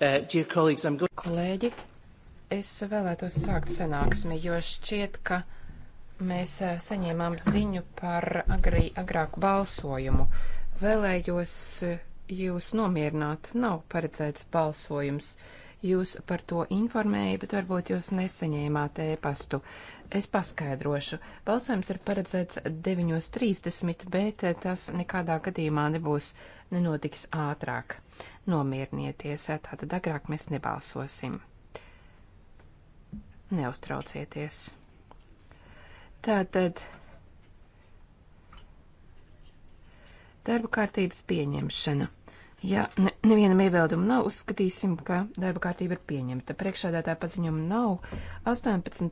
Uh, Kolēģi, es vēlētos sākt sanāksmi, jo šķiet, ka mēs uh, saņēmām ziņu par agrī, agrāku balsojumu. Vēlējos uh, jūs nomierināt, nav paredzēts balsojums. Jūs par to informēju, bet varbūt jūs nesaņēmāt ēpastu. Es paskaidrošu. Balsojums ir paredzēts 9.30, bet uh, tas nekādā gadījumā nebūs nenotiks ātrāk. Nomierinieties, tātad agrāk mēs nebalsosim. Neuztraucieties. Tātad darba kārtības pieņemšana. Ja ne, nevienam iebildumu nav, uzskatīsim, ka darba kārtība ir pieņemta. Priekšādātā paziņojuma nav 18.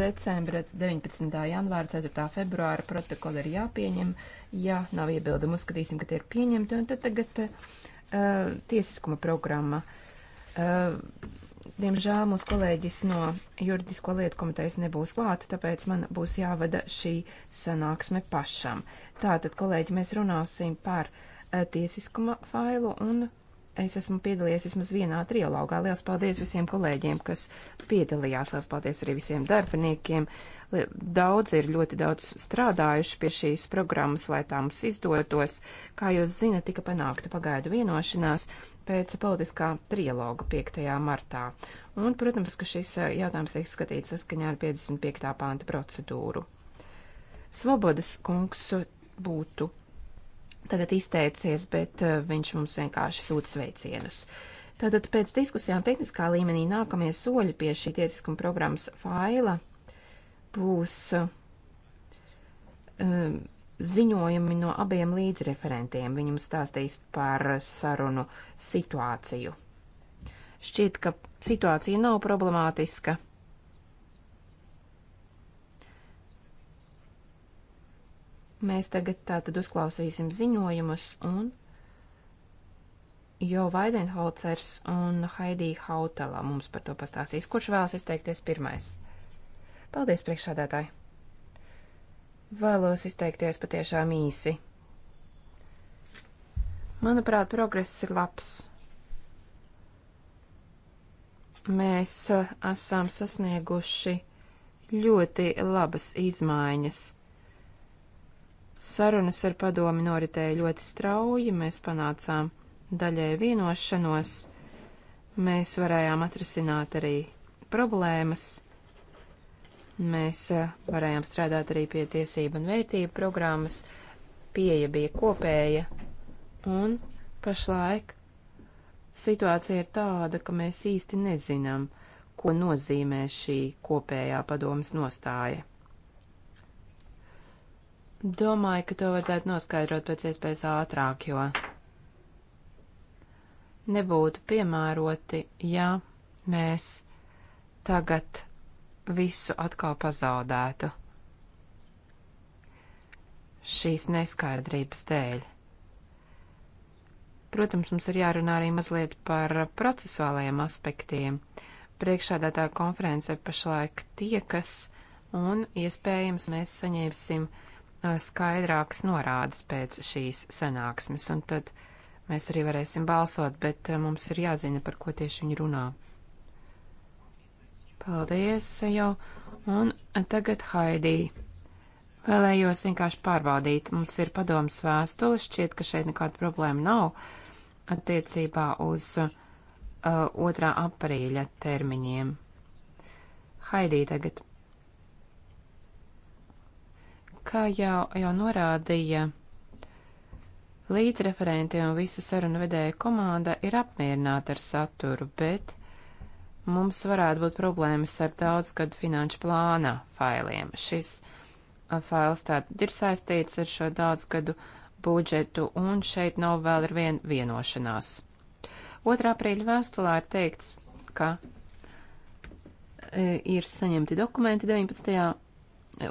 decembra, 19. janvāra, 4. februāra protokoli ir jāpieņem. Ja nav iebildumu, uzskatīsim, ka tie ir pieņemti. Un tad tagad eh, uh, tiesiskuma programma. Uh, diemžēl mūsu kolēģis no juridisko lietu komitejas nebūs klāt, tāpēc man būs jāvada šī sanāksme pašam. Tātad, kolēģi, mēs runāsim par uh, tiesiskuma failu un es esmu piedalījies vismaz vienā trijologā. Lielas paldies visiem kolēģiem, kas piedalījās. Lielas paldies arī visiem darbiniekiem. Daudz ir ļoti daudz strādājuši pie šīs programmas, lai tā mums izdotos. Kā jūs zinat, tika panākta pagaidu vienošanās pēc politiskā trijologa 5. martā. Un, protams, ka šis eh, jautājums tiek skatīts saskaņā ar 55. pānta procedūru. Svobodas kungs būtu tagad izteicies, bet eh, viņš mums vienkārši sūta sveicienus. Tātad pēc diskusijām tehniskā līmenī nākamie soļi pie šī tiesiskuma programmas faila būs um, ziņojumi no abiem līdzreferentiem. Viņi mums stāstīs par sarunu situāciju. Šķiet, ka situācija nav problemātiska. Mēs tagad tātad uzklausīsim ziņojumus un Jo Vaidenholcers un Haidī Hautala mums par to pastāstīs. Kurš vēlas izteikties pirmais? Paldies, priekšādātāji! Vēlos izteikties patiešām īsi. Manuprāt, progress ir labs. Mēs eh, esam sasnieguši ļoti labas izmaiņas Sarunas ar padomi noritēja ļoti strauji, mēs panācām daļai vienošanos, mēs varējām atrisināt arī problēmas, mēs eh, varējām strādāt arī pie tiesību un vērtību programmas, pieeja bija kopēja, un pašlaik situācija ir tāda, ka mēs īsti nezinām, ko nozīmē šī kopējā padomas nostāja. Domāju, ka to vajadzētu noskaidrot pēc iespējas ātrāk, jo nebūtu piemēroti, ja mēs tagad visu atkal pazaudētu šīs neskaidrības dēļ. Protams, mums ir jārunā arī mazliet par procesuālajiem aspektiem. Priekšādātā konference pašlaik tiekas, un iespējams mēs saņemsim uh, skaidrākas norādes pēc šīs sanāksmes, un tad mēs arī varēsim balsot, bet mums ir jāzina, par ko tieši viņi runā. Paldies jau, un tagad Haidī. Vēlējos vienkārši pārbaudīt, mums ir padomas vēstule, šķiet, ka šeit nekāda problēma nav attiecībā uz uh, 2. aprīļa termiņiem. Haidī tagad kā jau, jau norādīja, līdzreferenti un visa sarunu vedēja komanda ir apmierināta ar saturu, bet mums varētu būt problēmas ar daudzgadu finanšu plāna failiem. Šis fails tātad ir saistīts ar šo daudzgadu budžetu, un šeit nav vēl ar vien vienošanās. 2. aprīļa vēstulē ir teikts, ka e, ir saņemti dokumenti 19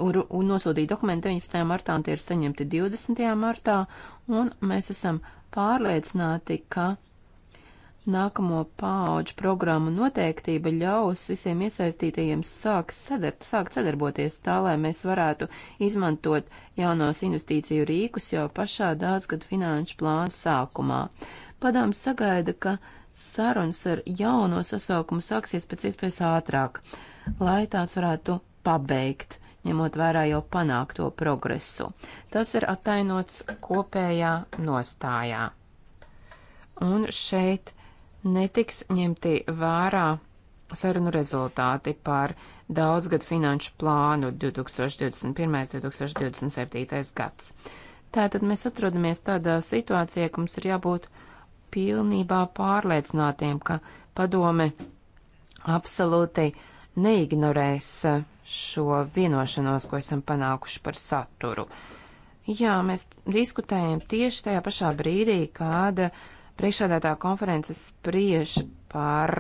un, un nosūtīja dokumentu 19. martā, un tie ir saņemti 20. martā, un mēs esam pārliecināti, ka nākamo paaudžu programmu noteiktība ļaus visiem iesaistītajiem sāk sadar sākt sadarboties tā, lai mēs varētu izmantot jaunos investīciju rīkus jau pašā daudzgadu finanšu plāna sākumā. Padoms sagaida, ka sarunas ar jauno sasaukumu sāksies pēc iespējas ātrāk, lai tās varētu pabeigt ņemot vērā jau panākto progresu. Tas ir attainots kopējā nostājā. Un šeit netiks ņemti vērā sarunu rezultāti par daudzgadu finanšu plānu 2021-2027. gads. Tātad mēs atrodamies tādā situācijā, ka mums ir jābūt pilnībā pārliecinātiem, ka padome absolūti neignorēs šo vienošanos, ko esam panākuši par saturu. Jā, mēs diskutējam tieši tajā pašā brīdī, kāda priekšādātā konferences spriež par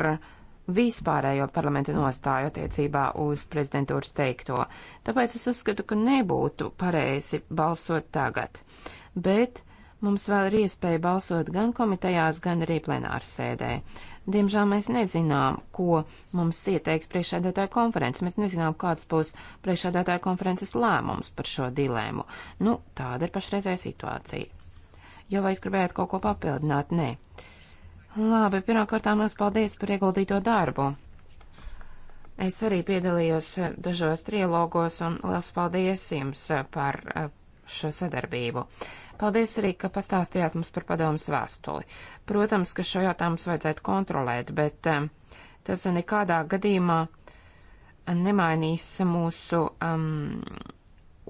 vispārējo parlamenta nostāju attiecībā uz prezidentūras teikto. Tāpēc es uzskatu, ka nebūtu pareizi balsot tagad. Bet mums vēl ir iespēja balsot gan komitejās, gan arī plenārsēdē. Ar Diemžēl mēs nezinām, ko mums ieteiks priekšādātāja konferences. Mēs nezinām, kāds būs priekšādātāja konferences lēmums par šo dilēmu. Nu, tāda ir pašreizēja situācija. Jo vai es gribētu kaut ko papildināt? Nē. Labi, pirmkārtām liels paldies par ieguldīto darbu. Es arī piedalījos dažos trilogos un liels paldies jums par eh, šo sadarbību. Uh, Paldies arī, ka pastāstījāt mums par padomas vēstuli. Protams, ka šo jautājumu vajadzētu kontrolēt, bet um, tas nekādā gadījumā nemainīs mūsu um,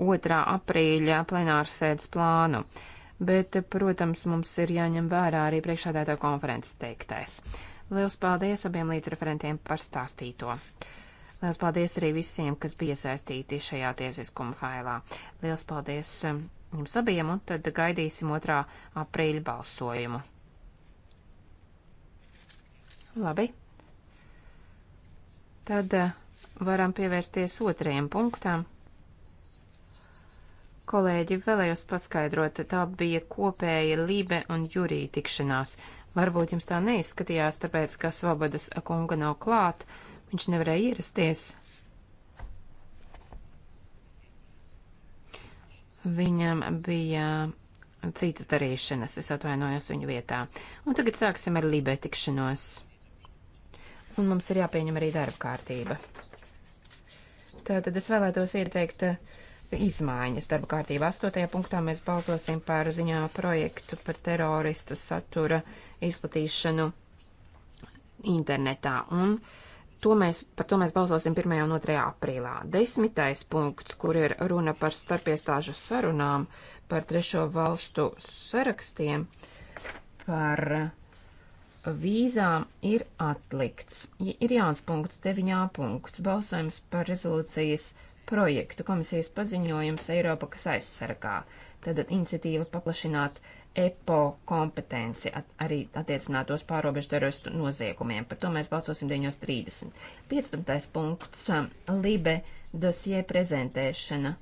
2. aprīļa plenāras sēdes plānu. Bet, protams, mums ir jāņem vērā arī priekšādētā konferences teiktais. Liels paldies abiem līdzreferentiem par stāstīto. Liels paldies arī visiem, kas bija saistīti šajā tiesiskuma failā. Liels paldies um, jums abiem, un tad gaidīsim 2. aprīļa balsojumu. Labi. Tad eh, varam pievērsties otrajam punktam. Kolēģi, vēlējos paskaidrot, tā bija kopēja Lībe un Jurija tikšanās. Varbūt jums tā neizskatījās, tāpēc, ka Svobodas kunga nav klāt, viņš nevarēja ierasties. Viņam bija citas darīšanas, es atvainojos viņu vietā. Un tagad sāksim ar Libē tikšanos. Un mums ir jāpieņem arī darba kārtība. Tātad es vēlētos ieteikt uh, izmaiņas darba kārtībā. Astotajā punktā mēs balsosim par ziņā projektu par teroristu satura izplatīšanu internetā. Un uh, To mēs, par to mēs balsosim 1. un 2. aprīlā. Desmitais punkts, kur ir runa par starpiestāžu sarunām, par trešo valstu sarakstiem, par vīzām ir atlikts. Ir jauns punkts, 9. punkts, balsojums par rezolūcijas projektu komisijas paziņojums Eiropa, kas aizsargā. Tad iniciatīva paplašināt uh, EPO kompetenci at, arī attiecinātos pārobežu teroristu noziegumiem. Par to mēs balsosim 9.30. 15. punkts um, - Libe dosie prezentēšana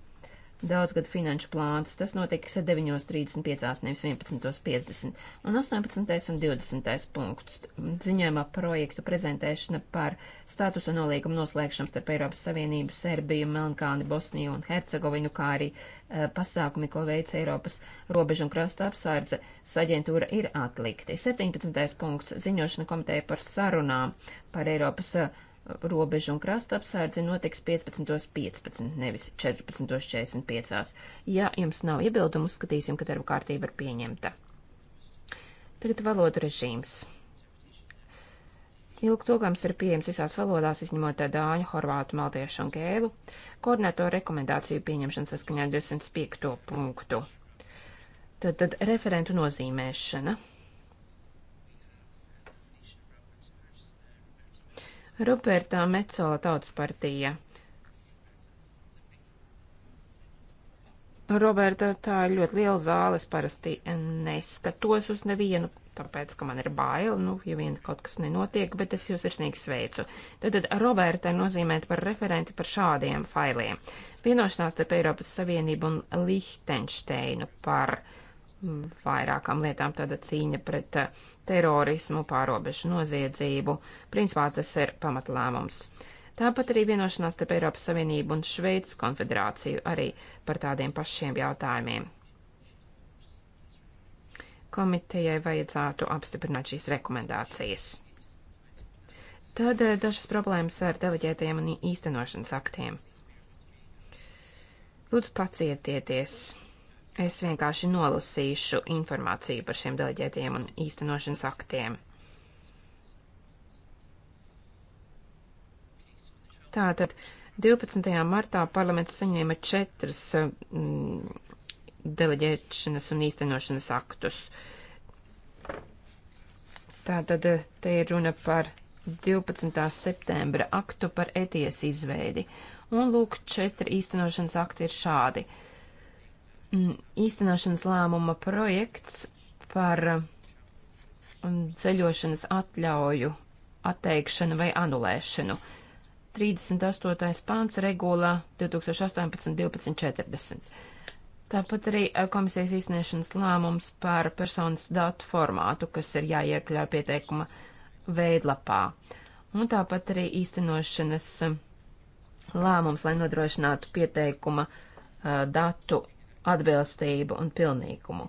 daudzgad finanšu plāns. Tas notiks 9.35, nevis 11.50. Un 18. un 20. punkts - ziņojumā projektu prezentēšana par statusa nolīgumu noslēgšanu starp Eiropas Savienību, Serbiju, Melnkalni, Bosniju un Hercegovinu, kā arī e, pasākumi, ko veic Eiropas robežu un krasta apsārdze saģentūra ir atlikti. 17. punkts - ziņošana komiteja par sarunām par Eiropas eh, robežu un krasta apsardzi notiks 15.15, 15, nevis 14.45. Ja jums nav iebildumu, uzskatīsim, ka darba kārtība ir pieņemta. Tagad valodu režīms. Ilgtulkams ir pieejams visās valodās, izņemot dāņu, horvātu, maltiešu un gēlu. Koordinatoru rekomendāciju pieņemšana saskaņā 205. punktu. Tad, tad referentu nozīmēšana. Rupertā Mecola Tautas partija. Roberta, tā ir ļoti liela zāle, es parasti neskatos uz nevienu, tāpēc, ka man ir bail, nu, ja vien kaut kas nenotiek, bet es jūs sirsnīgi sveicu. Tad, tad Roberta nozīmē par referenti par šādiem failiem. Vienošanās starp Eiropas Savienību un Lihtenšteinu par uh, vairākām lietām, tāda cīņa pret eh, terorismu, pārobežu noziedzību. Principā tas ir pamatlēmums. Tāpat arī vienošanās starp Eiropas Savienību un Šveices konfederāciju arī par tādiem pašiem jautājumiem. Komitejai vajadzētu apstiprināt šīs rekomendācijas. Tad eh, dažas problēmas ar deleģētajiem un īstenošanas aktiem. Lūdzu, pacietieties! Es vienkārši nolasīšu informāciju par šiem deleģētiem un īstenošanas aktiem. Tātad 12. martā parlaments saņēma četras mm, deleģēšanas un īstenošanas aktus. Tātad eh, te ir runa par 12. septembra aktu par ETS izveidi. Un lūk, četri īstenošanas akti ir šādi. Uh, Mm, īstenošanas lēmuma projekts par mm, ceļošanas atļauju atteikšanu vai anulēšanu. 38. pāns regulā 2018.12.40. Tāpat arī eh, komisijas īstenošanas lēmums par personas datu formātu, kas ir jāiekļauj pieteikuma veidlapā. Un tāpat arī īstenošanas mm, lēmums, lai nodrošinātu pieteikuma uh, datu atbilstību un pilnīgumu.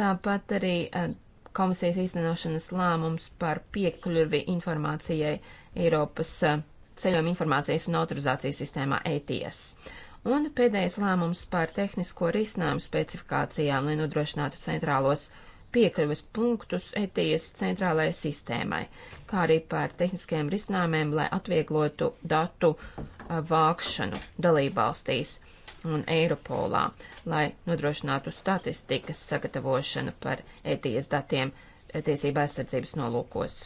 Tāpat arī eh, komisijas īstenošanas lēmums par piekļuvi informācijai Eiropas eh, ceļojuma informācijas un autorizācijas sistēmā ETS. Un pēdējais lēmums par tehnisko risinājumu specifikācijām, lai nodrošinātu centrālos piekļuves punktus ETS centrālajai sistēmai, kā arī par tehniskajiem risinājumiem, lai atvieglotu datu eh, vākšanu dalībvalstīs. valstīs un Eiropolā, lai nodrošinātu statistikas sagatavošanu par ETS datiem e tiesībā aizsardzības nolūkos.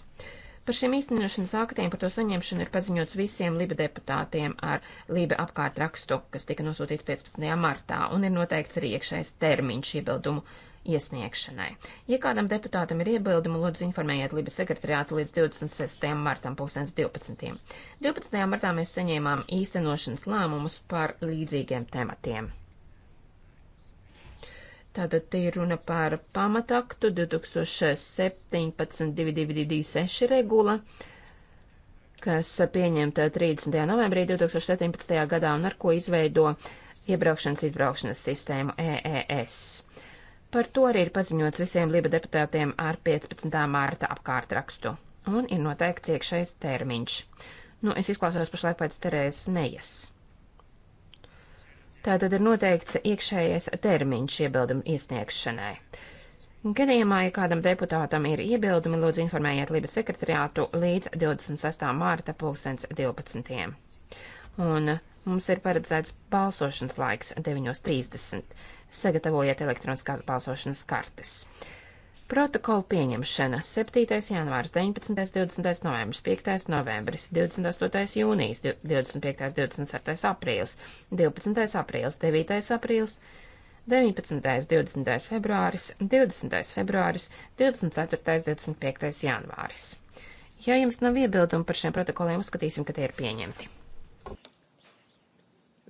Par šiem īstenošanas aktiem par to saņemšanu ir paziņots visiem Liba deputātiem ar Liba apkārtrakstu, kas tika nosūtīts 15. martā, un ir noteikts arī iekšējais termiņš iebildumu iesniegšanai. Ja kādam deputātam ir iebildumi, lūdzu informējiet Libijas sekretariātu līdz 26. martam 2012. 12. martā mēs saņēmām īstenošanas lēmumus par līdzīgiem tematiem. Tātad te ir runa par pamataktu 2017-2226 regula, kas pieņemta 30. novembrī 2017. gadā un ar ko izveido iebraukšanas izbraukšanas sistēmu EES. Par to arī ir paziņots visiem Liba deputātiem ar 15. mārta apkārtrakstu. Un ir noteikts iekšējais termiņš. Nu, es izklausos pašlaik pēc Terēzes Mejas. Tātad ir noteikts iekšējais termiņš iebildumu iesniegšanai. Gadījumā, ja kādam deputātam ir iebildumi, lūdzu informējiet Liba sekretariātu līdz 26. mārta 2012. Un mums ir paredzēts balsošanas laiks 9.30 sagatavojiet elektroniskās balsošanas kartes. Protokola pieņemšana 7. janvārs, 19. 20. novembris, 5. novembris, 28. jūnijas, 25. 26. aprīlis, 12. aprīlis, 9. aprīlis, 19. 20. februāris, 20. februāris, 24. 25. janvāris. Ja jums nav iebildumi par šiem protokoliem, uzskatīsim, ka tie ir pieņemti.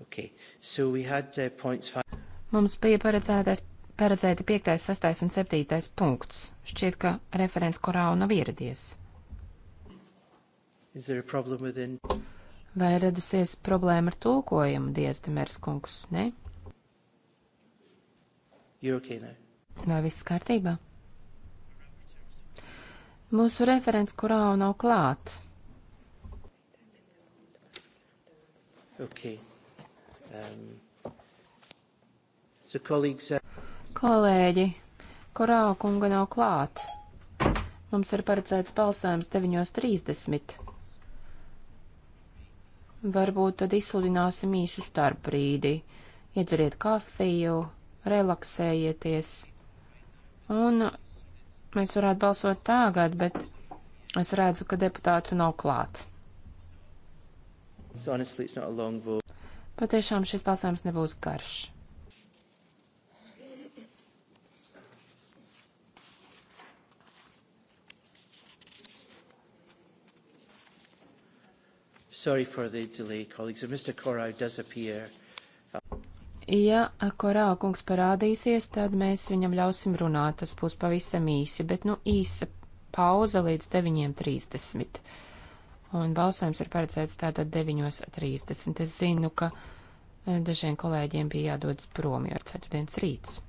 Okay. So had, uh, Mums bija paredzētais, paredzēti 5., 6. un 7. punkts. Šķiet, ka referents korau nav ieradies. Vai radusies problēma ar tulkojumu, Diezdemers kungs, ne? Okay now. Vai viss kārtībā? Mūsu referents kurā nav klāt. Okay. Um, Uh, Kolēģi, Korāla kunga nav klāt. Mums ir paredzēts balsojums 9.30. Varbūt tad izsludināsim īsu starp brīdi. Iedzeriet kafiju, relaksējieties. Un mēs varētu balsot tagad, bet es redzu, ka deputātu nav klāt. So honestly, Patiešām šis balsojums nebūs garš. Sorry for the delay, colleagues. If Mr. Korau does appear. Uh, ja Korau kungs parādīsies, tad mēs viņam ļausim runāt. Tas būs pavisam īsi, bet nu īsa pauze līdz 9.30. Un balsojums ir paredzēts tātad 9.30. Es zinu, ka uh, dažiem kolēģiem bija jādodas prom, jo ir ceturtdienas rīts.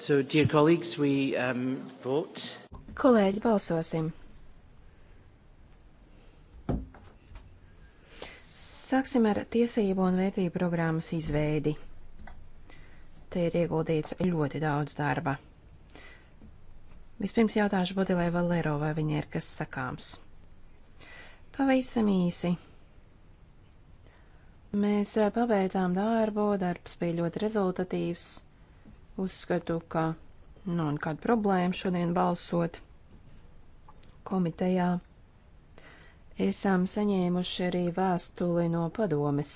So, dear colleagues, we um, vote. Kolēģi, balsosim. Sāksim ar tiesību un vērtību programmas izveidi. Te ir ieguldīts ļoti daudz darba. Vispirms jautāšu Bodilē Valero, vai viņai ir kas sakāms. Pavisam īsi. Mēs eh, pabeidzām darbu, darbs bija ļoti rezultatīvs. Uzskatu, ka nav nekāda problēma šodien balsot komitejā. Esam saņēmuši arī vēstuli no padomes.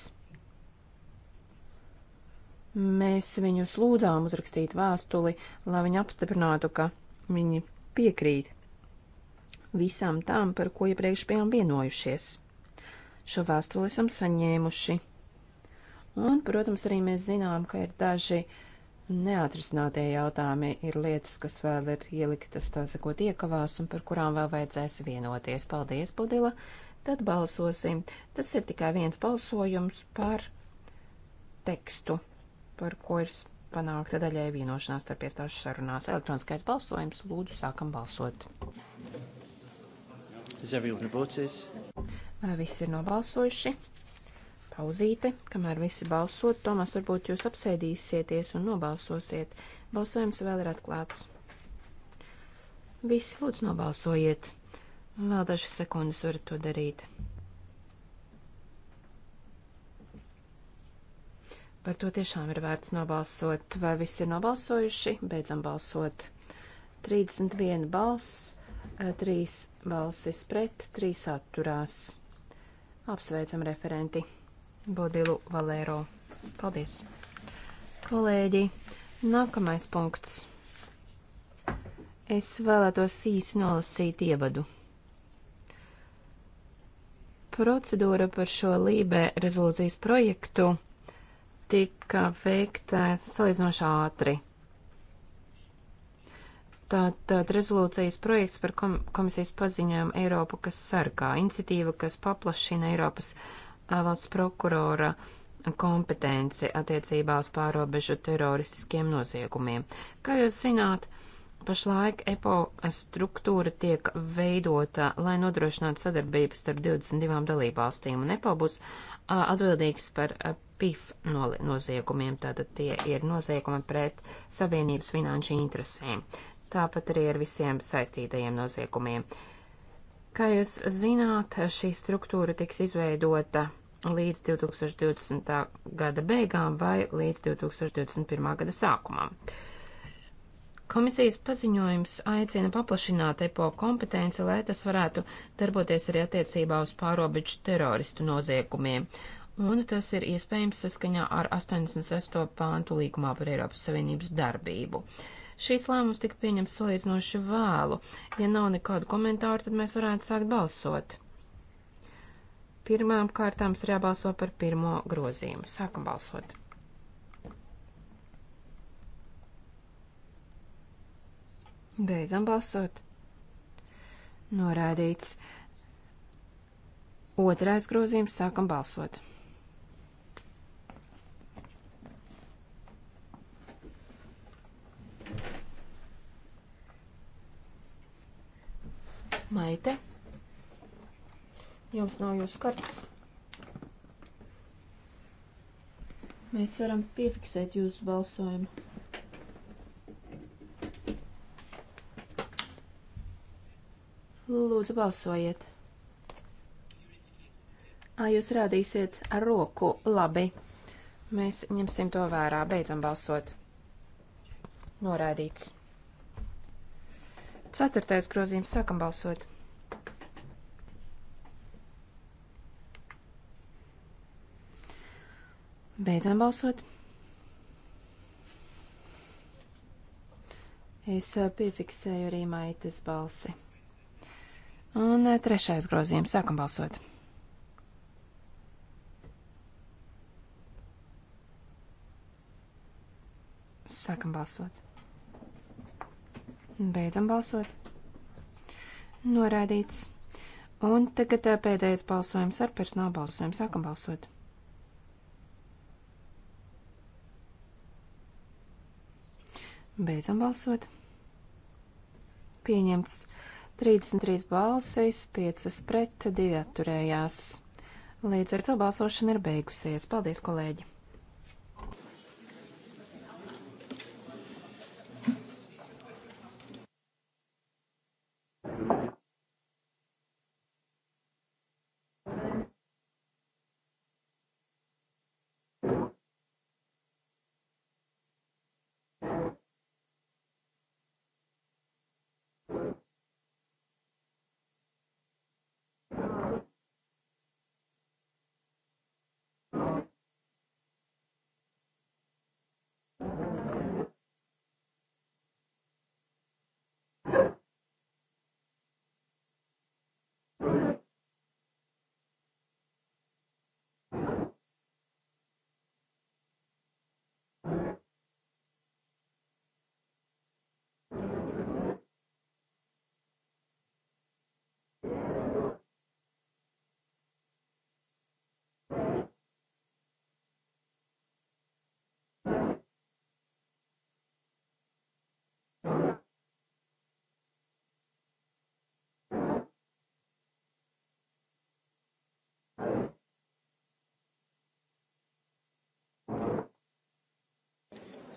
Mēs viņus lūdzām uzrakstīt vēstuli, lai viņi apstiprinātu, ka viņi piekrīt visam tam, par ko iepriekš bijām vienojušies. Šo vēstuli esam saņēmuši. Un, protams, arī mēs zinām, ka ir daži uh, Neatrisinātie jautājumi ir lietas, kas vēl ir ieliktas tā sakot iekavās un par kurām vēl vajadzēs vienoties. Paldies, Budila! Tad balsosim. Tas ir tikai viens balsojums par tekstu, par ko ir panākta daļai vienošanās starp iestāžu sarunās. Elektroniskais balsojums. Lūdzu, sākam balsot. Visi ir nobalsojuši pauzīte, kamēr visi balsot. Tomas, varbūt jūs apsēdīsieties un nobalsosiet. Balsojums vēl ir atklāts. Visi lūdzu nobalsojiet. Vēl dažas sekundes varat to darīt. Par to tiešām ir vērts nobalsot. Vai visi ir nobalsojuši? Beidzam balsot. 31 balss, 3 eh, balsis pret, 3 atturās. Apsveicam referenti! Bodilu Valēro. Paldies! Kolēģi, nākamais punkts. Es vēlētos īsi nolasīt ievadu. Procedūra par šo lībē rezolūcijas projektu tika veikta salīdzinoši ātri. Tātad rezolūcijas projekts par komisijas paziņojumu Eiropu, kas sargā, iniciatīva, kas paplašina Eiropas valsts prokurora kompetenci attiecībā uz pārobežu teroristiskiem noziegumiem. Kā jūs zināt, pašlaik EPO struktūra tiek veidota, lai nodrošinātu sadarbības starp 22 dalībvalstīm, un EPO būs atbildīgs par PIF noziegumiem, tātad tie ir noziegumi pret Savienības finanšu interesēm, tāpat arī ar visiem saistītajiem noziegumiem. Uh, Kā jūs zināt, šī struktūra tiks izveidota līdz 2020. gada beigām vai līdz 2021. gada sākumam. Komisijas paziņojums aicina paplašināt EPO kompetenci, lai tas varētu darboties arī attiecībā uz pārobežu teroristu noziegumiem, un tas ir iespējams saskaņā ar 86. pāntu līgumā par Eiropas Savienības darbību. Uh, Šīs lēmums tika pieņemts salīdzinoši vēlu. Ja nav nekādu komentāru, tad mēs varētu sākt balsot. Pirmām kārtām mums ir jābalso par pirmo grozījumu. Sākam balsot. Beidzam balsot. Norādīts. Otrais grozījums sākam balsot. Maite, jums nav jūsu kartas. Mēs varam piefiksēt jūsu balsojumu. Lūdzu, balsojiet. Ā, jūs rādīsiet ar roku. Labi. Mēs ņemsim to vērā. Beidzam balsot. Norādīts. Ceturtais grozījums. Sākam balsot. Beidzam balsot. Es eh, piefiksēju arī maitas balsi. Un eh, trešais grozījums. Sākam balsot. Sākam balsot. Beidzam balsot. Norādīts. Un tagad eh, pēdējais balsojums ar personāla balsojumu. Sākam balsot. Beidzam balsot. Pieņemts 33 balsis, 5 pret, 2 atturējās. Līdz ar to balsošana ir beigusies. Paldies, kolēģi!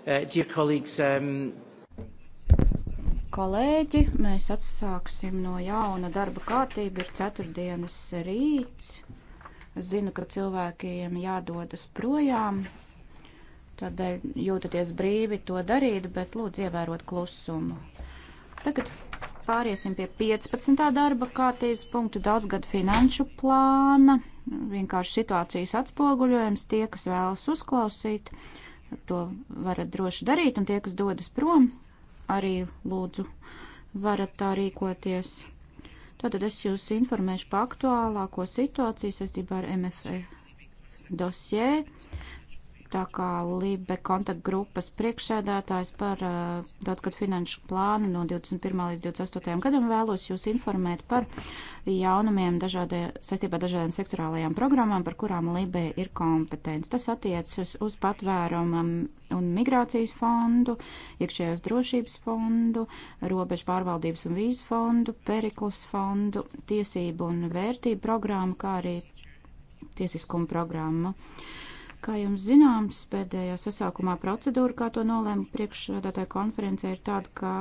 Uh, dear colleagues, um, Kolēģi, mēs atsāksim no jauna darba kārtību. Ir ceturtdienas rīts. Es zinu, ka cilvēkiem jādodas projām. Tādēļ eh, jūtaties brīvi to darīt, bet lūdzu ievērot klusumu. Tagad pāriesim pie 15. darba kārtības punktu daudzgadu finanšu plāna. Vienkārši situācijas atspoguļojums tie, kas vēlas uzklausīt. Uh, To varat droši darīt, un tie, kas dodas prom, arī lūdzu varat tā rīkoties. Tātad es jūs informēšu par aktuālāko situāciju saistībā ar MFE dosjē tā kā Libe kontaktgrupas priekšsēdētājs par uh, daudzgad finanšu plānu no 21. līdz 28. gadam vēlos jūs informēt par jaunumiem dažādē, saistībā dažādām sektorālajām programmām, par kurām Libe ir kompetents. Tas attiecas uz patvērumu un migrācijas fondu, iekšējās drošības fondu, robežu pārvaldības un vīzu fondu, periklus fondu, tiesību un vērtību programmu, kā arī tiesiskumu programmu. Uh, Kā jums zināms, pēdējā sasaukumā procedūra, kā to nolēma priekšsēdētāja konferencē, ir tāda, ka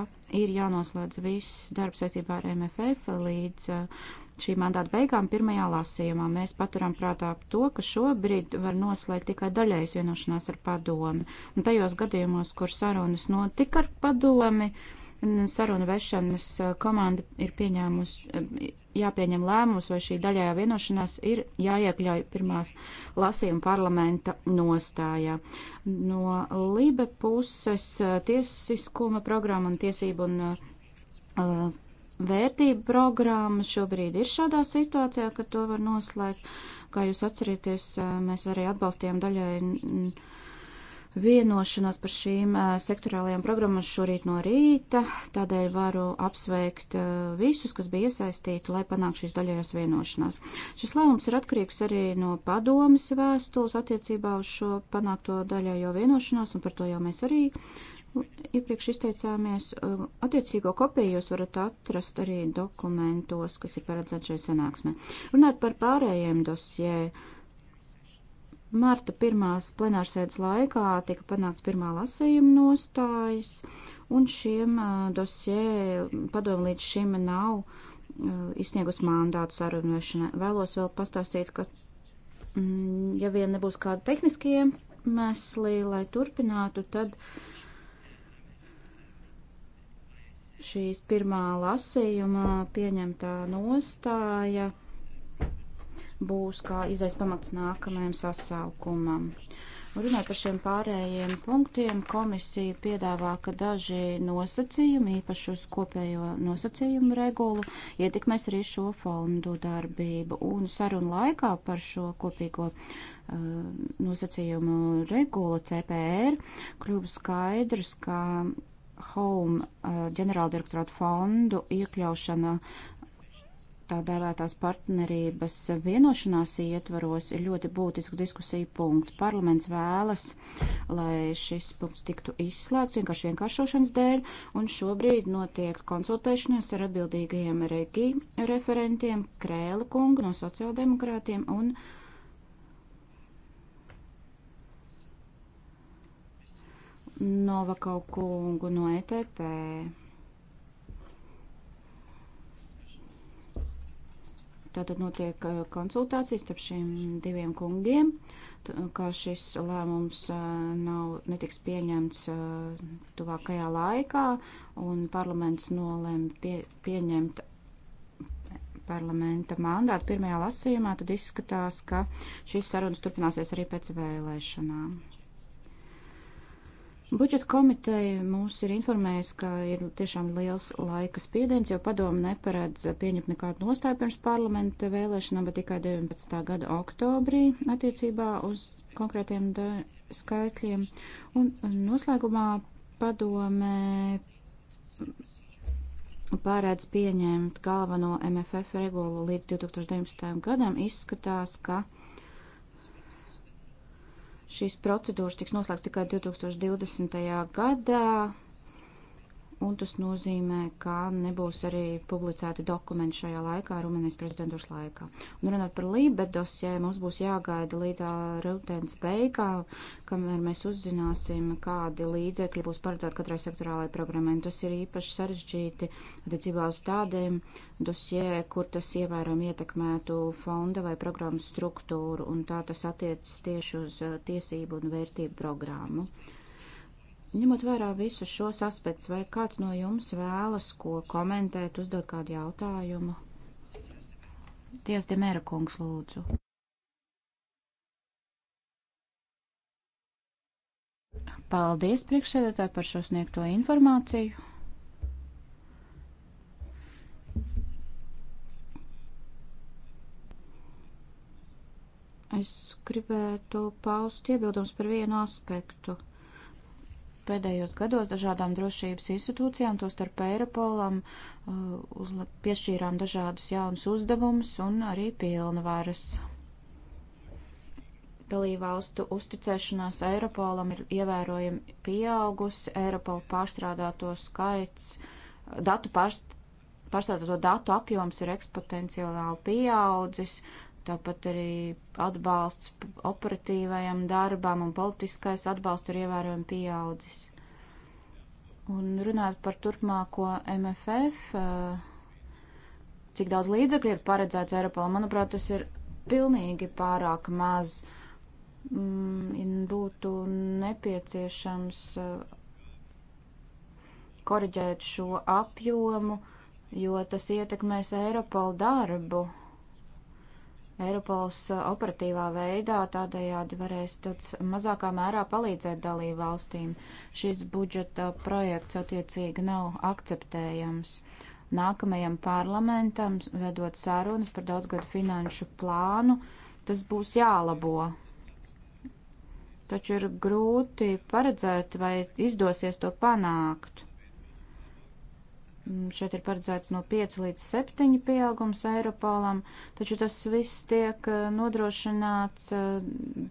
ir jānoslēdz viss darbs saistībā ar MFF līdz uh, šī mandāta beigām pirmajā lasījumā. Mēs paturam prātā to, ka šobrīd var noslēgt tikai daļējas vienošanās ar padomi. Un tajos gadījumos, kur sarunas notika ar padomi, sarunu vešanas uh, komanda ir pieņēmusi jāpieņem lēmums, vai šī daļējā vienošanās ir jāiekļauj pirmās lasījuma parlamenta nostājā. No Libe puses eh, tiesiskuma programma un tiesību un uh, vērtību programma šobrīd ir šādā situācijā, ka to var noslēgt. Kā jūs atcerieties, eh, mēs arī atbalstījām daļai vienošanos par šīm eh, sektorālajām programmām šorīt no rīta, tādēļ varu apsveikt eh, visus, kas bija iesaistīti, lai panāktu šīs daļējās vienošanās. Šis lēmums ir atkarīgs arī no padomas vēstules attiecībā uz šo panākto daļējo vienošanos, un par to jau mēs arī iepriekš izteicāmies. Eh, attiecīgo kopiju jūs varat atrast arī dokumentos, kas ir paredzēts šai sanāksmē. Runāt par pārējiem dosjē. Marta pirmās plenārsēdes laikā tika panāks pirmā lasējuma nostājas, un šiem dosjē padomu līdz šim nav izsniegus mandātu sarunvešanai. Vēlos vēl pastāstīt, ka, mm, ja vien nebūs kāda tehniskie iemesli, lai turpinātu, tad šīs pirmā lasījuma pieņemtā nostāja būs kā izais pamats nākamajam sasaukumam. Runājot par šiem pārējiem punktiem, komisija piedāvā, ka daži nosacījumi, īpaši uz kopējo nosacījumu regulu, ietekmēs arī šo fondu darbību. Un sarunu laikā par šo kopīgo uh, nosacījumu regulu CPR kļuva skaidrs, ka Home uh, ģenerāldirektorāta fondu iekļaušana tā dēvētās partnerības vienošanās ietvaros ir ļoti būtisks diskusija punkts. Parlaments vēlas, lai šis punkts tiktu izslēgts vienkārši vienkāršošanas dēļ, un šobrīd notiek konsultēšanās ar atbildīgajiem regi referentiem Krēla kungu no sociāldemokrātiem un Novakau kungu no ETP. Tātad notiek uh, konsultācijas starp šiem diviem kungiem, ka šis lēmums uh, nav netiks pieņemts uh, tuvākajā laikā, un parlaments nolēma pie, pieņemt parlamenta mandātu pirmajā lasījumā, tad izskatās, ka šīs sarunas turpināsies arī pēc vēlēšanām. Budžeta komiteja mūs ir informējusi, ka ir tiešām liels laika spiediens, jo padomu neparedz pieņemt nekādu nostāju pirms parlamenta vēlēšanām, bet tikai 19. gada oktobrī attiecībā uz konkrētiem skaitļiem. Un noslēgumā padome paredz pieņemt galveno MFF regulu līdz 2019. gadam. Izskatās, ka Šīs procedūras tiks noslēgts tikai 2020. gadā un tas nozīmē, ka nebūs arī publicēti dokumenti šajā laikā, Rumānijas prezidentūras laikā. Un runāt par Lībe dosē, mums būs jāgaida līdz rūtens beigām, kamēr mēs uzzināsim, kādi līdzekļi būs paredzēti katrai sektorālajai programmai. Un tas ir īpaši sarežģīti attiecībā uz tādiem dosē, kur tas ievērojami ietekmētu fonda vai programmas struktūru, un tā tas attiecas tieši uz tiesību un vērtību programmu. Ņemot vērā visus šos aspektus, vai kāds no jums vēlas ko komentēt, uzdot kādu jautājumu? Tiesa Demēra kungs lūdzu. Paldies priekšsēdētāji par šo sniegto informāciju. Es gribētu paust iebildums par vienu aspektu. Uh, Pēdējos gados dažādām drošības institūcijām, tostarp Eiropolam, uh, piešķīrām dažādus jaunus uzdevumus un arī pilnvaras. Dalībvalstu uzticēšanās Eiropolam ir ievērojami pieaugusi, Eiropola pārstrādāto skaits, datu pārstrādāto datu apjoms ir eksponenciāli pieaudzis, Tāpat arī atbalsts operatīvajam darbam un politiskais atbalsts ir ievērojami pieaudzis. Un runāt par turpmāko MFF, eh, cik daudz līdzekļu ir paredzēts Eiropā, manuprāt, tas ir pilnīgi pārāk maz. Mm, būtu nepieciešams eh, koriģēt šo apjomu, jo tas ietekmēs Eiropola darbu Eiropols operatīvā veidā tādējādi varēs tāds mazākā mērā palīdzēt dalību valstīm. Šis budžeta projekts attiecīgi nav akceptējams. Nākamajam parlamentam, vedot sārunas par daudzgadu finanšu plānu, tas būs jālabo. Taču ir grūti paredzēt, vai izdosies to panākt. Mm, šeit ir paredzēts no 5 līdz 7 pieaugums Eiropolam, taču tas viss tiek eh, nodrošināts eh,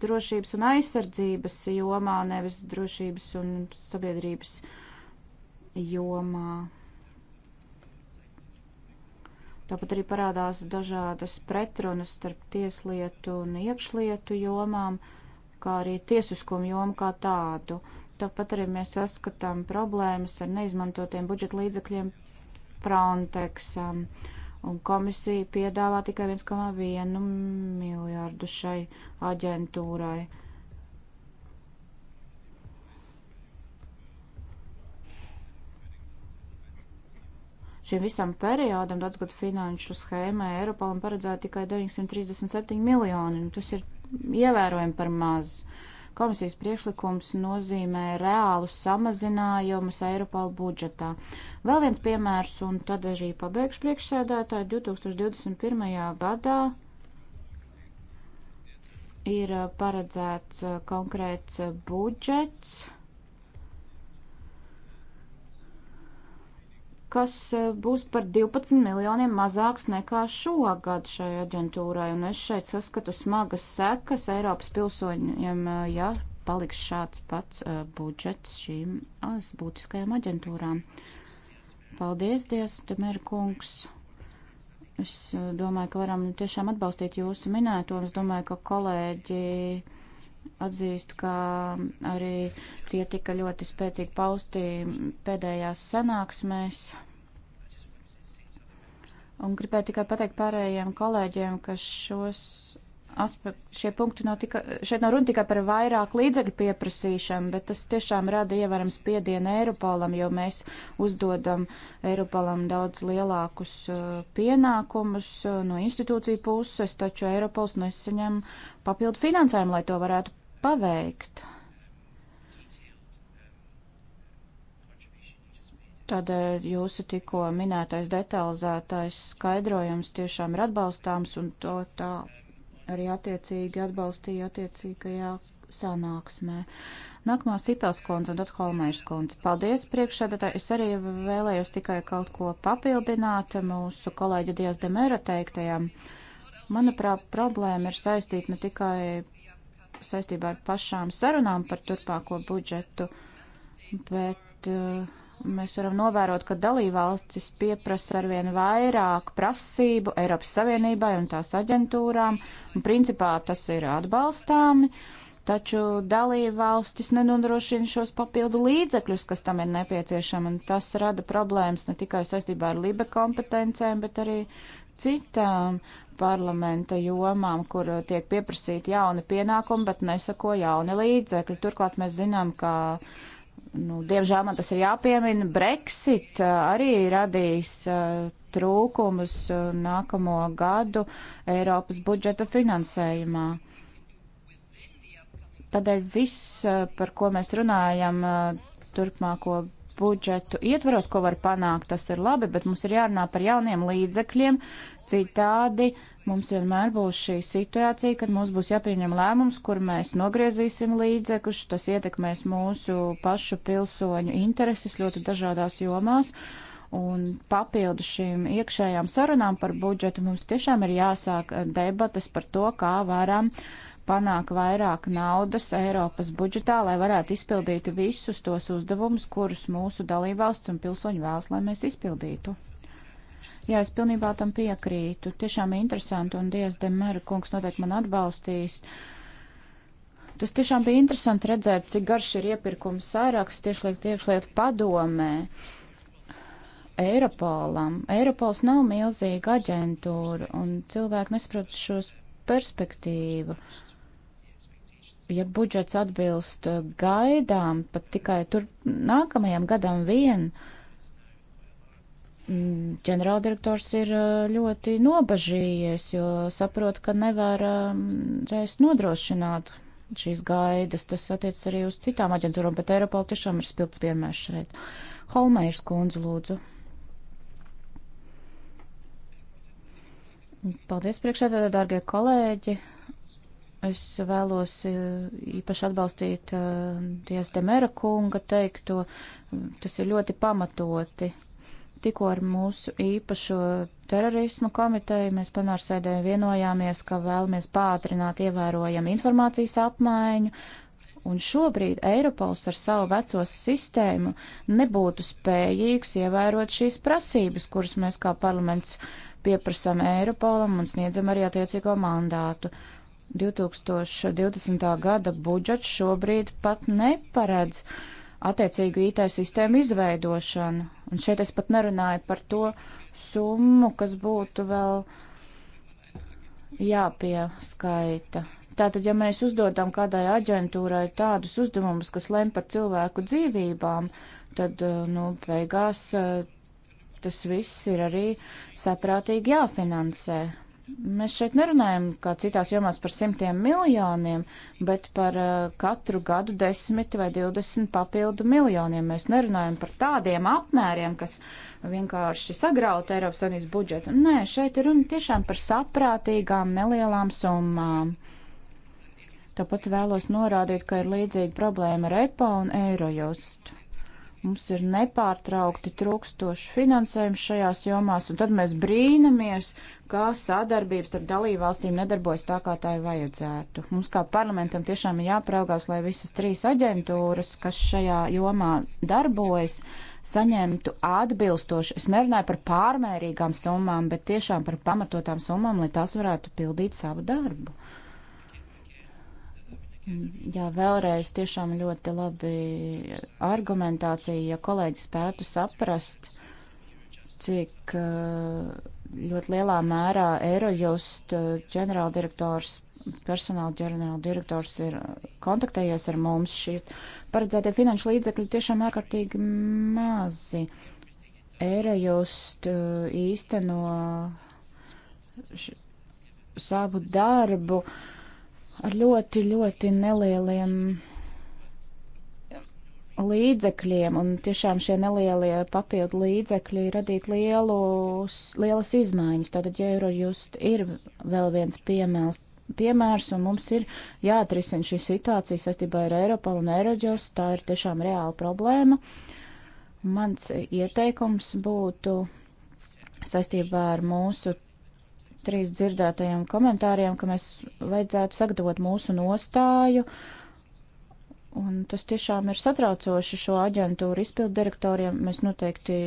drošības un aizsardzības jomā, nevis drošības un sabiedrības jomā. Tāpat arī parādās dažādas pretrunas starp tieslietu un iekšlietu jomām, kā arī tiesiskumu jomu kā tādu. Tāpat arī mēs saskatām problēmas ar neizmantotiem budžeta līdzekļiem Frontexam, un komisija piedāvā tikai 1,1 miljārdu šai aģentūrai. Šim visam periodam, daudzgad finanšu schēmē, Eiropalam paredzēja tikai 937 miljoni. Nu, tas ir ievērojami par mazu. Komisijas priešlikums nozīmē reālus samazinājumus Eiropāla budžetā. Vēl viens piemērs, un tad arī pabeigšu priekšsēdētāju 2021. gadā ir paredzēts uh, konkrēts uh, budžets kas eh, būs par 12 miljoniem mazāks nekā šogad šai aģentūrai. Un es šeit saskatu smagas sekas Eiropas pilsoņiem, eh, ja paliks šāds pats uh, budžets šīm uh, būtiskajām aģentūrām. Paldies, Dievs, Demēr kungs! Es domāju, ka varam tiešām atbalstīt jūsu minēto, un es domāju, ka kolēģi atzīst, ka arī tie tika ļoti spēcīgi pausti pēdējās sanāksmēs. Un gribēju tikai pateikt pārējiem kolēģiem, ka šos aspekt, šie punkti nav tikai, šeit nav runa tikai par vairāk līdzekļu pieprasīšanu, bet tas tiešām rada ievērams spiedienu Eiropolam, jo mēs uzdodam Eiropolam daudz lielākus uh, pienākumus uh, no institūciju puses, taču Eiropols nesaņem papildu finansējumu, lai to varētu paveikt. Tādēļ uh, jūsu tikko minētais detalizētais skaidrojums tiešām ir atbalstāms un to tā arī attiecīgi atbalstīja attiecīgajā sanāksmē. Nākamā Sipels kundze un tad Holmērs kundze. Paldies priekšsēdētāji. Es arī vēlējos tikai kaut ko papildināt mūsu kolēģa Dijas Demēra teiktajam. Manuprāt, problēma ir saistīta ne tikai saistībā ar pašām sarunām par turpāko budžetu, bet uh, Mēs varam novērot, ka dalībvalstis pieprasa arvien vairāk prasību Eiropas Savienībai un tās aģentūrām, un principā tas ir atbalstāmi, taču dalībvalstis nenodrošina šos papildu līdzekļus, kas tam ir nepieciešami, un tas rada problēmas ne tikai saistībā ar libe kompetencēm, bet arī citām parlamenta jomām, kur tiek pieprasīti jauni pienākumi, bet nesako jauni līdzekļi. Turklāt mēs zinām, ka Nu, diemžēl man tas ir jāpiemina. Brexit uh, arī radīs uh, trūkumus uh, nākamo gadu Eiropas budžeta finansējumā. Tādēļ viss, par ko mēs runājam turpmāko budžetu ietvaros, ko var panākt, tas ir labi, bet mums ir jārunā par jauniem līdzekļiem, citādi uh, Mums vienmēr būs šī situācija, kad mums būs jāpieņem lēmums, kur mēs nogriezīsim līdzekļus, tas ietekmēs mūsu pašu pilsoņu intereses ļoti dažādās jomās. Un papildu šīm iekšējām sarunām par budžetu mums tiešām ir jāsāk debatas par to, kā varam panākt vairāk naudas Eiropas budžetā, lai varētu izpildīt visus tos uzdevumus, kurus mūsu dalībvalsts un pilsoņi vēlas, lai mēs izpildītu. Jā, es pilnībā tam piekrītu. Tiešām interesanti, un Dievs Demēra kungs noteikti man atbalstīs. Tas tiešām bija interesanti redzēt, cik garš ir iepirkuma sāraksts tiešlietu iekšlietu padomē. Eiropolam. Eiropols nav milzīga aģentūra, un cilvēki nesaprot šos perspektīvu. Ja budžets atbilst gaidām, pat tikai tur nākamajam gadam vien, uh, Mm, ģenerāldirektors ir uh, ļoti nobažījies, jo saprot, ka nevar reiz um, nodrošināt šīs gaidas. Tas attiec arī uz citām aģentūrām, bet Eiropā tiešām ir spilgts piemērs šeit. Holmeirs kundze, lūdzu. Paldies priekšētādā, dārgie kolēģi. Es vēlos uh, īpaši atbalstīt uh, Dievs Demera kunga teikto. Tas ir ļoti pamatoti tikko ar mūsu īpašo terorismu komiteju mēs plenārsēdē vienojāmies, ka vēlamies pātrināt ievērojam informācijas apmaiņu, un šobrīd Eiropols ar savu veco sistēmu nebūtu spējīgs ievērot šīs prasības, kuras mēs kā parlaments pieprasām Eiropolam un sniedzam arī attiecīgo mandātu. 2020. gada budžets šobrīd pat neparedz attiecīgu IT sistēmu izveidošanu. Un šeit es pat nerunāju par to summu, kas būtu vēl jāpieskaita. Tātad, ja mēs uzdodam kādai aģentūrai tādus uzdevumus, kas lem par cilvēku dzīvībām, tad, eh, nu, beigās eh, tas viss ir arī saprātīgi jāfinansē. Mēs šeit nerunājam, kā citās jomās, par simtiem miljoniem, bet par uh, katru gadu desmit vai divdesmit papildu miljoniem. Mēs nerunājam par tādiem apmēriem, kas vienkārši sagrauta Eiropas Savienības budžetu. Nē, šeit ir runa tiešām par saprātīgām nelielām summām. Tāpat vēlos norādīt, ka ir līdzīga problēma ar EPA un Eirojustu. Mums ir nepārtraukti trūkstoši finansējums šajās jomās, un tad mēs brīnamies, kā sadarbības starp dalībvalstīm nedarbojas tā, kā tai vajadzētu. Mums kā parlamentam tiešām ir jāpraugās, lai visas trīs aģentūras, kas šajā jomā darbojas, saņemtu atbilstoši. Es nerunāju par pārmērīgām summām, bet tiešām par pamatotām summām, lai tās varētu pildīt savu darbu. Jā, vēlreiz tiešām ļoti labi argumentācija, ja kolēģi spētu saprast, cik eh, ļoti lielā mērā Eirojust eh, ģenerāldirektors, personāla ģenerāldirektors ir kontaktējies ar mums. Šī paredzētie finanšu līdzekļi tiešām ārkārtīgi mazi. Eirojust eh, īsteno savu darbu. Uh, ar ļoti, ļoti nelieliem līdzekļiem, un tiešām šie nelielie papildu līdzekļi radīt lielus, lielas izmaiņas. Tātad, ja Eurojust ir vēl viens piemērs, piemērs, un mums ir jāatrisina šī situācija saistībā ar Eiropalu un Eiroģos, tā ir tiešām reāla problēma. Mans ieteikums būtu saistībā ar mūsu trīs dzirdētajiem komentāriem, ka mēs vajadzētu sagatavot mūsu nostāju. Un tas tiešām ir satraucoši šo aģentūru izpildu direktoriem. Mēs noteikti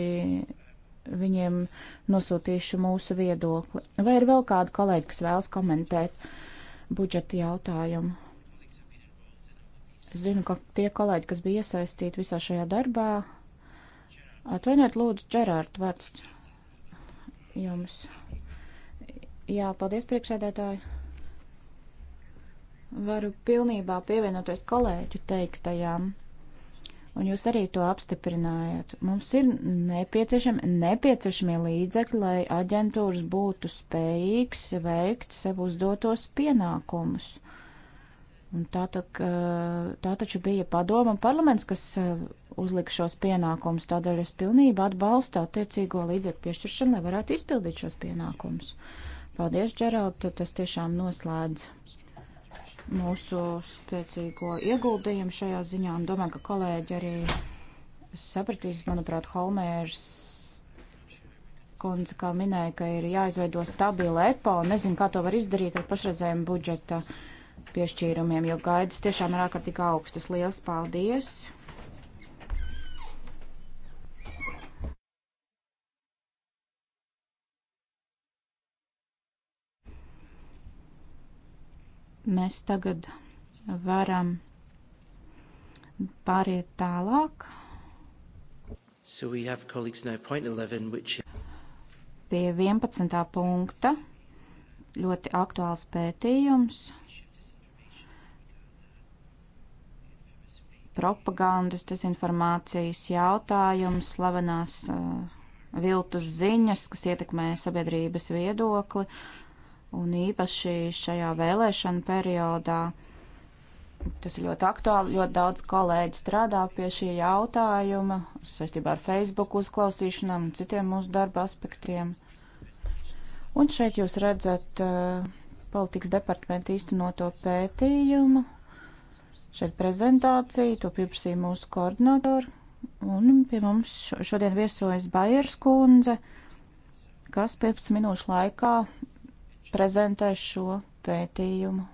viņiem nosūtīšu mūsu viedokli. Vai ir vēl kādu kolēģi, kas vēlas komentēt budžeta jautājumu? Es zinu, ka tie kolēģi, kas bija iesaistīti visā šajā darbā, atvainojiet, lūdzu, Džerārd, vārds jums. Jā, paldies priekšsēdētāji. Varu pilnībā pievienoties kolēģu teiktajām un jūs arī to apstiprinājāt. Mums ir nepieciešami, nepieciešami līdzekļi, lai aģentūras būtu spējīgs veikt sev uzdotos pienākumus. Un tā, tak, tā taču bija padoma un parlaments, kas uh, uzlika šos pienākumus, tādēļ es pilnībā atbalstu attiecīgo līdzekļu piešķiršanu, lai varētu izpildīt šos pienākumus. Uh, Paldies, Džerald, tas tiešām noslēdz mūsu spēcīgo ieguldījumu šajā ziņā, un domāju, ka kolēģi arī sapratīs, manuprāt, Holmērs kundze, kā minēja, ka ir jāizveido stabila EPO, un nezinu, kā to var izdarīt ar pašreizējiem budžeta piešķīrumiem, jo gaidas tiešām ir ārkārtīgi augstas. Liels paldies! mēs tagad varam pāriet tālāk. So we have colleagues now point 11, which Pie 11. punkta ļoti aktuāls pētījums. Propagandas, dezinformācijas jautājums, slavenās uh, viltus ziņas, kas ietekmē sabiedrības viedokli. Uh, Un īpaši šajā vēlēšana periodā tas ir ļoti aktuāli. Ļoti daudz kolēģi strādā pie šī jautājuma saistībā ar Facebook uzklausīšanām un citiem mūsu darba aspektiem. Un šeit jūs redzat uh, politikas departamentu īstenoto pētījumu. Šeit prezentācija, to pieprasīja mūsu koordinatori. Un pie mums šodien viesojas Baiers kundze, kas 15 minūšu laikā prezentē šo pētījumu,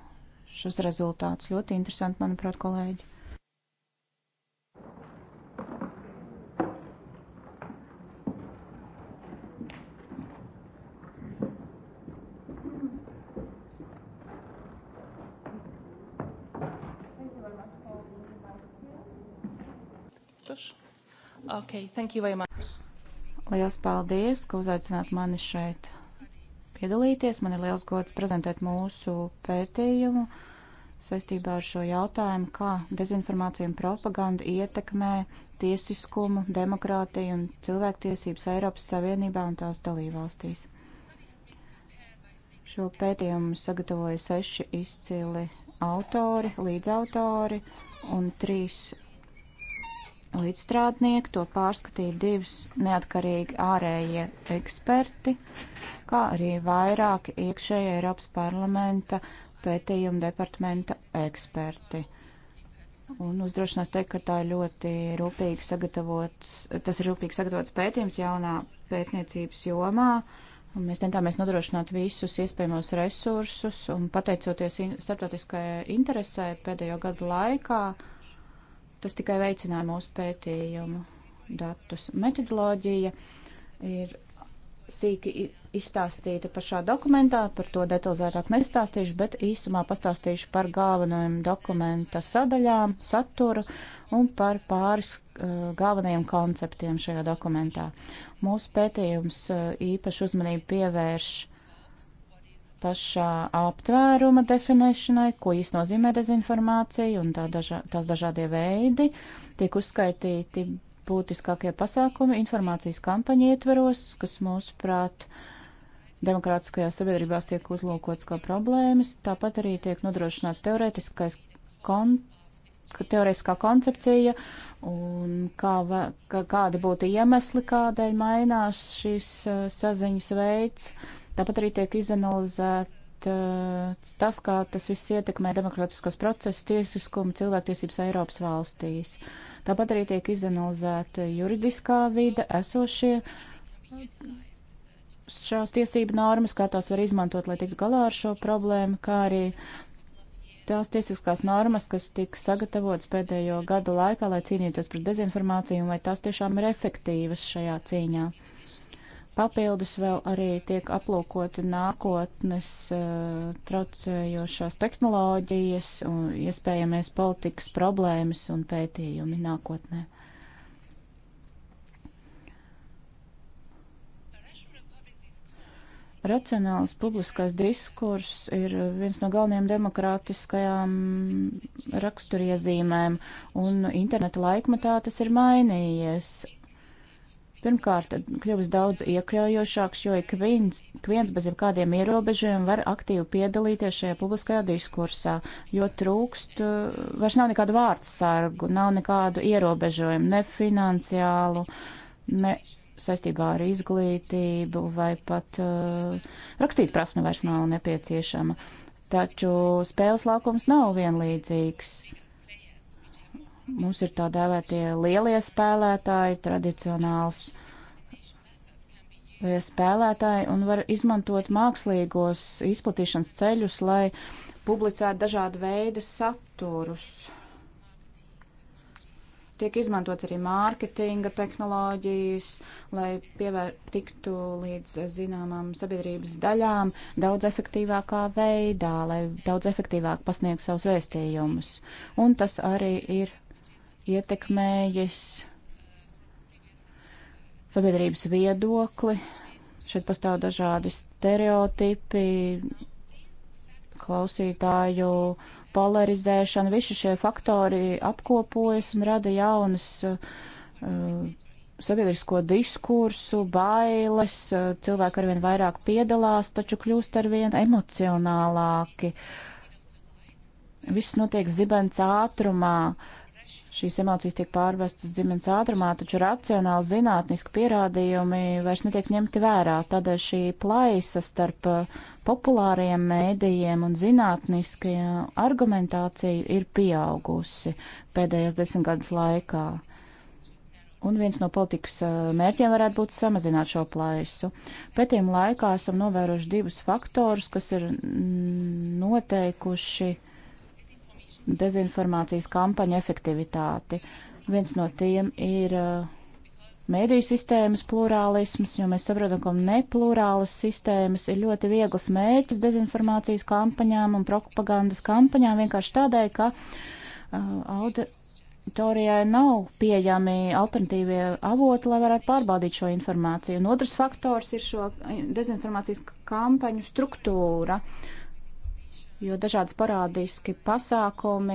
šos rezultātus. Ļoti interesanti, manuprāt, kolēģi. Okay, thank you very much. Liels paldies, ka uzaicināt mani šeit piedalīties. Man ir liels gods prezentēt mūsu pētījumu saistībā ar šo jautājumu, kā dezinformācija un propaganda ietekmē tiesiskumu, demokrātiju un cilvēktiesības Eiropas Savienībā un tās dalībvalstīs. Šo pētījumu sagatavoja seši izcili autori, līdzautori un trīs līdzstrādnieki, to pārskatīja divas neatkarīgi ārējie eksperti, kā arī vairāki iekšēja Eiropas parlamenta pētījuma departamenta eksperti. Un uzdrošinās teikt, ka tā ir ļoti rūpīgi sagatavots, tas ir rūpīgi sagatavots pētījums jaunā pētniecības jomā. Un mēs centāmies nodrošināt visus iespējamos resursus un pateicoties in, starptautiskajai interesē pēdējo gadu laikā, uh, Tas tikai veicināja mūsu pētījumu datus. Metodoloģija ir sīki izstāstīta pašā dokumentā, par to detalizētāk nestāstīšu, bet īsumā pastāstīšu par galvenajiem dokumenta sadaļām, saturu un par pāris uh, galvenajiem konceptiem šajā dokumentā. Mūsu pētījums uh, īpaši uzmanību pievērš uh, pašā aptvēruma definēšanai, ko īsti nozīmē dezinformācija un tā dažā, tās dažādie veidi, tiek uzskaitīti būtiskākie pasākumi informācijas kampaņa ietveros, kas mūsuprāt demokrātiskajās sabiedrībās tiek uzlūkots kā problēmas. Tāpat arī tiek nodrošināts teorētiskais kon teorētiskā koncepcija un kā, kā, kādi būtu iemesli, kādēļ mainās šīs uh, saziņas veids. Uh, Tāpat arī tiek izanalizēts eh, tas, kā tas viss ietekmē demokrātiskos procesus, tiesiskumu, cilvēktiesības Eiropas valstīs. Tāpat arī tiek izanalizēta juridiskā vide, esošie šās tiesību normas, kā tās var izmantot, lai tiktu galā ar šo problēmu, kā arī tās tiesiskās normas, kas tika sagatavotas pēdējo gadu laikā, lai cīnītos pret dezinformāciju, un vai tās tiešām ir efektīvas šajā cīņā. Papildus vēl arī tiek aplūkoti nākotnes uh, traucējošās tehnoloģijas un iespējamies politikas problēmas un pētījumi nākotnē. Racionāls publiskais diskurss ir viens no galvenajiem demokrātiskajām raksturiezīmēm, un interneta laikmetā tas ir mainījies, Pirmkārt, kļuvis daudz iekļaujošāks, jo ik viens, ik viens bez jebkādiem ierobežojumiem var aktīvi piedalīties šajā publiskajā diskursā, jo trūkst, eh, vairs nav nekādu vārdu sargu, nav nekādu ierobežojumu, ne finansiālu, ne saistībā ar izglītību, vai pat uh, rakstīt prasme vairs nav nepieciešama. Taču spēles laukums nav vienlīdzīgs mums ir tā dēvētie lielie spēlētāji, tradicionāls Eh, spēlētāji un var izmantot mākslīgos izplatīšanas ceļus, lai publicētu dažādu veidu saturus. Tiek izmantots arī mārketinga tehnoloģijas, lai pievēr, tiktu līdz zināmām sabiedrības daļām daudz efektīvākā veidā, lai daudz efektīvāk pasniegtu savus vēstījumus. Un tas arī ir ietekmējis uh, sabiedrības viedokli. Šeit pastāv dažādi stereotipi, klausītāju polarizēšana. Visi šie faktori apkopojas un rada jaunas uh, sabiedrisko diskursu, bailes. Uh, cilvēki arvien vairāk piedalās, taču kļūst arvien emocionālāki. Viss notiek zibens ātrumā. Uh, šīs emocijas tiek pārvestas dzimšanas ātrumā, taču racionāli zinātniski pierādījumi vairs netiek ņemti vērā. Tādēļ šī plaisa starp uh, populāriem mēdījiem un zinātniskajā uh, argumentāciju ir pieaugusi pēdējos desmit gadus laikā. Un viens no politikas uh, mērķiem varētu būt samazināt šo plaisu. Pētījuma laikā esam novērojuši divus faktorus, kas ir mm, noteikuši dezinformācijas kampaņu efektivitāti. Viens no tiem ir uh, mēdīju sistēmas plurālisms, jo mēs saprotam, ka neplurālas sistēmas ir ļoti vieglas mērķis dezinformācijas kampaņām un propagandas kampaņām vienkārši tādēļ, ka uh, auditorijai nav pieejami alternatīvie avoti, lai varētu pārbaudīt šo informāciju. Un otrs faktors ir šo dezinformācijas kampaņu struktūra. Uh, jo dažādas parādiski pasākumi,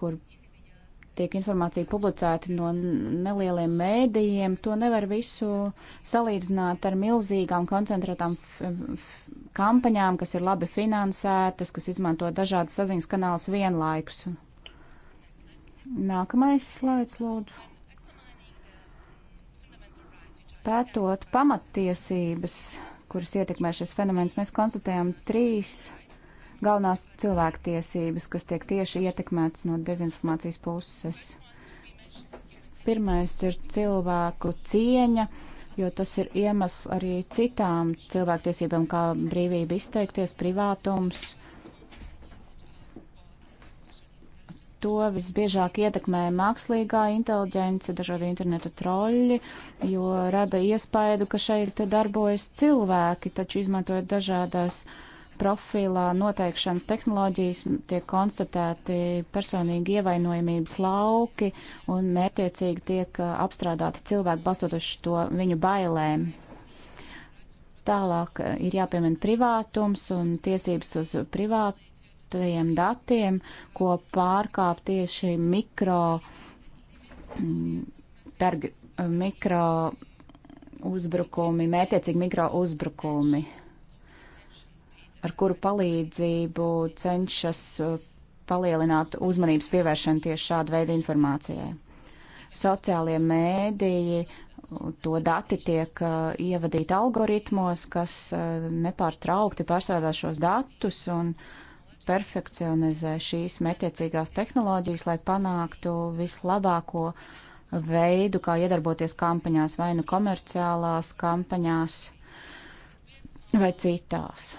kur tiek informācija publicēta no nelieliem mēdījiem, to nevar visu salīdzināt ar milzīgām koncentrētām kampaņām, kas ir labi finansētas, kas izmanto dažādas saziņas kanālus vienlaikus. Nākamais slaids, lūdzu. Pētot pamattiesības, kuras ietekmē šis fenomens, mēs konstatējam trīs galvenās cilvēktiesības, kas tiek tieši ietekmētas no dezinformācijas puses. Pirmais ir cilvēku cieņa, jo tas ir iemesls arī citām cilvēktiesībām, kā brīvība izteikties, privātums. to visbiežāk ietekmē mākslīgā inteliģence, dažādi interneta troļļi, jo rada iespaidu, ka šeit darbojas cilvēki, taču izmantojot dažādas uh, profilā noteikšanas tehnoloģijas tiek konstatēti personīgi ievainojamības lauki un mērtiecīgi tiek uh, apstrādāti cilvēki balstoties to viņu bailēm. Tālāk uh, ir jāpiemina privātums un tiesības uz privātajiem datiem, ko pārkāp tieši mikro, targ, mm, uh, mikro uzbrukumi, mērtiecīgi mikro uzbrukumi ar kuru palīdzību cenšas uh, palielināt uzmanības pievēršanu tieši šāda veida informācijai. Sociālie mēdīji, uh, to dati tiek uh, ievadīti algoritmos, kas nepārtraukti pārstrādā šos datus un perfekcionizē šīs mērķiecīgās tehnoloģijas, lai panāktu vislabāko veidu, kā iedarboties kampaņās, vai nu komerciālās kampaņās vai citās.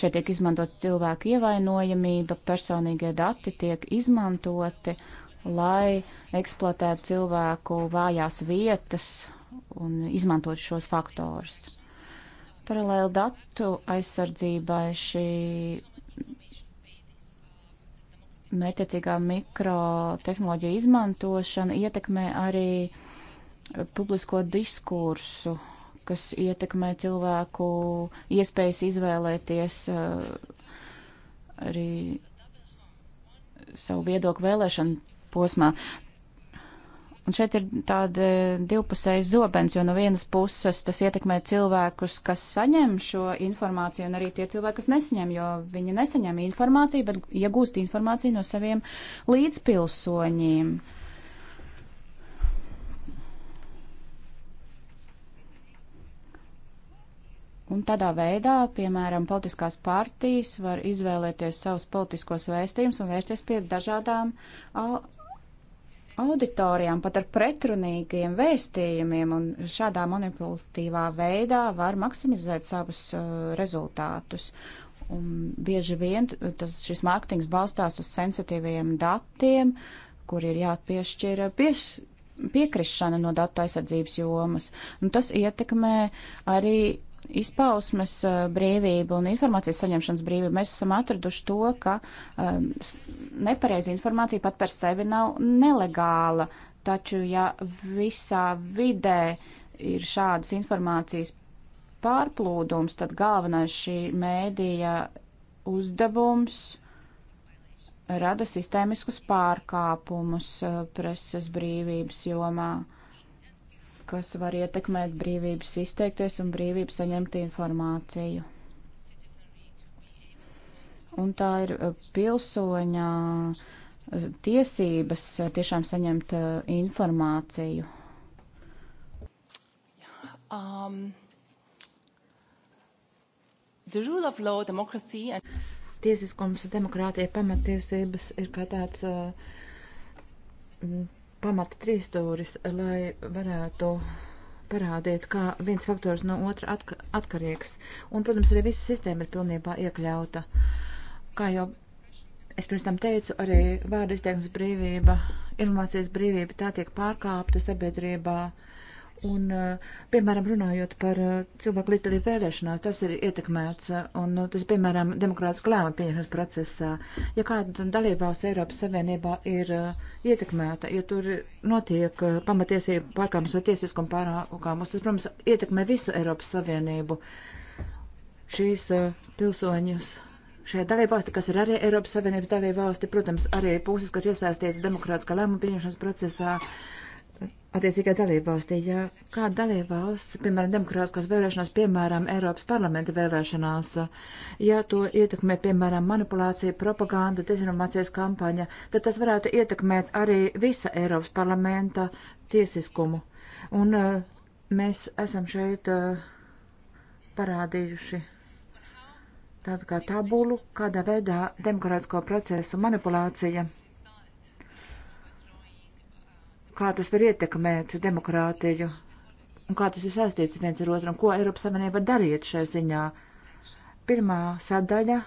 Šeit tiek izmantot cilvēku ievainojamība, personīgie dati tiek izmantoti, lai eksploatētu cilvēku vājās vietas un izmantot šos faktorus. Paralēli datu aizsardzībai šī mērķiecīgā mikrotehnoloģija izmantošana ietekmē arī publisko diskursu kas ietekmē cilvēku iespējas izvēlēties eh, arī savu viedokli vēlēšanu posmā. Un šeit ir tāda divpusējs zobens, jo no vienas puses tas ietekmē cilvēkus, kas saņem šo informāciju, un arī tie cilvēki, kas nesaņem, jo viņi nesaņem informāciju, bet iegūst informāciju no saviem līdzpilsoņiem. Uh, Un tādā veidā, piemēram, politiskās partijas var izvēlēties savus politiskos vēstījumus un vērsties pie dažādām auditorijām, pat ar pretrunīgiem vēstījumiem, un šādā manipulatīvā veidā var maksimizēt savus uh, rezultātus. Un bieži vien tas, šis mārketings balstās uz sensitīviem datiem, kur ir jāpiešķir pieš, piekrišana no datu aizsardzības jomas. Un tas ietekmē arī izpausmes eh, brīvību un informācijas saņemšanas brīvību, mēs esam atraduši to, ka um, nepareiza informācija pat par sevi nav nelegāla, taču ja visā vidē ir šādas informācijas pārplūdums, tad galvenais šī mēdīja uzdevums rada sistēmiskus pārkāpumus eh, preses brīvības jomā. Uh, kas var ietekmēt brīvības izteikties un brīvības saņemt informāciju. Un tā ir e, pilsoņa e, tiesības e, tiešām saņemt informāciju. Um, the rule of law, democracy and tiesiskums, demokrātija, pamatiesības ir kā tāds uh, pamata trīstūris, lai varētu parādīt, kā viens faktors no otra atka atkarīgs. Un, protams, arī visa sistēma ir pilnībā iekļauta. Kā jau es pirms tam teicu, arī vārdu izteiksmes brīvība, informācijas brīvība, tā tiek pārkāpta sabiedrībā. Uh, Un, eh, piemēram, runājot par eh, cilvēku līdzdalību vēlēšanās, tas ir ietekmēts, eh, un tas, piemēram, demokrātiskā lēmuma pieņemšanas procesā. Ja kāda dalībvalsts Eiropas Savienībā ir ietekmēta, ja tur notiek pamatiesību pārkāpums vai tiesiskuma pārkāpums, tas, protams, ietekmē visu Eiropas Savienību. Šīs pilsoņus šajā dalībvalstī, kas ir arī Eiropas Savienības dalībvalsti, protams, arī puses, kas iesaistīts demokrātiskā lēmuma pieņemšanas procesā, attiecīgā dalībvalstī. Ja kāda dalībvalsts, piemēram, demokrātiskās vēlēšanās, piemēram, Eiropas parlamenta vēlēšanās, ja to ietekmē, piemēram, manipulācija, propaganda, dezinformācijas kampaņa, tad tas varētu ietekmēt arī visa Eiropas parlamenta tiesiskumu. Un uh, mēs esam šeit uh, parādījuši tādu kā tabulu, kādā veidā demokrātisko procesu manipulācija kā tas var ietekmēt demokrātiju un kā tas ir saistīts viens ar otru un ko Eiropas Savienība darīt šajā ziņā. Pirmā sadaļa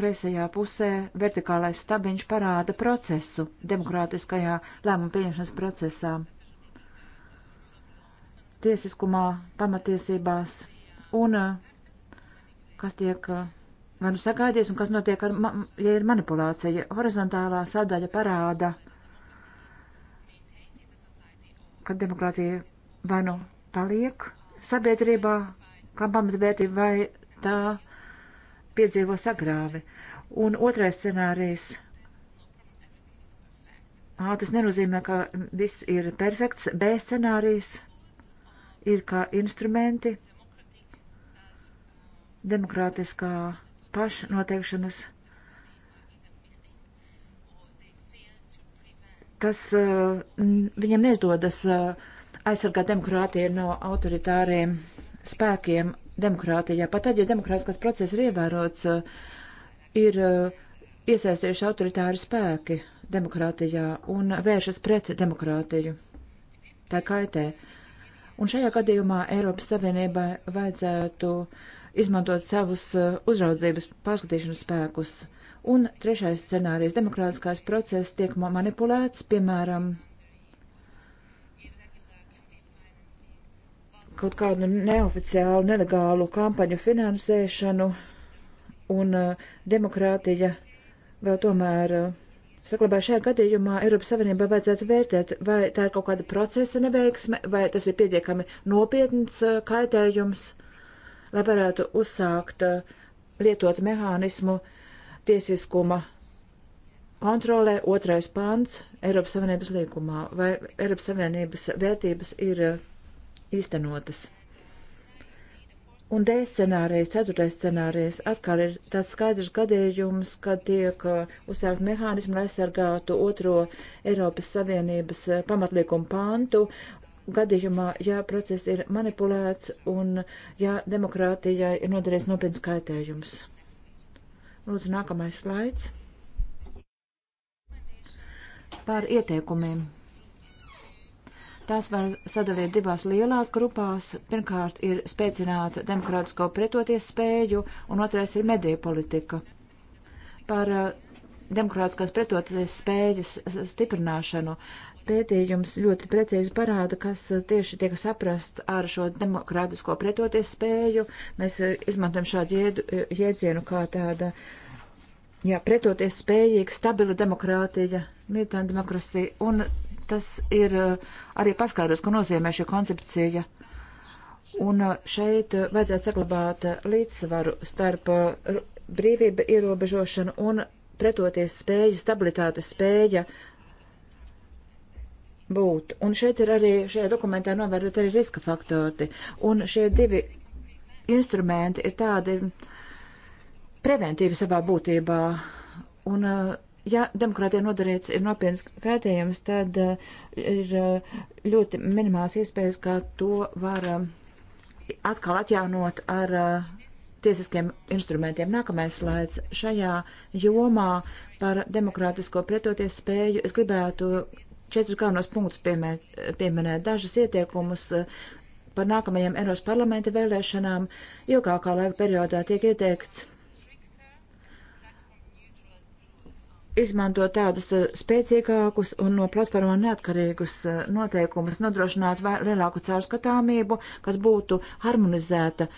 kreisajā pusē vertikālais stabiņš parāda procesu demokrātiskajā lēmumu pieņemšanas procesā. Tiesiskumā, pamatiesībās un eh, kas tiek eh, vai nu sagaidies un kas notiek, ar, ja ir manipulācija. Horizontālā sadaļa parāda ka demokrātija vai nu paliek sabiedrībā, kā pamatvērtība, vai tā piedzīvo sagrāvi. Un otrais scenārijs. Ā, tas nenozīmē, ka viss ir perfekts. B scenārijs ir kā instrumenti demokrātiskā pašnoteikšanas kas eh, viņiem neizdodas eh, aizsargāt demokrātiju no autoritāriem spēkiem demokrātijā. Pat tad, ja demokrātiskās process ir ievērots, eh, ir iesaistījuši autoritāri spēki demokrātijā un vēršas pret demokrātiju. Tā kaitē. Un šajā gadījumā Eiropas Savienībai vajadzētu izmantot savus uzraudzības pārskatīšanas spēkus. Uh, Un trešais scenārijs - demokrātiskās process tiek manipulēts, piemēram, kaut kādu neoficiālu, nelegālu kampaņu finansēšanu, un uh, demokrātija vēl tomēr. Uh, Saklabā šajā gadījumā Eiropas Savienībā vajadzētu vērtēt, vai tā ir kaut kāda procesa neveiksme, vai tas ir pietiekami nopietns uh, kaitējums, lai varētu uzsākt uh, lietot mehānismu, uh, tiesiskuma kontrolē otrais pants Eiropas Savienības līgumā, vai Eiropas Savienības vērtības ir eh, īstenotas. Un D scenārijs, ceturtais scenārijs, atkal ir tāds skaidrs gadījums, kad tiek eh, uzsākt mehānismu, lai aizsargātu otro Eiropas Savienības eh, pamatlīgumu pāntu, gadījumā, ja process ir manipulēts un ja demokrātijai ir nodarījis nopietns kaitējums. Lūdzu, nākamais slaids. Par ieteikumiem. Tās var sadalīt divās lielās grupās. Pirmkārt ir spēcināt demokrātisko pretoties spēju, un otrais ir mediju politika. Par uh, demokrātiskās pretoties spējas stiprināšanu pētījums ļoti precīzi parāda, kas uh, tieši tiek saprasts ar šo demokrātisko pretoties spēju. Mēs uh, izmantojam šādu jēdu, uh, jēdzienu kā tāda, jā, pretoties spējīga, stabila demokrātija, militanta demokrātija. Un tas ir arī paskaidros, ko nozīmē šī koncepcija. Un šeit vajadzētu saglabāt līdzsvaru starp brīvība ierobežošanu un pretoties spēju, stabilitātes spēja, būt. Un šeit ir arī, šajā dokumentā novērtēt arī riska faktori. Un šie divi instrumenti ir tādi preventīvi savā būtībā. Un, eh, ja demokrātija nodarīts ir nopietns kaitējums, tad eh, ir eh, ļoti minimāls iespējas, kā to var atkal atjaunot ar tiesiskiem instrumentiem. Nākamais slaids šajā jomā par demokrātisko pretoties spēju. Es gribētu četrus galvenos punktus pieminēt dažas ieteikumus eh, par nākamajiem Eiropas parlamenta vēlēšanām. Ilgākā laika periodā tiek ieteikts izmantot tādus eh, spēcīgākus un no platformām neatkarīgus eh, noteikumus, nodrošināt lielāku caurskatāmību, kas būtu harmonizēta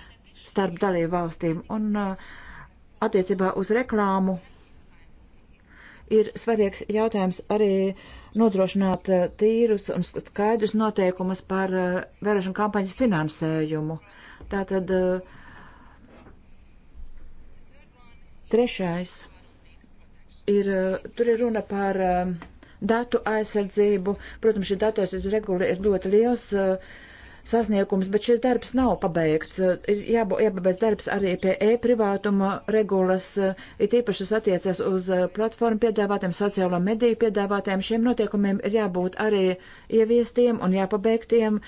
starp dalību valstīm. Un attiecībā uz reklāmu ir svarīgs jautājums arī uh, nodrošināt eh, tīrus un skaidrus noteikumus par eh, vērošanu kampaņas finansējumu. Tātad eh, trešais ir, tur ir runa par datu aizsardzību. Protams, šī datu aizsardzība regula ir ļoti liels. Uh, sasniegums, bet šis darbs nav pabeigts. Ir jāpabeidz darbs arī pie e-privātuma regulas, ir īpaši tas attiecas uz uh, platformu piedāvātiem, sociālo mediju piedāvātiem. Šiem notiekumiem ir jābūt arī ieviestiem un jāpabeigtiem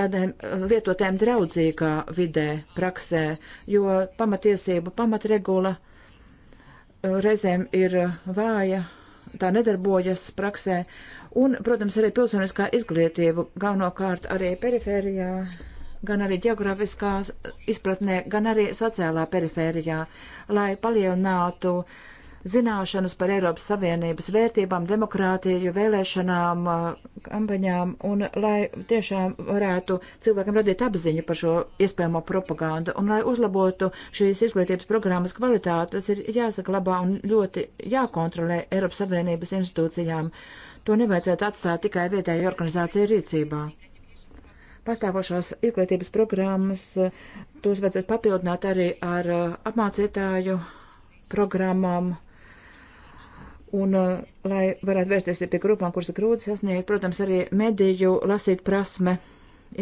tādiem uh, lietotēm draudzīgā vidē, praksē, jo pamatiesība pamatregula uh, reizēm ir vāja tā nedarbojas praksē. Un, protams, arī pilsoniskā izglītība, galvenokārt arī perifērijā, gan arī geogrāfiskā izpratnē, gan arī sociālā perifērijā, lai palielinātu uh, zināšanas par Eiropas Savienības vērtībām, demokrātiju, vēlēšanām, eh, kampaņām, un lai tiešām varētu cilvēkam radīt apziņu par šo iespējamo propagandu, un lai uzlabotu šīs izglītības programmas kvalitāti, tas ir jāsaklabā un ļoti jākontrolē Eiropas Savienības institūcijām. To nevajadzētu atstāt tikai vietēju organizāciju rīcībā pastāvošās izglītības programmas, eh, tos vajadzētu papildināt arī ar eh, apmācītāju programmām, Un, uh, lai varētu vērsties pie grupām, kuras ir grūti sasniegt, protams, arī mediju lasīt prasme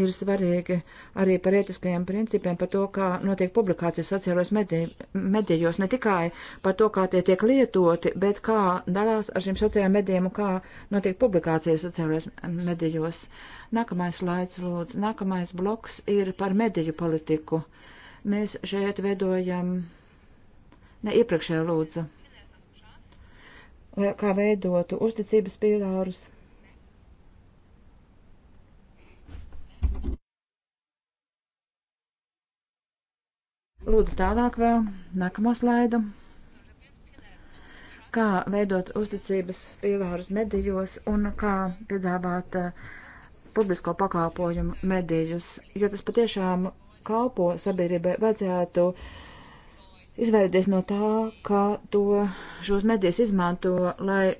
ir svarīgi arī par ētiskajiem principiem, par to, kā notiek publikācijas sociālajos medij medijos, ne tikai par to, kā tie tiek lietoti, bet kā dalās ar šiem sociālajiem medijiem un kā notiek publikācijas sociālajos medijos. Nākamais slaids, lūdzu. Nākamais bloks ir par mediju politiku. Mēs šeit veidojam. Ne iepriekšējā lūdzu kā veidotu uzticības pīlārus. Lūdzu, tālāk vēl nākamo slaidu. Kā veidot uzticības pīlārus medijos un kā piedāvāt uh, publisko pakāpojumu medijus, jo tas patiešām kalpo sabiedrībai vajadzētu uh, izvairīties no tā, ka to šos medijas izmanto, lai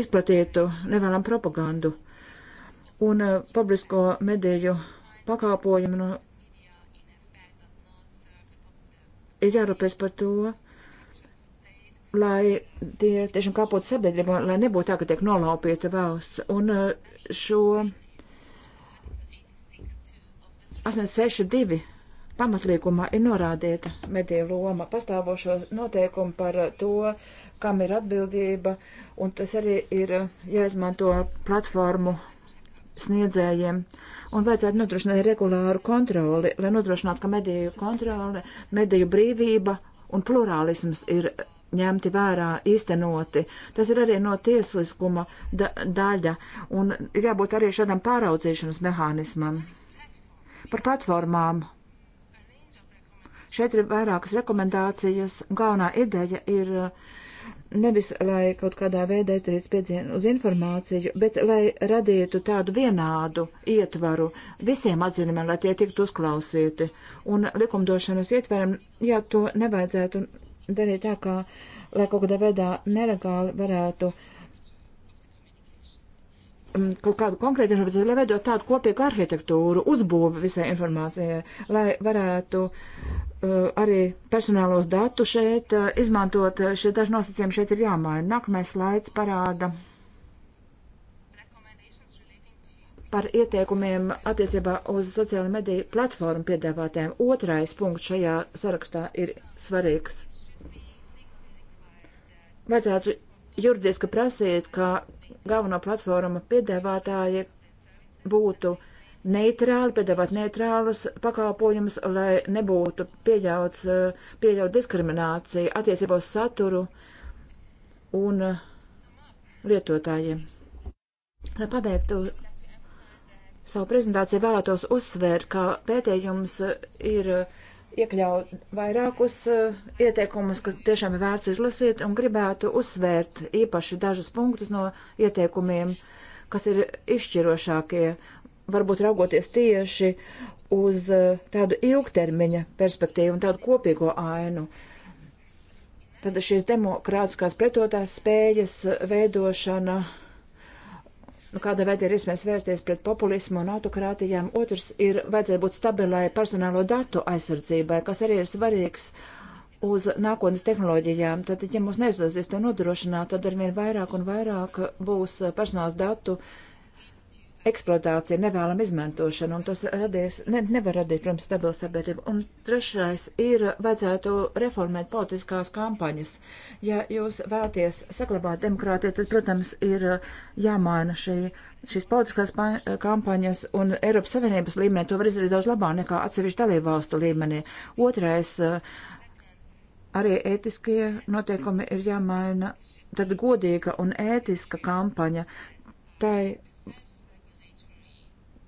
izplatītu nevēlam propagandu un uh, publisko mediju pakāpojumu. Nu, ir jārūpēs par to, lai tie tiešām kāpotu sabiedrībā, lai nebūtu tā, ka tiek nolaupīta valsts. Un uh, šo 862 pamatlīgumā ir norādīta mediju loma, pastāvošo noteikumu par to, kam ir atbildība, un tas arī ir jāizmanto platformu sniedzējiem. Un vajadzētu nodrošināt regulāru kontroli, lai nodrošinātu, ka mediju kontrole, mediju brīvība un plurālisms ir ņemti vērā, īstenoti. Tas ir arī no tiesliskuma da daļa, un ir jābūt arī šādam pāraudzīšanas mehānismam. Par platformām Šeit ir vairākas rekomendācijas. Galvenā ideja ir uh, nevis, lai kaut kādā veidā izdarītu spiedienu uz informāciju, bet lai radītu tādu vienādu ietvaru visiem atzinumiem, lai tie tiktu uzklausīti. Un likumdošanas ietveram, ja to nevajadzētu darīt tā, kā, lai kaut kādā veidā nelegāli varētu uh, Mm, kaut kādu konkrētu informāciju, lai veidot tādu kopīgu arhitektūru, uzbūvi visai informācijai, lai varētu uh, arī personālos datu šeit uh, izmantot. Uh, šie daži nosacījumi šeit ir jāmaina. Nākamais slaids parāda par ieteikumiem attiecībā uz sociālajiem mediju platformu piedāvātēm. Otrais punkts šajā sarakstā ir svarīgs. Vajadzētu juridiski prasīt, ka galvenā platforma piedāvātāji būtu neitrāli, piedāvāt neitrālus pakalpojumus, lai nebūtu pieļauts, pieļaut diskriminācija attiecībā uz saturu un uh, lietotājiem. Lai pabeigtu savu prezentāciju, vēlētos uzsvērt, ka pētījums ir uh, iekļaut vairākus uh, ieteikumus, kas tiešām ir vērts izlasīt, un gribētu uzsvērt īpaši dažus punktus no ieteikumiem, kas ir izšķirošākie, varbūt raugoties tieši uz uh, tādu ilgtermiņa perspektīvu un tādu kopīgo ainu. Tad šīs demokrātiskās pretotās spējas eh, veidošana uh, nu, kāda veida ir iespējams vērsties pret populismu un autokrātijām. Otrs ir vajadzēja būt stabilai personālo datu aizsardzībai, kas arī ir svarīgs uz nākotnes tehnoloģijām. Tad, ja mums neizdosies to nodrošināt, tad arvien vairāk un vairāk būs personāls datu uh, eksploatācija, nevēlama izmantošana, un tas radies, ne, nevar radīt, protams, stabilu sabiedrību. Un trešais ir, vajadzētu reformēt politiskās kampaņas. Ja jūs vēlaties saglabāt demokrātiju, tad, protams, ir jāmaina šī, šīs politiskās kampaņas, un Eiropas Savienības līmenī to var izdarīt daudz labāk nekā atsevišķu dalību valstu līmenī. Otrais, arī ētiskie noteikumi ir jāmaina, tad godīga un ētiska kampaņa. Tai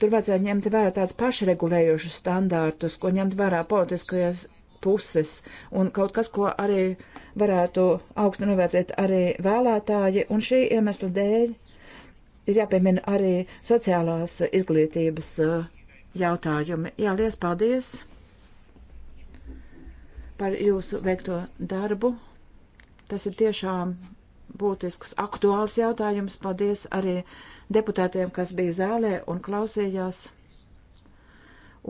Tur vajadzētu ņemt vērā tāds pašregulējošus standārtus, ko ņemt vērā politiskajās puses, un kaut kas, ko arī varētu augstu novērtēt arī vēlētāji, un šī iemesla dēļ ir jāpiemina arī sociālās izglītības jautājumi. Jā, liels paldies par jūsu veikto darbu. Tas ir tiešām būtisks, aktuāls jautājums. Paldies arī deputātiem, kas bija zālē un klausījās.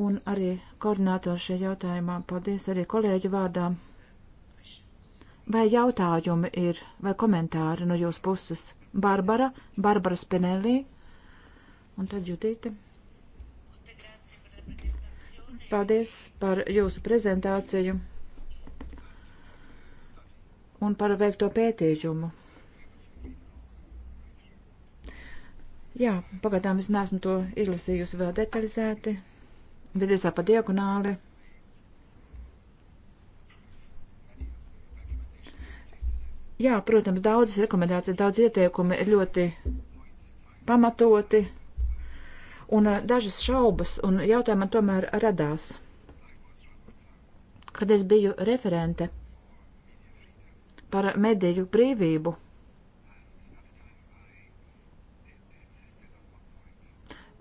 Un arī koordinātori šajā jautājumā. Paldies arī kolēģu vārdā. Vai jautājumi ir, vai komentāri no jūsu puses? Barbara, Barbara Spinelli un tad Judīte. Paldies par jūsu prezentāciju un par veikto pētījumu. Jā, pagaidām es neesmu to izlasījusi vēl detalizēti, bet es pa diagonāli. Jā, protams, daudzas rekomendācijas, daudz ieteikumi ir ļoti pamatoti, un dažas šaubas un jautājumi man tomēr radās. Kad es biju referente par mediju brīvību,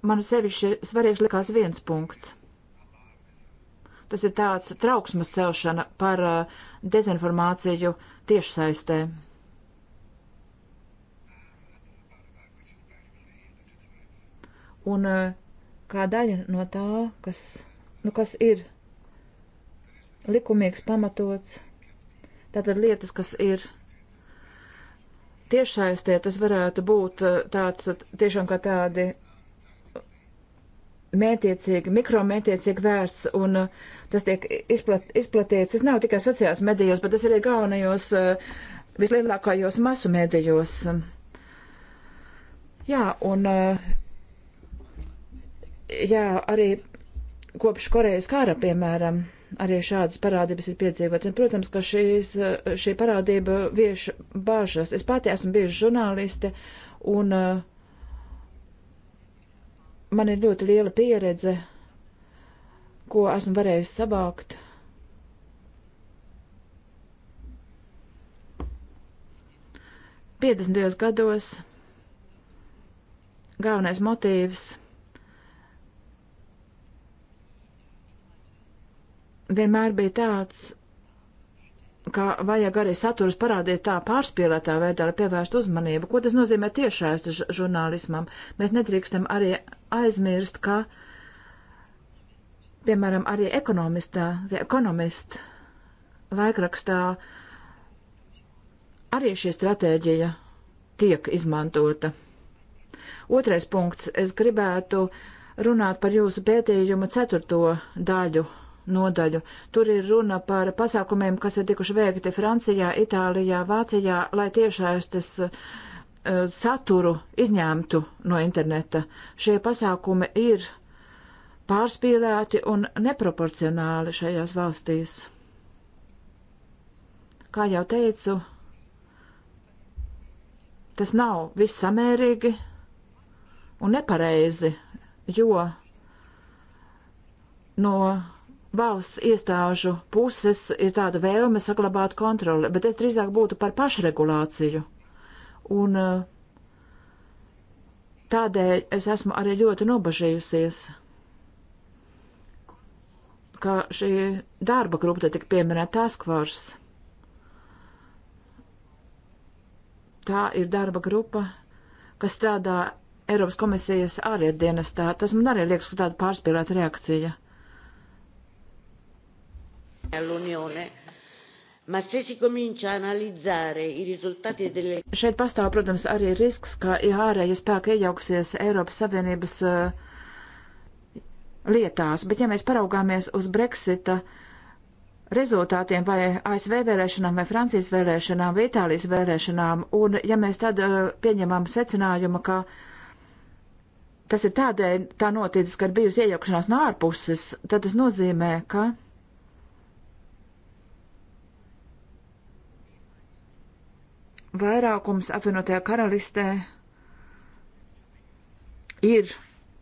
man sevišķi svarīgs likās viens punkts. Tas ir tāds trauksmas celšana par uh, dezinformāciju tiešsaistē. Un uh, kā daļa no tā, kas, nu, kas ir likumīgs pamatots, tātad lietas, kas ir tiešsaistē, tas varētu būt uh, tāds tiešām kā tādi mētiecīgi, mikromētiecīgi vērsts, un uh, tas tiek izplat, izplatīts. Tas nav tikai sociālās medijos, bet tas arī galvenajos, uh, vislielākajos masu medijos. Jā, un uh, jā, arī kopš Korejas kara, piemēram, arī šādas parādības ir piedzīvotas. Un, protams, ka šīs, šī parādība vieš bāžas. Es pati esmu bieži žurnāliste, un uh, man ir ļoti liela pieredze, ko esmu varējis savākt. Piedesmitajos gados galvenais motīvs vienmēr bija tāds, ka vajag arī saturs parādīt tā pārspīlētā veidā, lai pievērstu uzmanību. Ko tas nozīmē tiešais žurnālismam? Mēs nedrīkstam arī aizmirst, ka, piemēram, arī ekonomistā, The Economist laikrakstā arī šī stratēģija tiek izmantota. Otrais punkts. Es gribētu runāt par jūsu pētījuma ceturto daļu nodaļu. Tur ir runa par pasākumiem, kas ir tikuši veikti Francijā, Itālijā, Vācijā, lai tiešaistes uh, Eh, saturu izņemtu no interneta. Šie pasākumi ir pārspīlēti un neproporcionāli šajās valstīs. Kā jau teicu, tas nav viss samērīgi un nepareizi, jo no valsts iestāžu puses ir tāda vēlme saglabāt kontroli, bet es drīzāk būtu par pašregulāciju un eh, tādēļ es esmu arī ļoti nobažījusies, ka šī darba grupa, te tik pieminēta Task Force, tā ir darba grupa, kas strādā Eiropas komisijas ārlietu dienestā. Tas man arī liekas, ka tāda pārspīlēta reakcija. L'unione Ma se si comincia a analizzare i risultati delle... Šeit pastāv, protams, arī risks, ka ārējie spēki iejauksies Eiropas Savienības uh, lietās, bet ja mēs paraugāmies uz Brexita rezultātiem vai ASV vēlēšanām vai Francijas vēlēšanām vai Itālijas vēlēšanām, un ja mēs tad uh, pieņemam secinājumu, ka tas ir tādēļ tā noticis, ka ir bijusi iejaukšanās no ārpuses, tad tas nozīmē, ka vairākums apvienotajā karalistē ir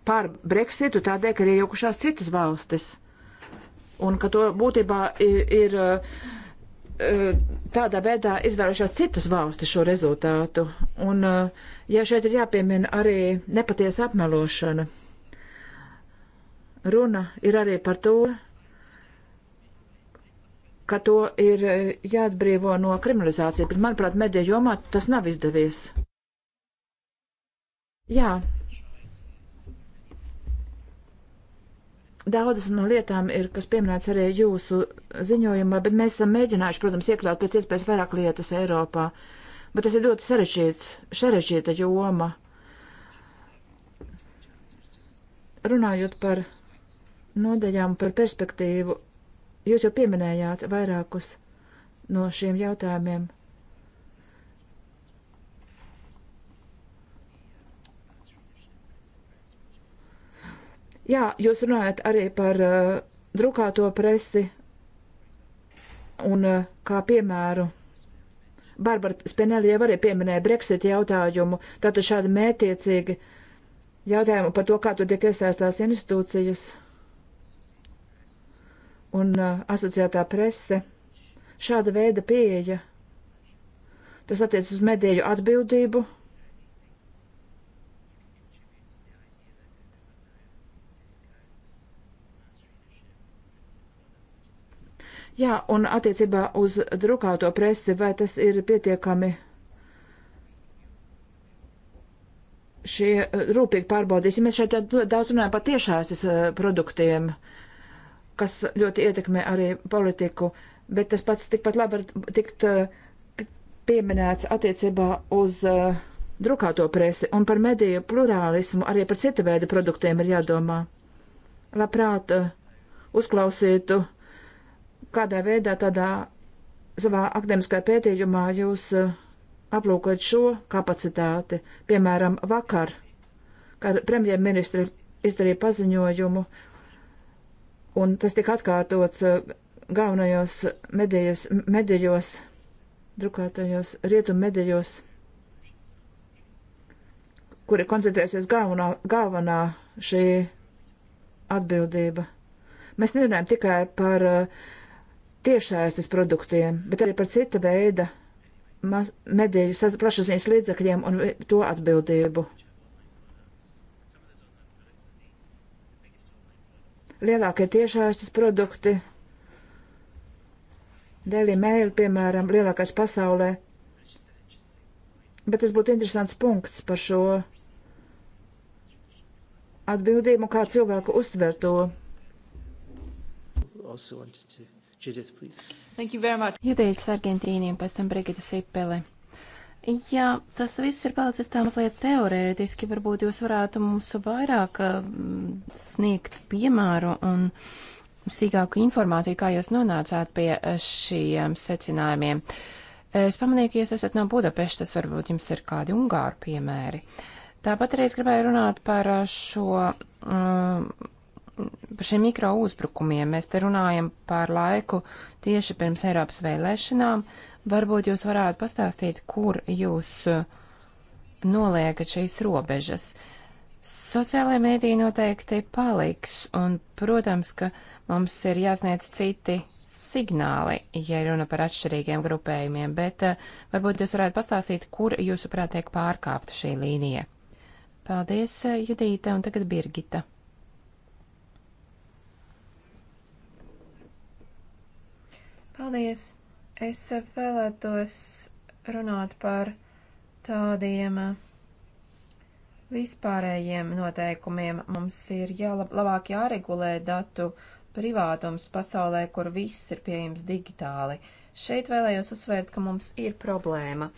par Brexitu, tādēļ, ka ir iejaukušās citas valstis. Un ka to būtībā ir, ir e, tādā veidā izvēlušās citas valstis šo rezultātu. Un, e, ja šeit ir jāpiemina arī nepatiesa apmelošana, runa ir arī par to, ka to ir eh, jāatbrīvo no kriminalizācija, bet, manuprāt, mediju jomā tas nav izdevies. Jā. Daudzas no lietām ir, kas pieminēts arī jūsu ziņojumā, bet mēs esam mēģinājuši, protams, iekļaut pēc iespējas vairāk lietas Eiropā. Bet tas ir ļoti sarežģīts, sarežģīta joma. Runājot par nodaļām, par perspektīvu, Jūs jau pieminējāt vairākus no šiem jautājumiem. Jā, jūs runājat arī par uh, drukāto presi un uh, kā piemēru. Barbara Spinelli jau arī pieminēja Brexit jautājumu, tātad šādi mētiecīgi jautājumu par to, kā tur tiek iesaistās institūcijas. Uh, un uh, asociētā prese. Šāda veida pieeja. Tas attiec uz mediju atbildību. Jā, un attiecībā uz drukāto presi, vai tas ir pietiekami šie uh, rūpīgi pārbaudīs? Ja mēs šeit daudz runājam par tiešāsas uh, produktiem, uh, kas ļoti ietekmē arī politiku, bet tas pats tikpat labi var tikt eh, pieminēts attiecībā uz uh, drukāto presi un par mediju plurālismu, arī par cita veida produktiem ir jādomā. Labprāt, uh, uzklausītu, kādā veidā tādā savā akademiskajā pētījumā jūs uh, aplūkojat šo kapacitāti. Piemēram, vakar, kad premjerministri izdarīja paziņojumu, un tas tika atkārtots uh, galvenajos medijas, medijos, drukātajos rietumu medijos, kuri koncentrēsies galvenā, galvenā šī atbildība. Mēs nerunājam tikai par uh, tiešsaistes produktiem, bet arī par cita veida mediju plašsaziņas līdzakļiem un to atbildību. lielākie tiešaistas produkti. Daily Mail, piemēram, lielākais pasaulē. Bet tas būtu interesants punkts par šo atbildību, kā cilvēku uztver to. Ieteicis Argentīniem, pēc tam Brigita Sipele. Jā, tas viss ir palicis tā mazliet teorētiski. Varbūt jūs varētu mums vairāk mm, sniegt piemēru un sīkāku informāciju, kā jūs nonācāt pie eh, šiem secinājumiem. Es pamanīju, ka jūs esat no Budapeštas, varbūt jums ir kādi ungāru piemēri. Tāpat arī es gribēju runāt par šo um, par šiem mikro uzbrukumiem. Mēs te runājam par laiku tieši pirms Eiropas vēlēšanām. Varbūt jūs varētu pastāstīt, kur jūs uh, noliekat šīs robežas. Sociālajie mēdīji noteikti paliks, un, protams, ka mums ir jāsniedz citi signāli, ja runa par atšķirīgiem grupējumiem, bet uh, varbūt jūs varētu pastāstīt, kur jūsuprāt tiek pārkāpta šī līnija. Paldies, uh, Judīte, un tagad Birgita. Paldies! Es vēlētos runāt par tādiem eh, vispārējiem noteikumiem. Mums ir jālab, labāk jāregulē datu privātums pasaulē, kur viss ir pieejams digitāli. Šeit vēlējos uzsvērt, ka mums ir problēma.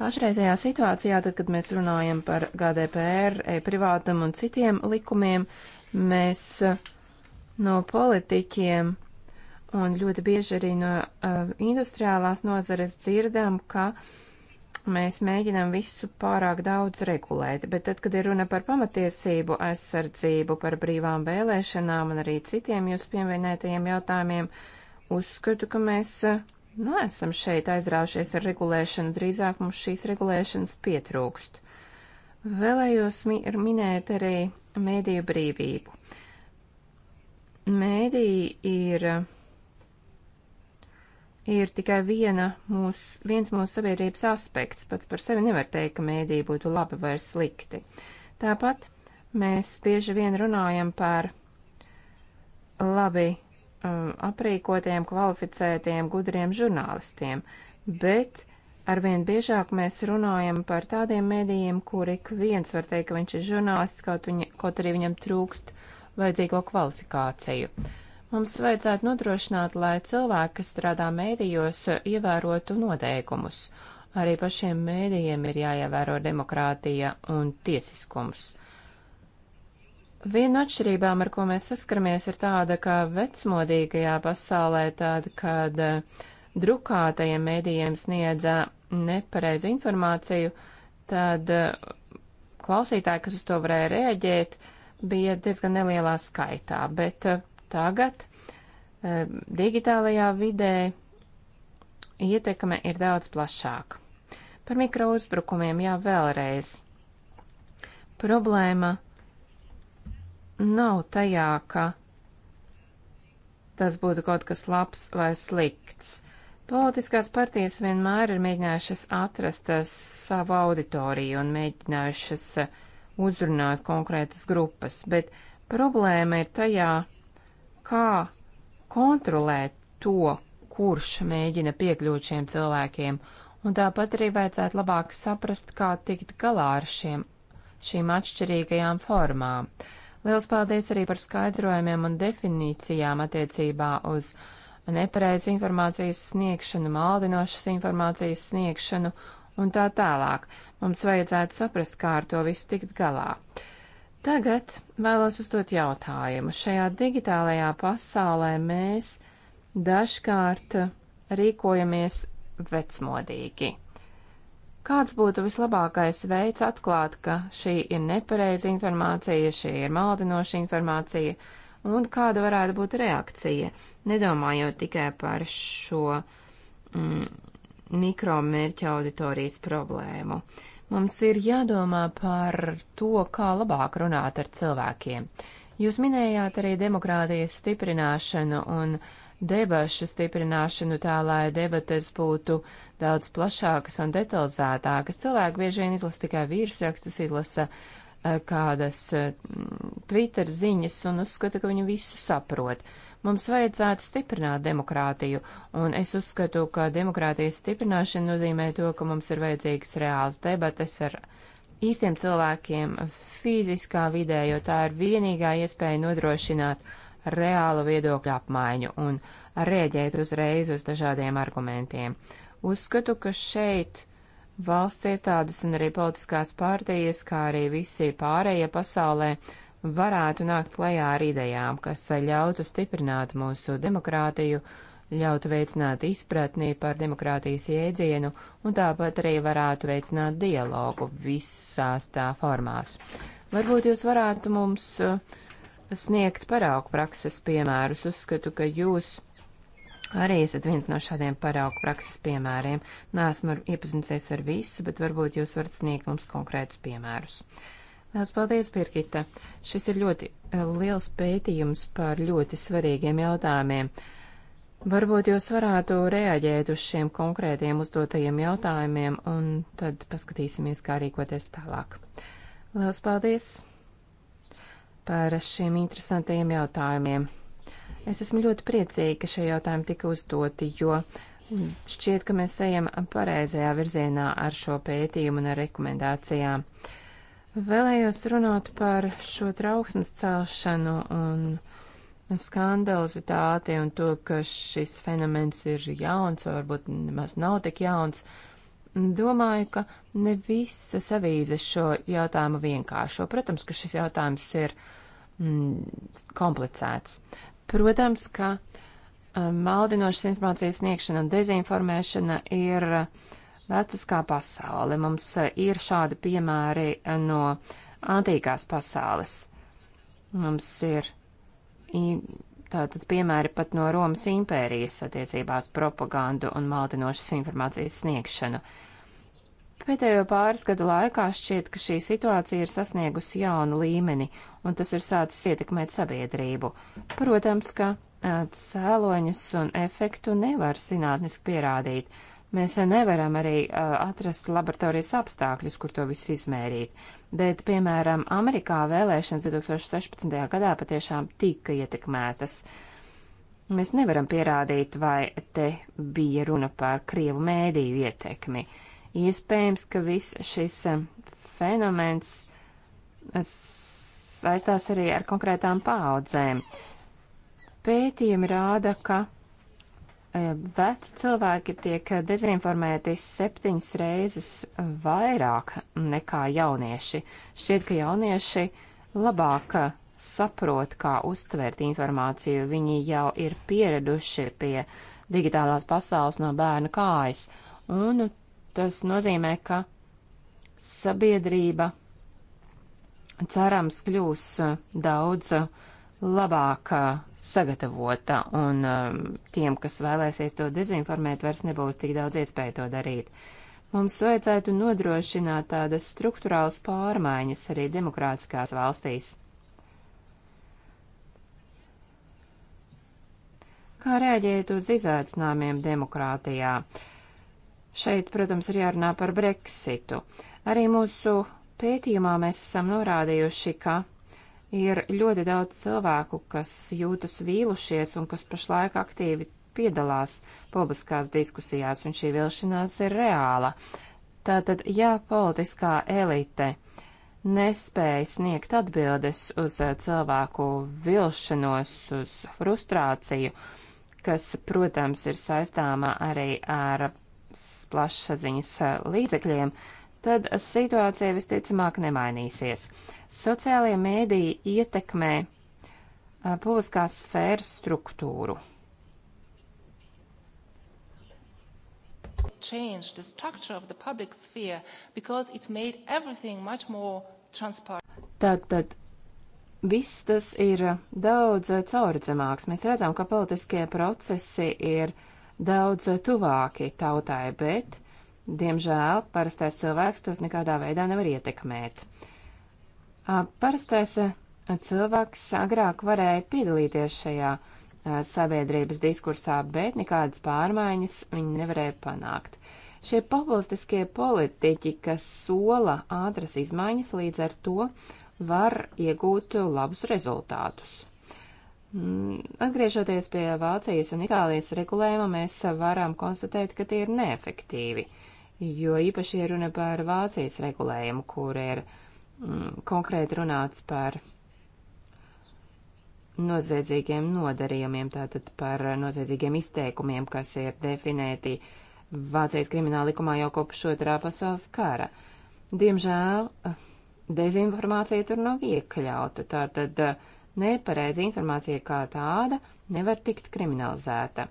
Pašreizējā situācijā, tad, kad mēs runājam par GDPR, e-privātumu un citiem likumiem, mēs eh, no politiķiem Un ļoti bieži arī no uh, industriālās nozares dzirdam, ka mēs mēģinām visu pārāk daudz regulēt, bet tad, kad ir runa par pamatiesību aizsardzību, par brīvām vēlēšanām un arī citiem jūs pieminētajiem jautājumiem, uzskatu, ka mēs uh, neesam šeit aizrāvušies ar regulēšanu, drīzāk mums šīs regulēšanas pietrūkst. Vēlējos mi ar minēt arī mēdīju brīvību. Mēdī ir uh, ir tikai viena mūs, viens mūsu sabiedrības aspekts. Pats par sevi nevar teikt, ka mēdī būtu labi vai slikti. Tāpat mēs bieži vien runājam par labi um, aprīkotiem, kvalificētiem, gudriem žurnālistiem, bet arvien biežāk mēs runājam par tādiem mēdījiem, kur ik viens var teikt, ka viņš ir žurnālists, kaut, viņa, kaut arī viņam trūkst vajadzīgo kvalifikāciju. Mums vajadzētu nodrošināt, lai cilvēki, kas strādā mēdījos, ievērotu noteikumus. Arī pašiem mēdījiem ir jāievēro demokrātija un tiesiskums. Viena no atšķirībām, ar ko mēs saskaramies, ir tāda, ka vecmodīgajā pasaulē tāda, kad eh, drukātajiem mēdījiem sniedza eh, nepareizu informāciju, tad eh, klausītāji, kas uz to varēja reaģēt, bija diezgan nelielā skaitā, bet Tagad eh, digitālajā vidē ietekme ir daudz plašāka. Par mikrouzbrukumiem jā vēlreiz. Problēma nav tajā, ka tas būtu kaut kas labs vai slikts. Politiskās partijas vienmēr ir mēģinājušas atrast eh, savu auditoriju un mēģinājušas eh, uzrunāt konkrētas grupas, bet problēma ir tajā, ka kā kontrolēt to, kurš mēģina piekļūt šiem cilvēkiem, un tāpat arī vajadzētu labāk saprast, kā tikt galā ar šiem, šīm atšķirīgajām formām. Liels paldies arī par skaidrojumiem un definīcijām attiecībā uz nepareizu informācijas sniegšanu, maldinošas informācijas sniegšanu un tā tālāk. Mums vajadzētu saprast, kā ar to visu tikt galā. Uh, Tagad vēlos uzdot jautājumu. Šajā digitālajā pasaulē mēs dažkārt rīkojamies vecmodīgi. Kāds būtu vislabākais veids atklāt, ka šī ir nepareiza informācija, šī ir maldinoša informācija, un kāda varētu būt reakcija, nedomājot tikai par šo mm, mikromērķa auditorijas problēmu? Mums ir jādomā par to, kā labāk runāt ar cilvēkiem. Jūs minējāt arī demokrātijas stiprināšanu un debašu stiprināšanu tā, lai debates būtu daudz plašākas un detalizētākas. Cilvēki bieži vien izlasa tikai vīrsrakstus, izlasa eh, kādas eh, Twitter ziņas un uzskata, ka viņi visu saprot. Uh, Mums vajadzētu stiprināt demokrātiju, un es uzskatu, ka demokrātijas stiprināšana nozīmē to, ka mums ir vajadzīgas reāls debates ar īstiem cilvēkiem fiziskā vidē, jo tā ir vienīgā iespēja nodrošināt reālu viedokļu apmaiņu un rēģēt uzreiz uz dažādiem argumentiem. Uzskatu, ka šeit valsts iestādes un arī politiskās pārtījas, kā arī visi pārējie pasaulē varētu nākt klajā ar idejām, kas ļautu stiprināt mūsu demokrātiju, ļautu veicināt izpratni par demokrātijas jēdzienu un tāpat arī varētu veicināt dialogu visās tā formās. Varbūt jūs varētu mums uh, sniegt paraugu prakses piemērus. Uzskatu, ka jūs arī esat viens no šādiem paraugu prakses piemēriem. Nāsmu iepazinusies ar visu, bet varbūt jūs varat sniegt mums konkrētus piemērus. Lielas paldies, Birgita! Šis ir ļoti eh, liels pētījums par ļoti svarīgiem jautājumiem. Varbūt jūs varētu reaģēt uz šiem konkrētiem uzdotajiem jautājumiem, un tad paskatīsimies, kā rīkoties tālāk. Lielas paldies par šiem interesantiem jautājumiem. Es esmu ļoti priecīga, ka šie jautājumi tika uzdoti, jo šķiet, ka mēs ejam pareizajā virzienā ar šo pētījumu un ar rekomendācijām. Uh, Vēlējos runāt par šo trauksmes celšanu un skandalizitāti un to, ka šis fenomens ir jauns, vai varbūt nemaz nav tik jauns. Domāju, ka ne visas avīzes šo jautājumu vienkāršo. Protams, ka šis jautājums ir mm, komplicēts. Protams, ka eh, maldinošas informācijas sniegšana un dezinformēšana ir uh, vecas kā pasaule. Mums eh, ir šādi piemēri eh, no antīkās pasaules. Mums ir tātad piemēri pat no Romas impērijas attiecībās propagandu un maldinošas informācijas sniegšanu. Pēdējo pāris gadu laikā šķiet, ka šī situācija ir sasniegusi jaunu līmeni, un tas ir sācis ietekmēt sabiedrību. Protams, ka eh, cēloņus un efektu nevar zinātniski pierādīt, Mēs nevaram arī atrast laboratorijas apstākļus, kur to visu izmērīt, bet, piemēram, Amerikā vēlēšanas 2016. gadā patiešām tika ietekmētas. Mēs nevaram pierādīt, vai te bija runa par krievu mēdīju ietekmi. Iespējams, ka viss šis fenomens saistās arī ar konkrētām paudzēm. Pētījumi rāda, ka Eh, veci cilvēki tiek dezinformēti septiņas reizes vairāk nekā jaunieši. Šķiet, ka jaunieši labāk saprot, kā uztvert informāciju. Viņi jau ir pieraduši pie digitālās pasaules no bērnu kājas. Un tas nozīmē, ka sabiedrība cerams kļūs daudz uh, labāk sagatavota, un tiem, kas vēlēsies to dezinformēt, vairs nebūs tik daudz iespēju to darīt. Mums vajadzētu nodrošināt tādas struktūrālas pārmaiņas arī demokrātiskās valstīs. Kā rēģēt uz izaicinājumiem demokrātijā? Šeit, protams, ir jārunā par Brexitu. Arī mūsu pētījumā mēs esam norādījuši, ka Ir ļoti daudz cilvēku, kas jūtas vīlušies un kas pašlaik aktīvi piedalās publiskās diskusijās, un šī vilšanās ir reāla. Tātad, ja politiskā elite nespēja sniegt atbildes uz eh, cilvēku vilšanos, uz frustrāciju, kas, protams, ir saistāmā arī ar plašsaziņas eh, līdzekļiem, uh, tad situācija visticamāk nemainīsies. Sociālie mēdīji ietekmē publiskās sfēras struktūru. Change the structure of the public sphere because it made everything much more transparent. Tātad viss tas ir daudz caurdzamāks. Mēs redzam, ka politiskie procesi ir daudz tuvāki tautai, bet uh, Diemžēl parastais cilvēks tos nekādā veidā nevar ietekmēt. Parastais cilvēks agrāk varēja piedalīties šajā sabiedrības diskursā, bet nekādas pārmaiņas viņi nevarēja panākt. Šie populistiskie politiķi, kas sola ātras izmaiņas, līdz ar to var iegūt labus rezultātus. Mm, atgriežoties pie Vācijas un Itālijas regulējuma, mēs varam konstatēt, ka tie ir neefektīvi. Uh, jo īpaši ir runa par Vācijas regulējumu, kur ir mm, konkrēti runāts par noziedzīgiem nodarījumiem, tātad par noziedzīgiem izteikumiem, kas ir definēti Vācijas krimināla likumā jau kopš otrā pasaules kara. Diemžēl eh, dezinformācija tur nav iekļauta, tātad eh, nepareiza informācija kā tāda nevar tikt kriminalizēta.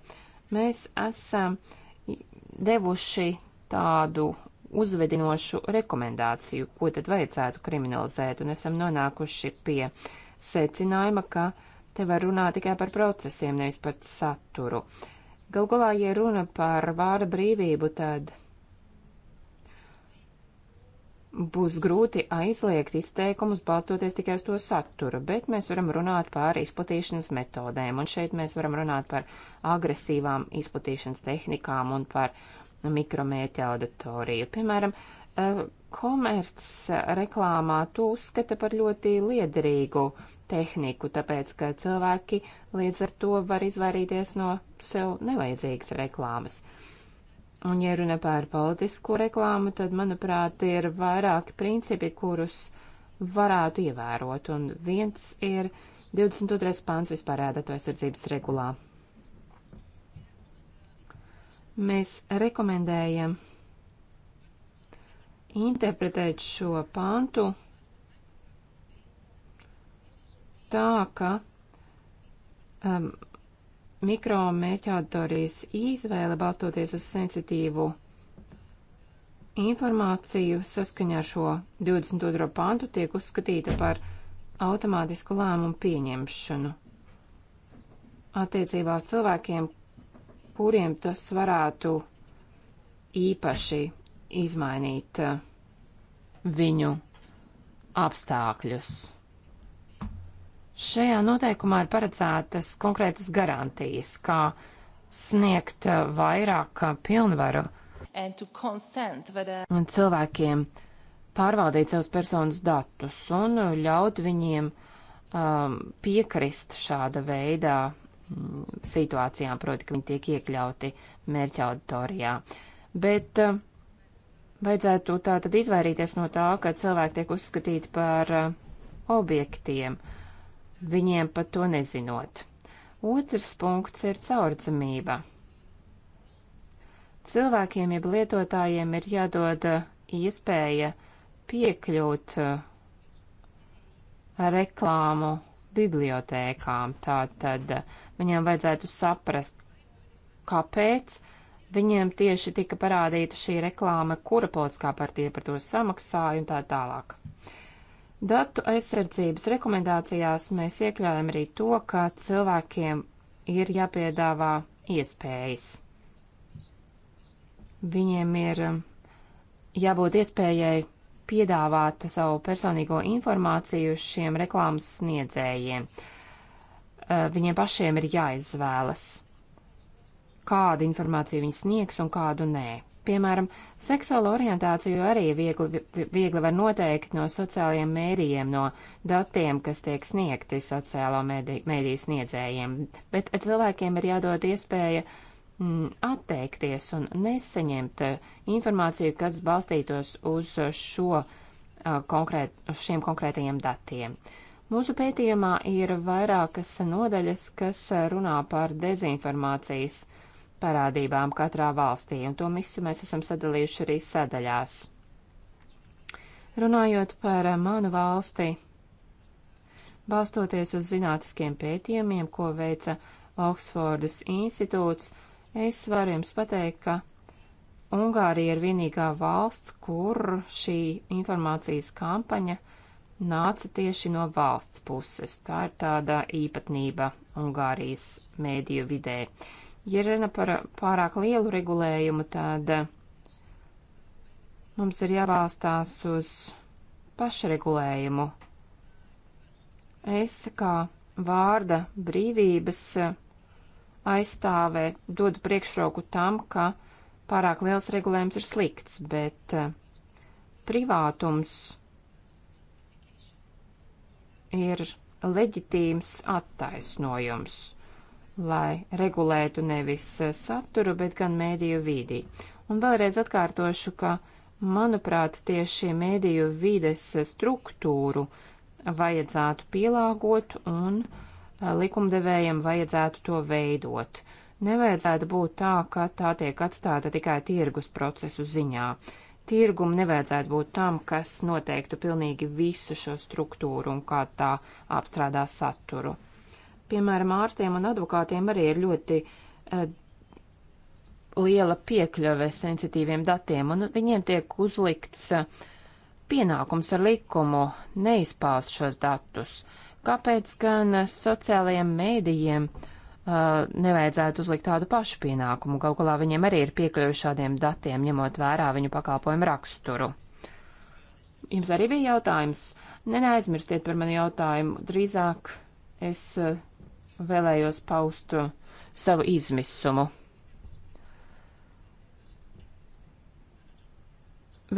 Mēs esam devuši tādu uzvedinošu rekomendāciju, ko tad vajadzētu kriminalizēt, un esam nonākuši pie secinājuma, ka te var runāt tikai par procesiem, nevis par saturu. Galgulā, ja runa par vārda brīvību, tad būs grūti aizliegt izteikumus balstoties tikai uz to saturu, bet mēs varam runāt par izplatīšanas metodēm, un šeit mēs varam runāt par agresīvām izplatīšanas tehnikām un par uh, Nu, mikromērķa auditoriju. Piemēram, eh, komerces reklāmā to uzskata par ļoti liederīgu tehniku, tāpēc, ka cilvēki līdz ar to var izvairīties no sev nevajadzīgas reklāmas. Un, ja runa par politisko reklāmu, tad, manuprāt, ir vairāki principi, kurus varētu ievērot, un viens ir 22. pāns vispārējā datu aizsardzības regulā. Mēs rekomendējam interpretēt šo pantu tā, ka um, mikromērķauditorijas izvēle balstoties uz sensitīvu informāciju saskaņā ar šo 22. pantu tiek uzskatīta par automātisku lēmumu pieņemšanu attiecībā uz cilvēkiem, kuriem tas varētu īpaši izmainīt uh, viņu apstākļus. Šajā noteikumā ir paredzētas konkrētas garantijas, kā sniegt uh, vairāk uh, pilnvaru un cilvēkiem pārvaldīt savus personas datus un ļaut viņiem um, piekrist šāda veidā situācijām, proti, ka viņi tiek iekļauti mērķa auditorijā. Bet eh, vajadzētu tā tad izvairīties no tā, ka cilvēki tiek uzskatīti par eh, objektiem, viņiem pat to nezinot. Otrs punkts ir caurdzamība. Cilvēkiem, jeb lietotājiem ir jādod eh, iespēja piekļūt reklāmu bibliotēkām. Tātad eh, viņiem vajadzētu saprast, kāpēc viņiem tieši tika parādīta šī reklāma, kura politiskā partija par to samaksāja un tā tālāk. Datu aizsardzības rekomendācijās mēs iekļaujam arī to, ka cilvēkiem ir jāpiedāvā iespējas. Viņiem ir eh, jābūt iespējai piedāvāt savu personīgo informāciju šiem reklāmas sniedzējiem. Eh, viņiem pašiem ir jāizvēlas, kādu informāciju viņi sniegs un kādu nē. Piemēram, seksuālo orientāciju arī viegli, viegli var noteikt no sociālajiem mēdījiem, no datiem, kas tiek sniegti sociālo mēdīju sniedzējiem, bet cilvēkiem ir jādod iespēja uh, Mm, atteikties un nesaņemt eh, informāciju, kas balstītos uz šo eh, konkrēt, uz šiem konkrētajiem datiem. Mūsu pētījumā ir vairākas nodaļas, kas eh, runā par dezinformācijas parādībām katrā valstī, un to visu mēs esam sadalījuši arī sadaļās. Runājot par manu valsti, balstoties uz zinātniskiem pētījumiem, ko veica Oksfordas institūts, Es varu jums pateikt, ka Ungārija ir vienīgā valsts, kur šī informācijas kampaņa nāca tieši no valsts puses. Tā ir tāda īpatnība Ungārijas mēdīju vidē. Ja runa par pārāk lielu regulējumu, tad mums ir jābalstās uz pašregulējumu. Es kā vārda brīvības aizstāvē dodu priekšroku tam, ka pārāk liels regulējums ir slikts, bet eh, privātums ir leģitīms attaisnojums, lai regulētu nevis eh, saturu, bet gan mēdīju vīdī. Un vēlreiz atkārtošu, ka, manuprāt, tieši mēdīju vīdes struktūru vajadzētu pielāgot un uh, Eh, likumdevējiem vajadzētu to veidot. Nevajadzētu būt tā, ka tā tiek atstāta tikai tirgus procesu ziņā. Tirgum nevajadzētu būt tam, kas noteiktu pilnīgi visu šo struktūru un kā tā apstrādā saturu. Piemēram, ārstiem un advokātiem arī ir ļoti uh, liela piekļuve sensitīviem datiem, un viņiem tiek uzlikts eh, pienākums ar likumu neizpāst šos datus. Uh, Kāpēc gan sociālajiem mēdījiem uh, nevajadzētu uzlikt tādu pašu pienākumu? Galu galā viņiem arī ir piekļuvi šādiem datiem, ņemot vērā viņu pakalpojumu raksturu. Jums arī bija jautājums? Nē, neaizmirstiet par manu jautājumu. Drīzāk es uh, vēlējos paust savu izmisumu.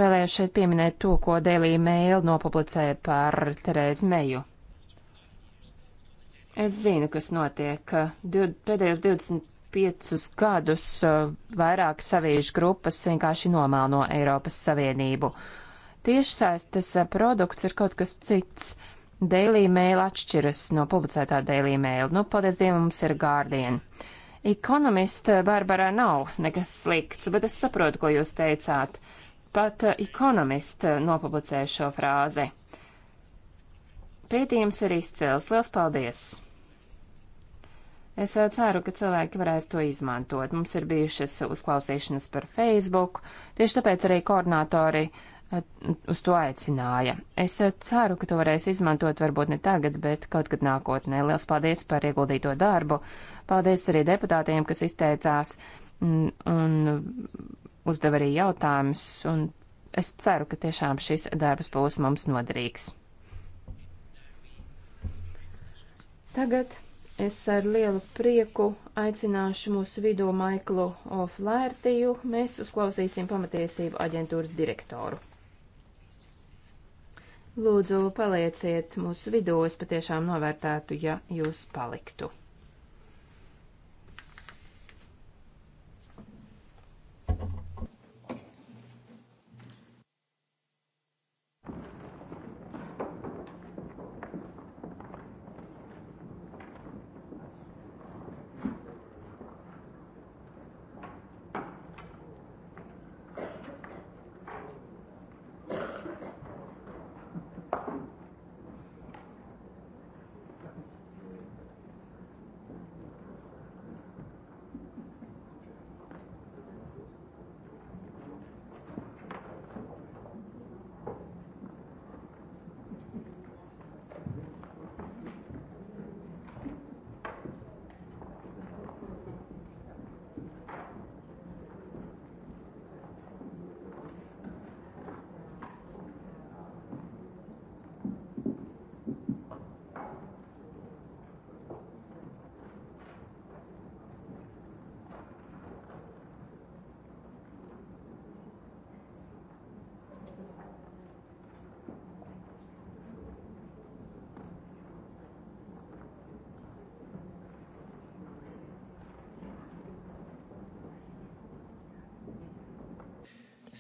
Vēlējos šeit pieminēt to, ko Daily Mail nopublicēja par Terēzu Meju. Es zinu, kas notiek. Div, pēdējos 25 gadus uh, vairāk saviešu grupas vienkārši nomāno Eiropas Savienību. Tiešsaistes uh, produkts ir kaut kas cits. Daily Mail atšķiras no publicētā Daily Mail. Nu, paldies Dievam, mums ir Guardian. Ekonomista Barbara nav nekas slikts, bet es saprotu, ko jūs teicāt. Pat uh, ekonomista nopublicēja šo frāzi. Pētījums ir izcēlis. Lielas paldies! Es eh, ceru, ka cilvēki varēs to izmantot. Mums ir bijušas uzklausīšanas par Facebook, tieši tāpēc arī koordinātori eh, uz to aicināja. Es eh, ceru, ka to varēs izmantot varbūt ne tagad, bet kaut kad nākotnē. Liels paldies par ieguldīto darbu. Paldies arī deputātiem, kas izteicās un uzdeva arī jautājumus. Un es ceru, ka tiešām šis darbs būs mums noderīgs. Tagad Es ar lielu prieku aicināšu mūsu vidū Maiklu Oflērtiju. Mēs uzklausīsim pamatiesību aģentūras direktoru. Lūdzu, palieciet mūsu vidū, es patiešām novērtētu, ja jūs paliktu.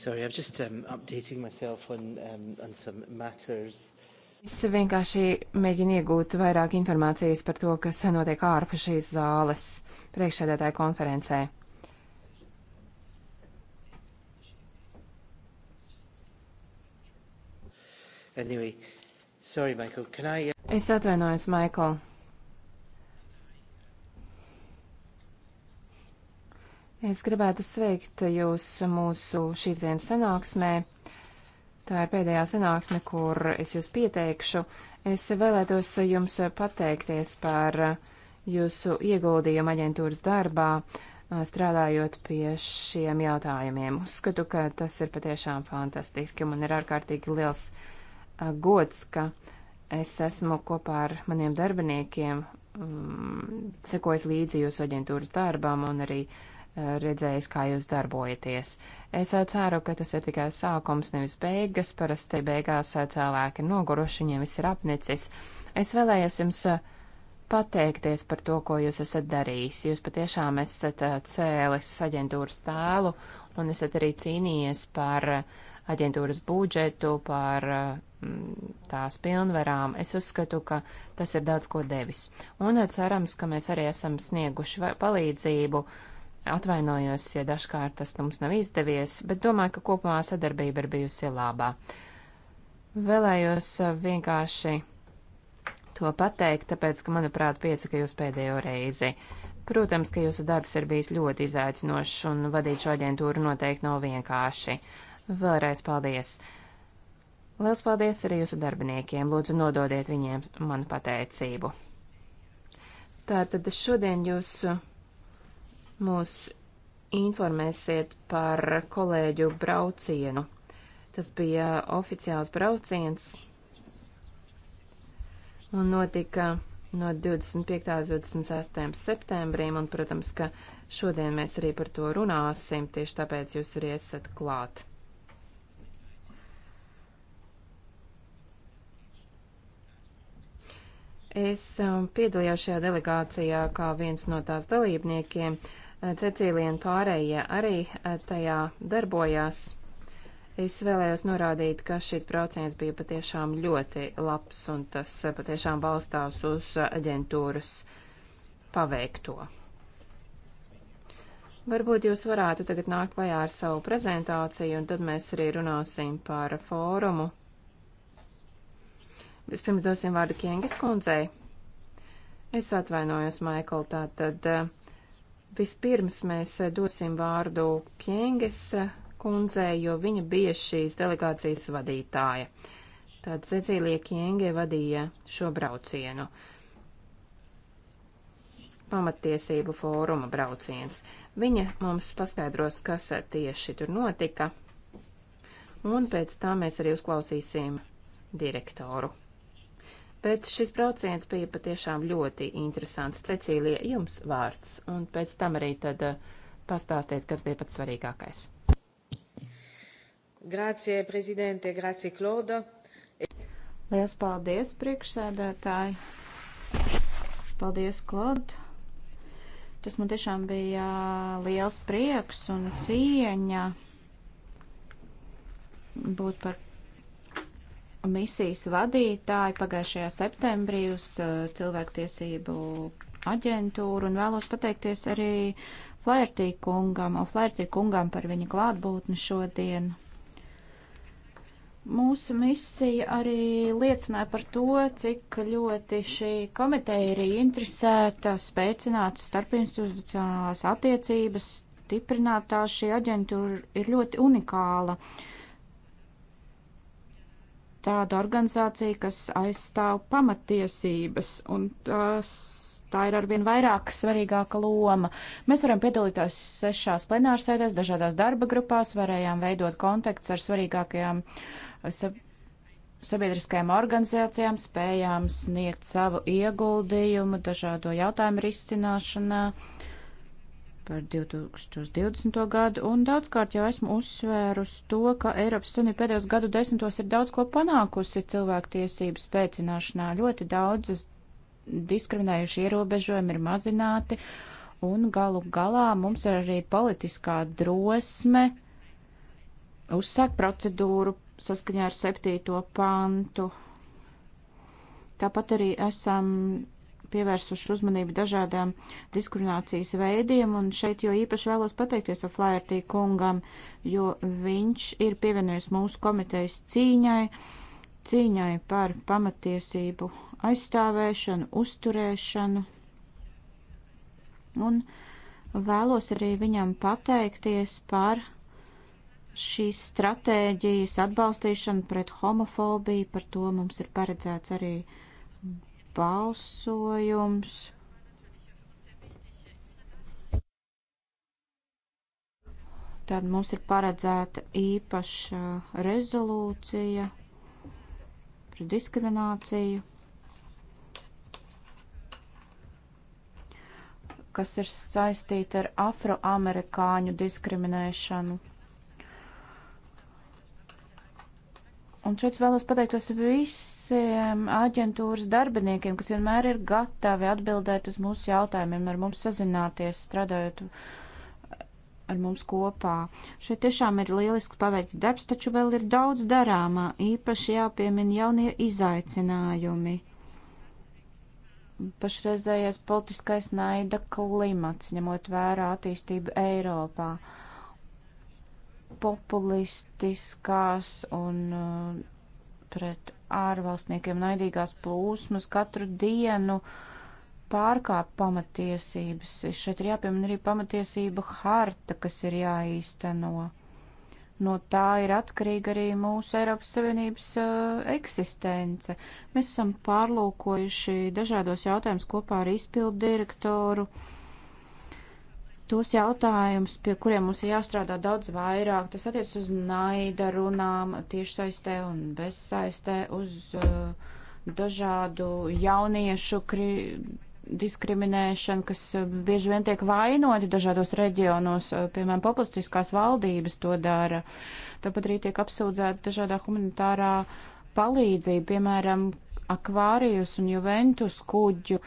Sorry, I'm just um, updating myself on, um, on some matters. Es vienkārši mēģinu iegūt vairāk informācijas par to, kas notiek ārpus šīs zāles priekšsēdētāja konferencē. Anyway, sorry, Michael, can I... Uh, es atvainojos, Michael. Es gribētu sveikt jūs mūsu šīs dienas sanāksmē. Tā ir pēdējā sanāksme, kur es jūs pieteikšu. Es vēlētos jums pateikties par jūsu ieguldījumu aģentūras darbā, strādājot pie šiem jautājumiem. Uzskatu, ka tas ir patiešām fantastiski. Man ir ārkārtīgi liels gods, ka es esmu kopā ar maniem darbiniekiem, um, sekojis līdzi jūsu aģentūras darbam un arī redzējis, kā jūs darbojaties. Es eh, ceru, ka tas ir tikai sākums, nevis beigas. Parasti beigās eh, cilvēki noguruši, viņiem viss ir apnicis. Es vēlējos jums eh, pateikties par to, ko jūs esat darījis. Jūs patiešām esat cēlis aģentūras tēlu un esat arī cīnījies par aģentūras budžetu, par tās pilnvarām. Es uzskatu, ka tas ir daudz ko devis. Un cerams, ka mēs arī esam snieguši palīdzību uh, Atvainojos, ja dažkārt tas mums nav izdevies, bet domāju, ka kopumā sadarbība ir bijusi labā. Vēlējos uh, vienkārši to pateikt, tāpēc, ka, manuprāt, piesaka jūs pēdējo reizi. Protams, ka jūsu darbs ir bijis ļoti izaicinošs un vadīt šo aģentūru noteikti nav vienkārši. Vēlreiz paldies! Liels paldies arī jūsu darbiniekiem. Lūdzu, nododiet viņiem manu pateicību. Tātad šodien jūs uh, mūs informēsiet par kolēģu braucienu. Tas bija oficiāls brauciens un notika no 25. līdz 26. septembrim, un, protams, ka šodien mēs arī par to runāsim, tieši tāpēc jūs arī esat klāt. Es um, piedalījos šajā delegācijā kā viens no tās dalībniekiem. Uh, Cecīlija un pārējie arī eh, tajā darbojās. Es vēlējos norādīt, ka šis brauciens bija patiešām ļoti labs un tas eh, patiešām balstās uz aģentūras paveikto. Varbūt jūs varētu tagad nākt klajā ar savu prezentāciju, un tad mēs arī runāsim par fórumu. Vispirms dosim vārdu Kienges kundzei. Es atvainojos, Maikl, tātad eh, Vispirms mēs eh, dosim vārdu Kienges eh, kundzei, jo viņa bija šīs delegācijas vadītāja. Tad Cecīlija Kienge vadīja šo braucienu. Pamattiesību fóruma brauciens. Viņa mums paskaidros, kas tieši tur notika. Un pēc tam mēs arī uzklausīsim direktoru bet šis brauciens bija patiešām ļoti interesants. Cecīlija, jums vārds, un pēc tam arī tad eh, pastāstiet, kas bija pats svarīgākais. Grācie, prezidente, grācie, Klauda. Lielas paldies, priekšsēdētāji. Paldies, Klauda. Tas man tiešām bija eh, liels prieks un cieņa būt par misijas vadītāji pagājušajā septembrī uz uh, cilvēktiesību aģentūru un vēlos pateikties arī Flaherty kungam un Flaherty kungam par viņa klātbūtni šodien. Mūsu misija arī liecināja par to, cik ļoti šī komiteja ir interesēta spēcināt starpinstitucionālās attiecības, stiprināt tā šī aģentūra ir ļoti unikāla. Uh, tāda organizācija, kas aizstāv pamatiesības, un tas, tā ir arvien vairāk svarīgāka loma. Mēs varam piedalīties sešās plenārsēdēs, dažādās darba grupās, varējām veidot kontakts ar svarīgākajām eh, sabiedriskajām organizācijām, spējām sniegt savu ieguldījumu dažādo jautājumu risināšanā. Ar par 2020. gadu, un daudzkārt jau esmu uzsvērus to, ka Eiropas Savienība pēdējos gadu desmitos ir daudz ko panākusi cilvēktiesību spēcināšanā. Ļoti daudzas diskriminējuši ierobežojumi ir mazināti, un galu galā mums ir arī politiskā drosme uzsākt procedūru saskaņā ar septīto pantu. Tāpat arī esam pievērsuši uzmanību dažādām diskriminācijas veidiem, un šeit jo īpaši vēlos pateikties ar Flaherty kungam, jo viņš ir pievienojis mūsu komitejas cīņai, cīņai par pamatiesību aizstāvēšanu, uzturēšanu. Un vēlos arī viņam pateikties par šīs stratēģijas atbalstīšanu pret homofobiju, par to mums ir paredzēts arī uh, balsojums. Tad mums ir paredzēta īpaša rezolūcija par diskrimināciju, kas ir saistīta ar afroamerikāņu diskriminēšanu. Un šeit vēlos pateiktos viss visiem aģentūras darbiniekiem, kas vienmēr ir gatavi atbildēt uz mūsu jautājumiem, ar mums sazināties, strādājot ar mums kopā. Šeit tiešām ir lieliski paveikts darbs, taču vēl ir daudz darāmā, īpaši jāpiemin jaunie izaicinājumi. Pašreizējais politiskais naida klimats, ņemot vērā attīstību Eiropā populistiskās un uh, pret ārvalstniekiem naidīgās plūsmas katru dienu pārkāp pamatiesības. Šeit ir jāpiemina arī pamatiesība harta, kas ir jāīsteno. No tā ir atkarīga arī mūsu Eiropas Savienības uh, eksistence. Mēs esam pārlūkojuši dažādos jautājumus kopā ar izpildu direktoru. Uh, tos jautājumus, pie kuriem mums ir jāstrādā daudz vairāk. Tas attiec uz naida runām, tiešsaistē un bezsaistē, uz uh, dažādu jauniešu kri diskriminēšanu, kas uh, bieži vien tiek vainoti dažādos reģionos, uh, piemēram, populistiskās valdības to dara. Tāpat arī tiek apsūdzēta dažādā humanitārā palīdzība, piemēram, akvārijus un juventus kuģu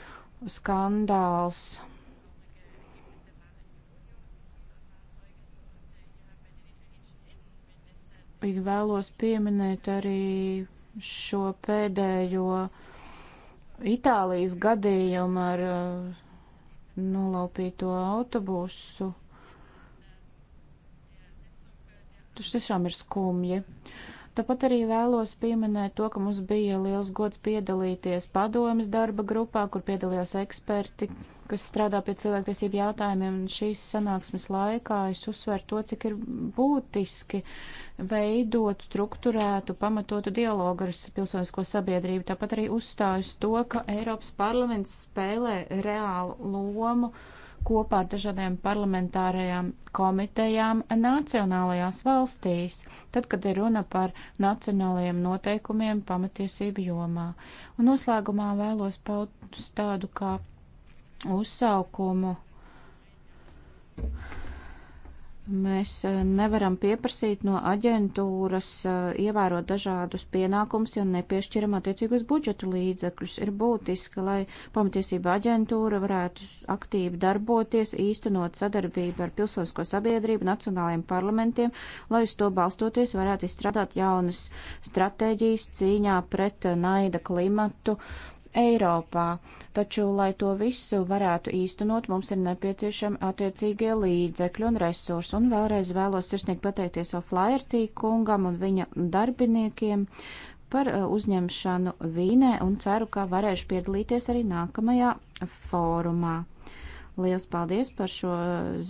skandāls. vēlos pieminēt arī šo pēdējo Itālijas gadījumu ar uh, nolaupīto autobusu. Tas tiešām ir skumji. Tāpat arī vēlos pieminēt to, ka mums bija liels gods piedalīties padomjas darba grupā, kur piedalījās eksperti, kas strādā pie cilvēktiesību jautājumiem, un šīs sanāksmes laikā es uzsveru to, cik ir būtiski veidot struktūrētu, pamatotu dialogu ar pilsonisko sabiedrību. Tāpat arī uzstājas to, ka Eiropas parlaments spēlē reālu lomu kopā ar dažādiem parlamentārajām komitejām nacionālajās valstīs, tad, kad ir runa par nacionālajiem noteikumiem pamatiesību jomā. Un noslēgumā vēlos paust tādu kā uzsaukumu mēs e, nevaram pieprasīt no aģentūras e, ievērot dažādus pienākumus, ja nepiešķiram attiecīgus budžetu līdzekļus. Ir būtiski, lai pamatiesība aģentūra varētu aktīvi darboties, īstenot sadarbību ar pilsonisko sabiedrību, nacionālajiem parlamentiem, lai uz to balstoties varētu izstrādāt jaunas stratēģijas cīņā pret naida klimatu, Eiropā, taču, lai to visu varētu īstenot, mums ir nepieciešami attiecīgie līdzekļi un resursi. Un vēlreiz vēlos sirsnīgi pateikties Oflairtī kungam un viņa darbiniekiem par uh, uzņemšanu Vīnē un ceru, ka varēšu piedalīties arī nākamajā fórumā. Liels paldies par šo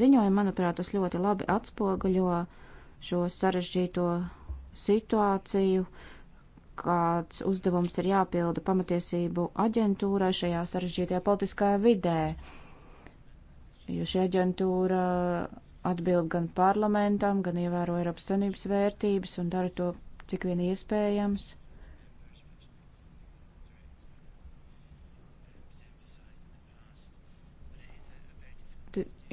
ziņojumu. Manuprāt, tas ļoti labi atspoguļo šo sarežģīto situāciju kāds uzdevums ir jāpilda pamatiesību aģentūrai šajā sarežģītajā politiskajā vidē, jo šī aģentūra atbild gan parlamentam, gan ievēro Eiropas Sanības vērtības un dara to, cik vien iespējams.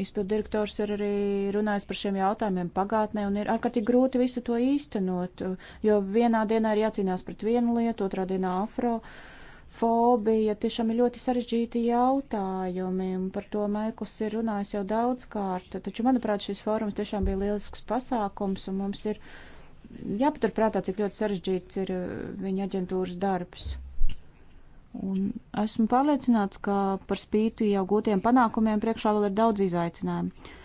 Izpildirektors ir arī runājis par šiem jautājumiem pagātnē un ir ārkārtīgi grūti visu to īstenot, jo vienā dienā ir jācīnās pret vienu lietu, otrā dienā afrofobija. Tiešām ir ļoti sarežģīti jautājumi, un par to Mēklis ir runājis jau daudz kārt. Taču, manuprāt, šis fórums tiešām bija lielisks pasākums, un mums ir jāpaturprātā, cik ļoti sarežģīts ir uh, viņa aģentūras darbs. Un esmu pārliecināts, ka par spīti jau gūtiem panākumiem priekšā vēl ir daudz izaicinājumu.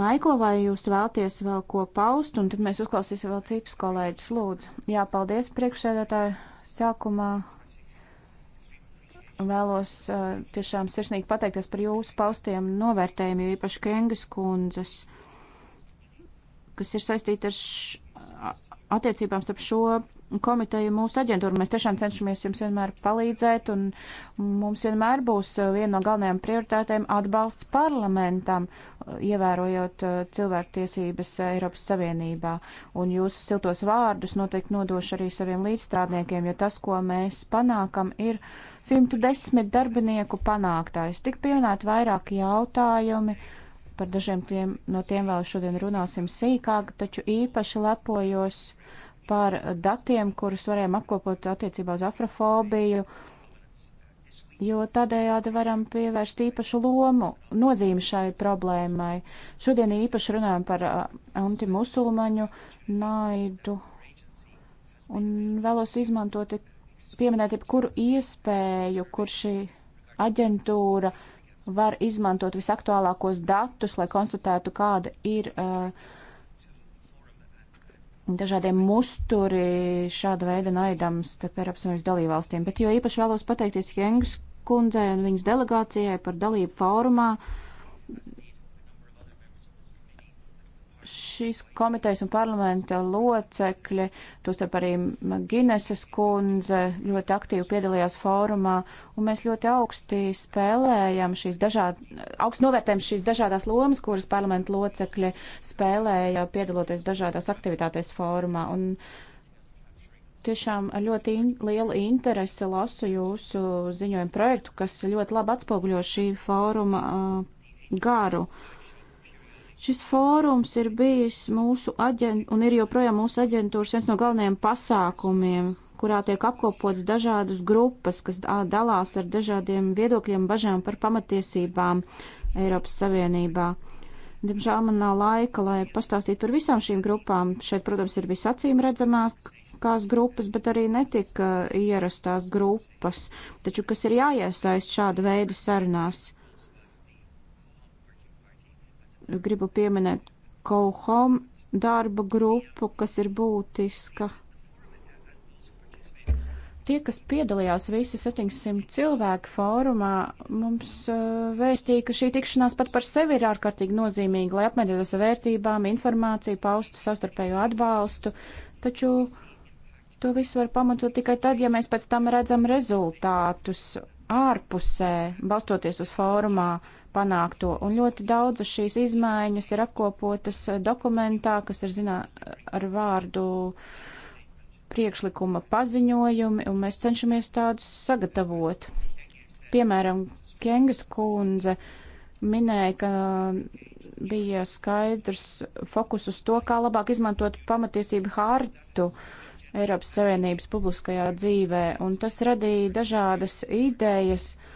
Maikla, vai jūs vēlties vēl ko paust, un tad mēs uzklausīsim vēl citus kolēģus, lūdzu. Jā, paldies priekšsēdētāju. Sākumā vēlos uh, tiešām sirsnīgi pateikties par jūsu paustiem novērtējumiem, jo īpaši Kengas kundzes, kas ir saistīti ar š... attiecībām starp šo komiteju, mūsu aģentūru. Mēs tiešām cenšamies jums vienmēr palīdzēt, un mums vienmēr būs eh, viena no galvenajām prioritātēm atbalsts parlamentam, ievērojot eh, cilvēktiesības eh, Eiropas Savienībā. Un jūsu siltos vārdus noteikti nodošu arī saviem līdzstrādniekiem, jo tas, ko mēs panākam, ir 110 darbinieku panāktājs. Tik pieminēt vairāki jautājumi. Par dažiem tiem, no tiem vēl šodien runāsim sīkāk, taču īpaši lepojos par datiem, kurus varējām apkopot attiecībā uz afrofobiju, jo tādējādi varam pievērst īpašu lomu, nozīmi šai problēmai. Šodien īpaši runājam par uh, antimusulmaņu naidu un vēlos izmantot, pieminēt jebkuru iespēju, kur šī aģentūra var izmantot visaktuālākos datus, lai konstatētu, kāda ir uh, dažādiem musturi šāda veida naidam starp Eiropas Savienības dalībvalstīm. Bet jo īpaši vēlos pateikties Hengas kundzei un viņas delegācijai par dalību fórumā šīs komitejas un parlamenta locekļi, tostarp arī Gineses kundze, ļoti aktīvi piedalījās fórumā, un mēs ļoti augsti spēlējam šīs dažādas, augstu novērtējam šīs dažādās lomas, kuras parlamenta locekļi spēlēja piedaloties dažādās aktivitātēs fórumā. Un tiešām ar ļoti in lielu interesi lasu jūsu ziņojumu projektu, kas ļoti labi atspoguļo šī fóruma uh, garu. Uh, Šis fórums ir bijis mūsu aģent, un ir joprojām mūsu aģentūras viens no galvenajiem pasākumiem, kurā tiek apkopots dažādas grupas, kas dalās ar dažādiem viedokļiem, bažām par pamatiesībām Eiropas Savienībā. Diemžēl man nav laika, lai pastāstītu par visām šīm grupām. Šeit, protams, ir visacīm redzamākās grupas, bet arī netika ierastās grupas, taču kas ir jāiesaist šāda veida sarunās gribu pieminēt Kohom darba grupu, kas ir būtiska. Tie, kas piedalījās visi 700 cilvēku fórumā, mums eh, vēstīja, ka šī tikšanās pat par sevi ir ārkārtīgi nozīmīga, lai apmainītos ar vērtībām, informāciju, paustu savstarpējo atbalstu, taču to visu var pamatot tikai tad, ja mēs pēc tam redzam rezultātus ārpusē, balstoties uz fórumā uh, panākto, un ļoti daudzas šīs izmaiņas ir apkopotas eh, dokumentā, kas ir zinā eh, ar vārdu priekšlikuma paziņojumi, un mēs cenšamies tādus sagatavot. Piemēram, Kengas kundze minēja, ka bija skaidrs fokus uz to, kā labāk izmantot pamatiesību hartu Eiropas Savienības publiskajā dzīvē, un tas radīja dažādas idejas, uh,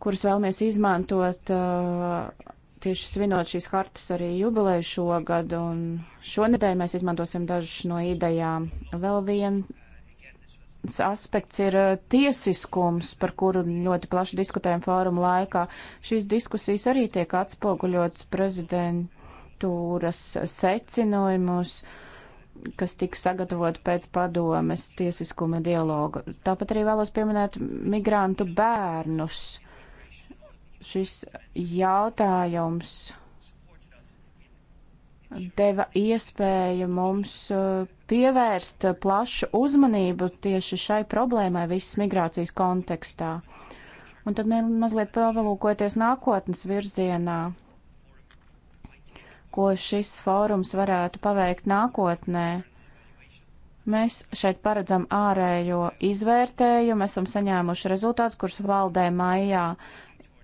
kurus vēlamies izmantot uh, tieši svinot šīs hartas arī jubileju šogad, un šonedēļ mēs izmantosim dažas no idejām. Vēl viens aspekts ir uh, tiesiskums, par kuru ļoti plaši diskutējam fórumu laikā. Šīs diskusijas arī tiek atspoguļotas prezidentūras secinājumus kas tika sagatavot pēc padomes tiesiskuma dialoga. Tāpat arī vēlos pieminēt migrantu bērnus. Uh, šis jautājums deva iespēju mums uh, pievērst plašu uzmanību tieši šai problēmai visas migrācijas kontekstā. Un tad mazliet pavalūkoties nākotnes virzienā, ko šis fórums varētu paveikt nākotnē. Mēs šeit paredzam ārējo izvērtējumu, esam saņēmuši rezultātus, kurus valdē maijā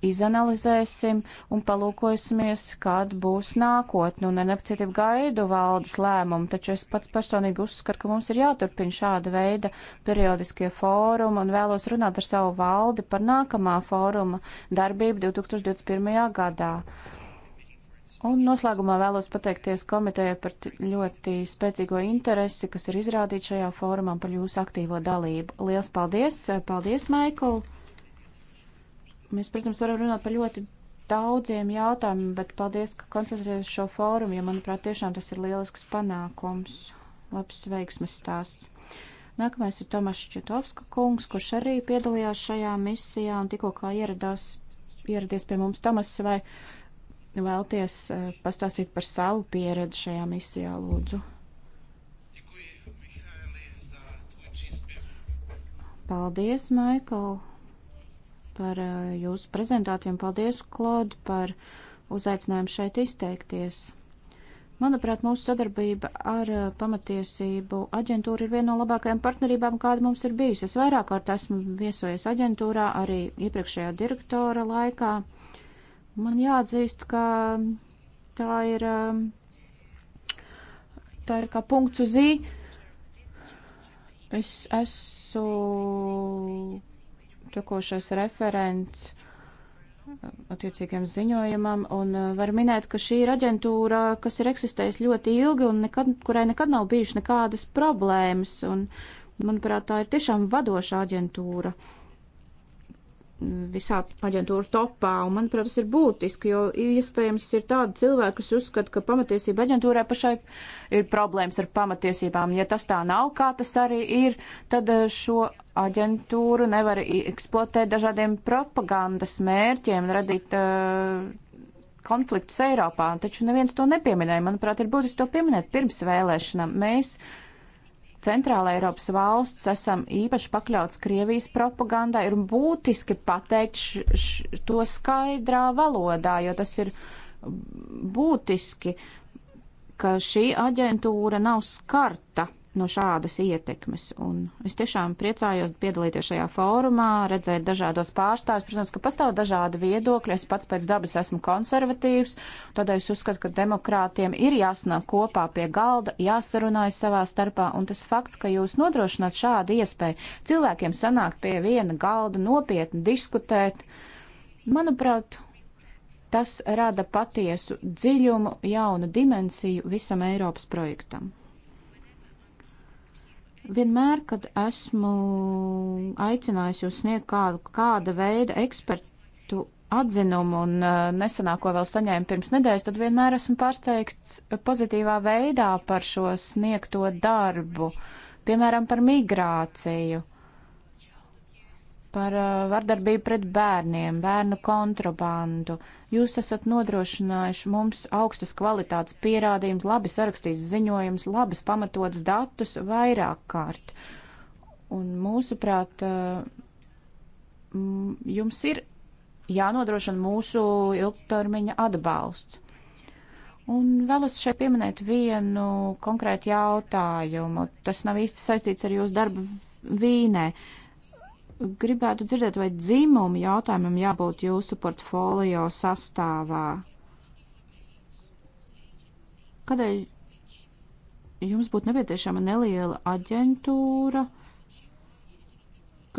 izanalizēsim un palūkosimies, kāda būs nākotne. Un ar nepacietību gaidu valdes lēmumu, taču es pats personīgi uzskatu, ka mums ir jāturpina šāda veida periodiskie fórumi un vēlos runāt ar savu valdi par nākamā fóruma darbību 2021. gadā. Un noslēgumā vēlos pateikties komitejai par ļoti spēcīgo interesi, kas ir izrādīta šajā fórumā par jūsu aktīvo dalību. Lielas paldies! Paldies, Maikl! Mēs, protams, varam runāt par ļoti daudziem jautājumiem, bet paldies, ka koncentrēties šo fórumu, jo, manuprāt, tiešām tas ir lielisks panākums. Labs veiksmes stāsts. Nākamais ir Tomas Četovska kungs, kurš arī piedalījās šajā misijā un tikko kā ieradās, ieradies pie mums. Tomas, vai vēlties eh, pastāstīt par savu pieredzi šajā misijā, lūdzu? Paldies, Maikl! par eh, jūsu prezentācijām. Paldies, Klod, par uzaicinājumu šeit izteikties. Manuprāt, mūsu sadarbība ar eh, pamatiesību aģentūru ir viena no labākajām partnerībām, kāda mums ir bijusi. Es vairāk kārt esmu viesojies aģentūrā, arī iepriekšējā direktora laikā. Man jāatzīst, ka tā ir, eh, tā ir kā punkts uz ī. Es esmu tekošais referents uh, attiecīgiem ziņojumam, un uh, var minēt, ka šī ir aģentūra, kas ir eksistējusi ļoti ilgi un nekad, kurai nekad nav bijušas nekādas problēmas, un, manuprāt, tā ir tiešām vadoša aģentūra visā aģentūra topā, un manuprāt, tas ir būtiski, jo iespējams ir tādi cilvēki, kas uzskata, ka pamatiesība aģentūrai pašai ir problēmas ar pamatiesībām. Ja tas tā nav, kā tas arī ir, tad eh, šo aģentūru nevar eksploatēt dažādiem propagandas mērķiem, radīt uh, konfliktus Eiropā, taču neviens to nepieminēja. Manuprāt, ir būtiski to pieminēt pirms vēlēšanām. Mēs uh, Centrāla Eiropas valsts esam īpaši pakļauts Krievijas propagandai, ir būtiski pateikt š, š, to skaidrā valodā, jo tas ir būtiski, ka šī aģentūra nav skarta no šādas ietekmes. Un es tiešām priecājos piedalīties šajā fórumā, redzēt dažādos pārstāvjus. Protams, ka pastāv dažādi viedokļi. Es pats pēc dabas esmu konservatīvs, tādēļ es uzskatu, ka demokrātiem ir jāsanāk kopā pie galda, jāsarunājas savā starpā. Un tas fakts, ka jūs nodrošināt šādu iespēju cilvēkiem sanākt pie viena galda, nopietni diskutēt, manuprāt, tas rada patiesu dziļumu, jaunu dimensiju visam Eiropas projektam. Vienmēr, kad esmu aicinājusi jūs sniegt kādu, kāda veida ekspertu atzinumu un uh, nesenāko vēl saņēmu pirms nedēļas, tad vienmēr esmu pārsteigts pozitīvā veidā par šo sniegto darbu, piemēram, par migrāciju par uh, vardarbību pret bērniem, bērnu kontrabandu. Jūs esat nodrošinājuši mums augstas kvalitātes pierādījumus, labi sarakstīts ziņojums, labas pamatotas datus vairāk kārt. Un mūsuprāt, uh, jums ir jānodrošina mūsu ilgtermiņa atbalsts. Un vēlos šeit pieminēt vienu konkrētu jautājumu. Tas nav īsti saistīts ar jūsu darbu Vīnē. Uh, gribētu dzirdēt, vai dzimumu jautājumam jābūt jūsu portfolio sastāvā. Kādēļ jums būtu nepieciešama neliela aģentūra,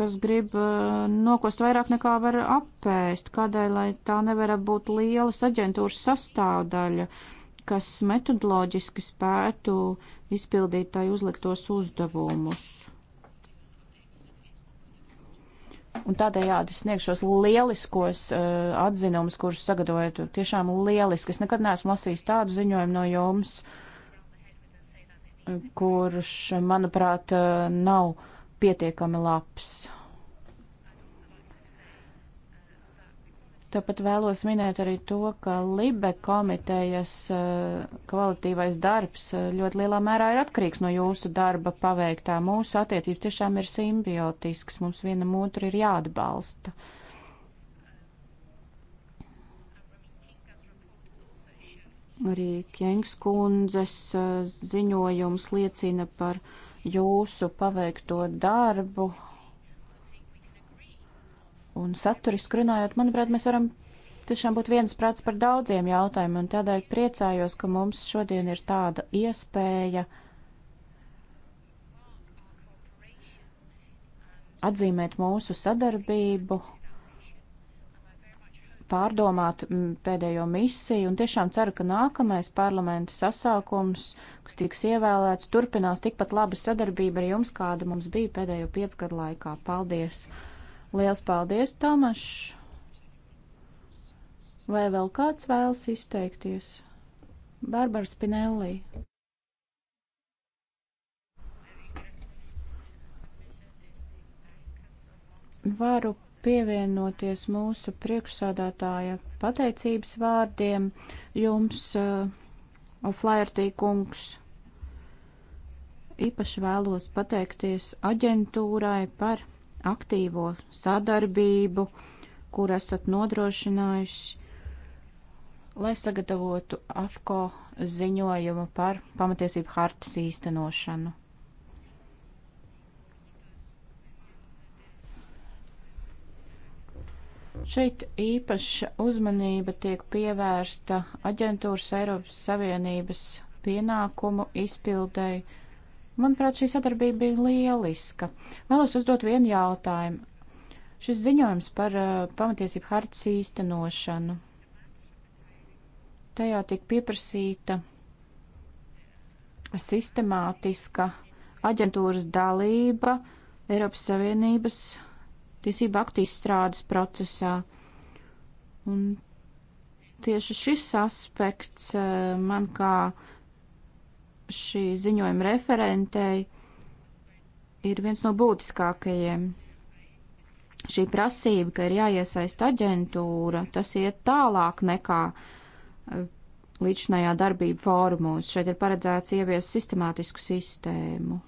kas grib eh, nokost vairāk nekā var apēst? Kādēļ, lai tā nevar būt lielas aģentūras sastāvdaļa, kas metodoloģiski spētu izpildīt tai uzliktos uzdevumus? un tādējādi sniegšos lieliskos uh, atzinumus, kurus sagatavojat. Tiešām lieliski. Es nekad neesmu lasījis tādu ziņojumu no jums, uh, kurš, manuprāt, uh, nav pietiekami labs. Tāpat vēlos minēt arī to, ka Libe komitejas eh, kvalitīvais darbs eh, ļoti lielā mērā ir atkarīgs no jūsu darba paveiktā. Mūsu attiecības tiešām ir simbiotisks, mums vienam otru ir jāatbalsta. Arī Kjēngs kundzes eh, ziņojums liecina par jūsu paveikto darbu un saturiski runājot, manuprāt, mēs varam tiešām būt viensprāts par daudziem jautājumiem, un tādēļ priecājos, ka mums šodien ir tāda iespēja atzīmēt mūsu sadarbību, pārdomāt mm, pēdējo misiju, un tiešām ceru, ka nākamais parlamenta sasākums, kas tiks ievēlēts, turpinās tikpat laba sadarbība ar jums, kāda mums bija pēdējo piecgadu laikā. Paldies! Liels paldies, Tomašs! Vai vēl kāds vēlas izteikties? Barbara Spinelli. Varu pievienoties mūsu priekšsādātāja pateicības vārdiem jums, uh, Oflairtī kungs. Īpaši vēlos pateikties aģentūrai par aktīvo sadarbību, kur esat nodrošinājusi, lai sagatavotu AFCO ziņojumu par pamatiesību hartas īstenošanu. Šeit īpaša uzmanība tiek pievērsta aģentūras Eiropas Savienības pienākumu izpildēji Manuprāt, šī sadarbība bija lieliska. Vēlos uzdot vienu jautājumu. Šis ziņojums par uh, pamatiesību hartas īstenošanu. Tajā tiek pieprasīta sistemātiska aģentūras dalība Eiropas Savienības tiesību aktu izstrādes procesā. Un tieši šis aspekts uh, man kā uh, šī ziņojuma referentei ir viens no būtiskākajiem. Šī prasība, ka ir jāiesaist aģentūra, tas iet tālāk nekā eh, līdzinājā darbība fórumos. Šeit ir paredzēts ievies sistemātisku sistēmu.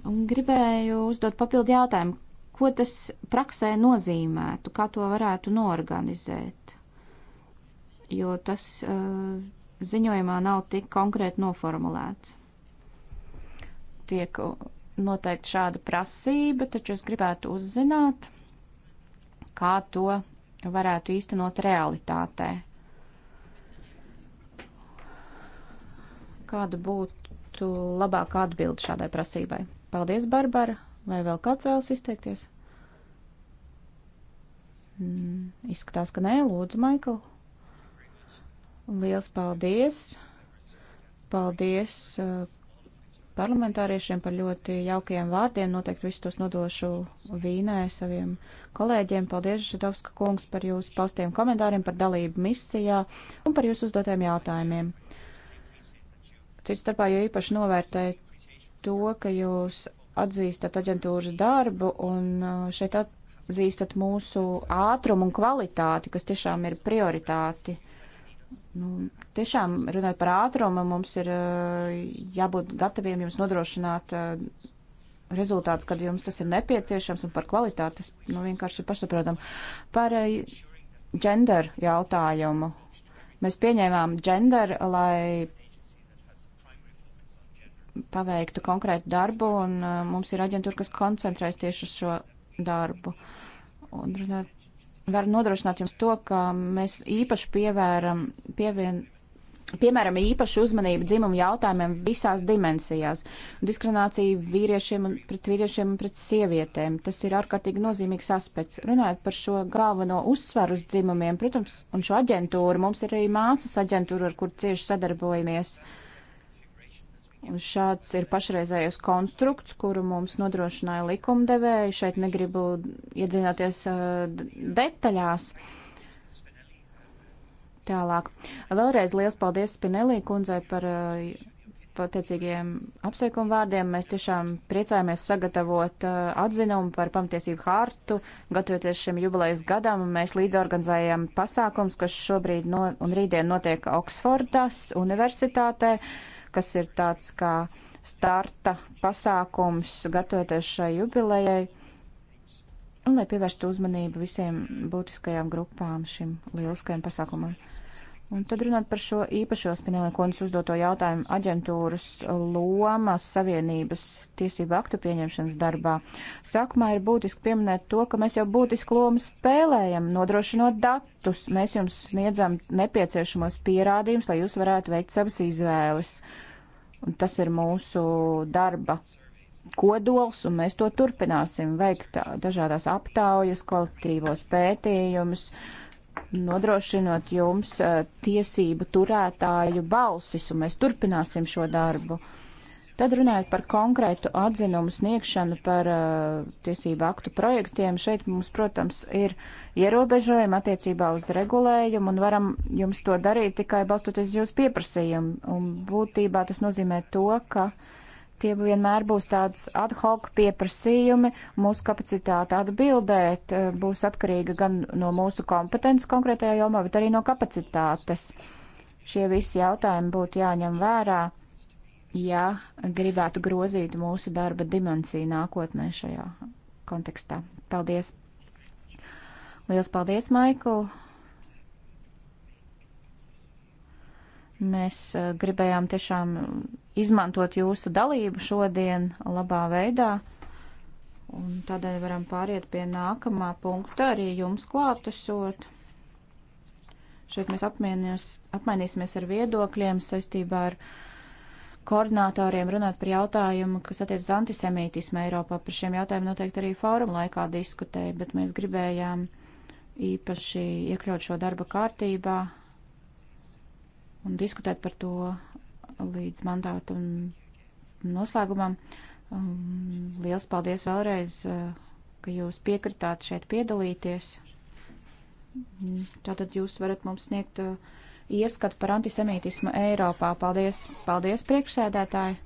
Un gribēju uzdot papildu jautājumu, ko tas praksē nozīmētu, kā to varētu norganizēt? jo tas uh, ziņojumā nav tik konkrēti noformulēts. Tiek noteikti šāda prasība, taču es gribētu uzzināt, kā to varētu īstenot realitātē. Kāda būtu labākā atbilde šādai prasībai? Paldies, Barbara! Vai vēl kāds vēlas izteikties? Mm, izskatās, ka nē, lūdzu, Maikl. Liels paldies! Paldies uh, parlamentāriešiem par ļoti jaukajiem vārdiem. Noteikti visus tos nodošu Vīnē saviem kolēģiem. Paldies, Židovska kungs, par jūsu paustiem komentāriem, par dalību misijā un par jūsu uzdotiem jautājumiem. Cits starpā jau īpaši novērtēju to, ka jūs atzīstat aģentūras darbu un uh, šeit atzīstat mūsu ātrumu un kvalitāti, kas tiešām ir prioritāti Nu, tiešām runājot par ātrumu, mums ir eh, jābūt gataviem jums nodrošināt eh, rezultāts, kad jums tas ir nepieciešams un par kvalitāti. Tas nu, vienkārši ir pašsaprotam. Par eh, gender jautājumu. Mēs pieņēmām gender, lai paveiktu konkrētu darbu, un mums ir aģentūra, kas koncentrēs tieši uz šo darbu. Un runāt var nodrošināt jums to, ka mēs īpaši pievēram, pievien, piemēram, īpašu uzmanību dzimumu jautājumiem visās dimensijās. Diskriminācija vīriešiem un pret vīriešiem un pret sievietēm. Tas ir ārkārtīgi nozīmīgs aspekts. Runājot par šo galveno uzsvaru uz dzimumiem, protams, un šo aģentūru, mums ir arī māsas aģentūra, ar kur cieši sadarbojamies. Uh, Šāds ir pašreizējais konstrukts, kuru mums nodrošināja likumdevēji. Šeit negribu iedzināties eh, detaļās. Tālāk. Vēlreiz liels paldies Spinelī kundzei par eh, pateicīgiem apsveikumu vārdiem. Mēs tiešām priecājamies sagatavot eh, atzinumu par pamtiesību hārtu. Gatavoties šim jubilejas gadam, mēs līdzorganizējam pasākums, kas šobrīd no, un rītdien notiek Oksfordas universitātē. Uh, kas ir tāds kā starta pasākums, gatavoties šai jubilejai, un lai pievērstu uzmanību visiem būtiskajām grupām šim lieliskajam pasākumam. Un tad runāt par šo īpašo Spinelikonas uzdoto jautājumu aģentūras loma Savienības tiesību aktu pieņemšanas darbā. Sākumā ir būtiski pieminēt to, ka mēs jau būtisku lomu spēlējam, nodrošinot datus. Mēs jums sniedzam nepieciešamos pierādījumus, lai jūs varētu veikt savas izvēles. Un tas ir mūsu darba kodols, un mēs to turpināsim veikt dažādās aptaujas, kolektīvos pētījumus nodrošinot jums eh, tiesību turētāju balsis, un mēs turpināsim šo darbu. Tad runājot par konkrētu atzinumu sniegšanu par uh, tiesību aktu projektiem, šeit mums, protams, ir ierobežojumi attiecībā uz regulējumu un varam jums to darīt tikai balstoties uz jūsu pieprasījumu. Un būtībā tas nozīmē to, ka uh, Tie vienmēr būs tāds ad hoc pieprasījumi, mūsu kapacitāte atbildēt eh, būs atkarīga gan no mūsu kompetences konkrētajā jomā, bet arī no kapacitātes. Šie visi jautājumi būtu jāņem vērā, ja gribētu grozīt mūsu darba dimensiju nākotnē šajā kontekstā. Paldies! Liels paldies, Maikl! Mēs eh, gribējām tiešām izmantot jūsu dalību šodien labā veidā, un tādēļ varam pāriet pie nākamā punkta arī jums klātesot. Šeit mēs apmainīsimies ar viedokļiem saistībā ar koordinātoriem runāt par jautājumu, kas attiec uz antisemītismu Eiropā. Par šiem jautājumiem noteikti arī fóruma laikā diskutēja, bet mēs gribējām īpaši iekļaut šo darba kārtībā, un diskutēt par to līdz mandātam noslēgumam. Um, liels paldies vēlreiz, uh, ka jūs piekritāt šeit piedalīties. Tātad jūs varat mums sniegt uh, ieskatu par antisemītismu Eiropā. Paldies, paldies priekšsēdētāji!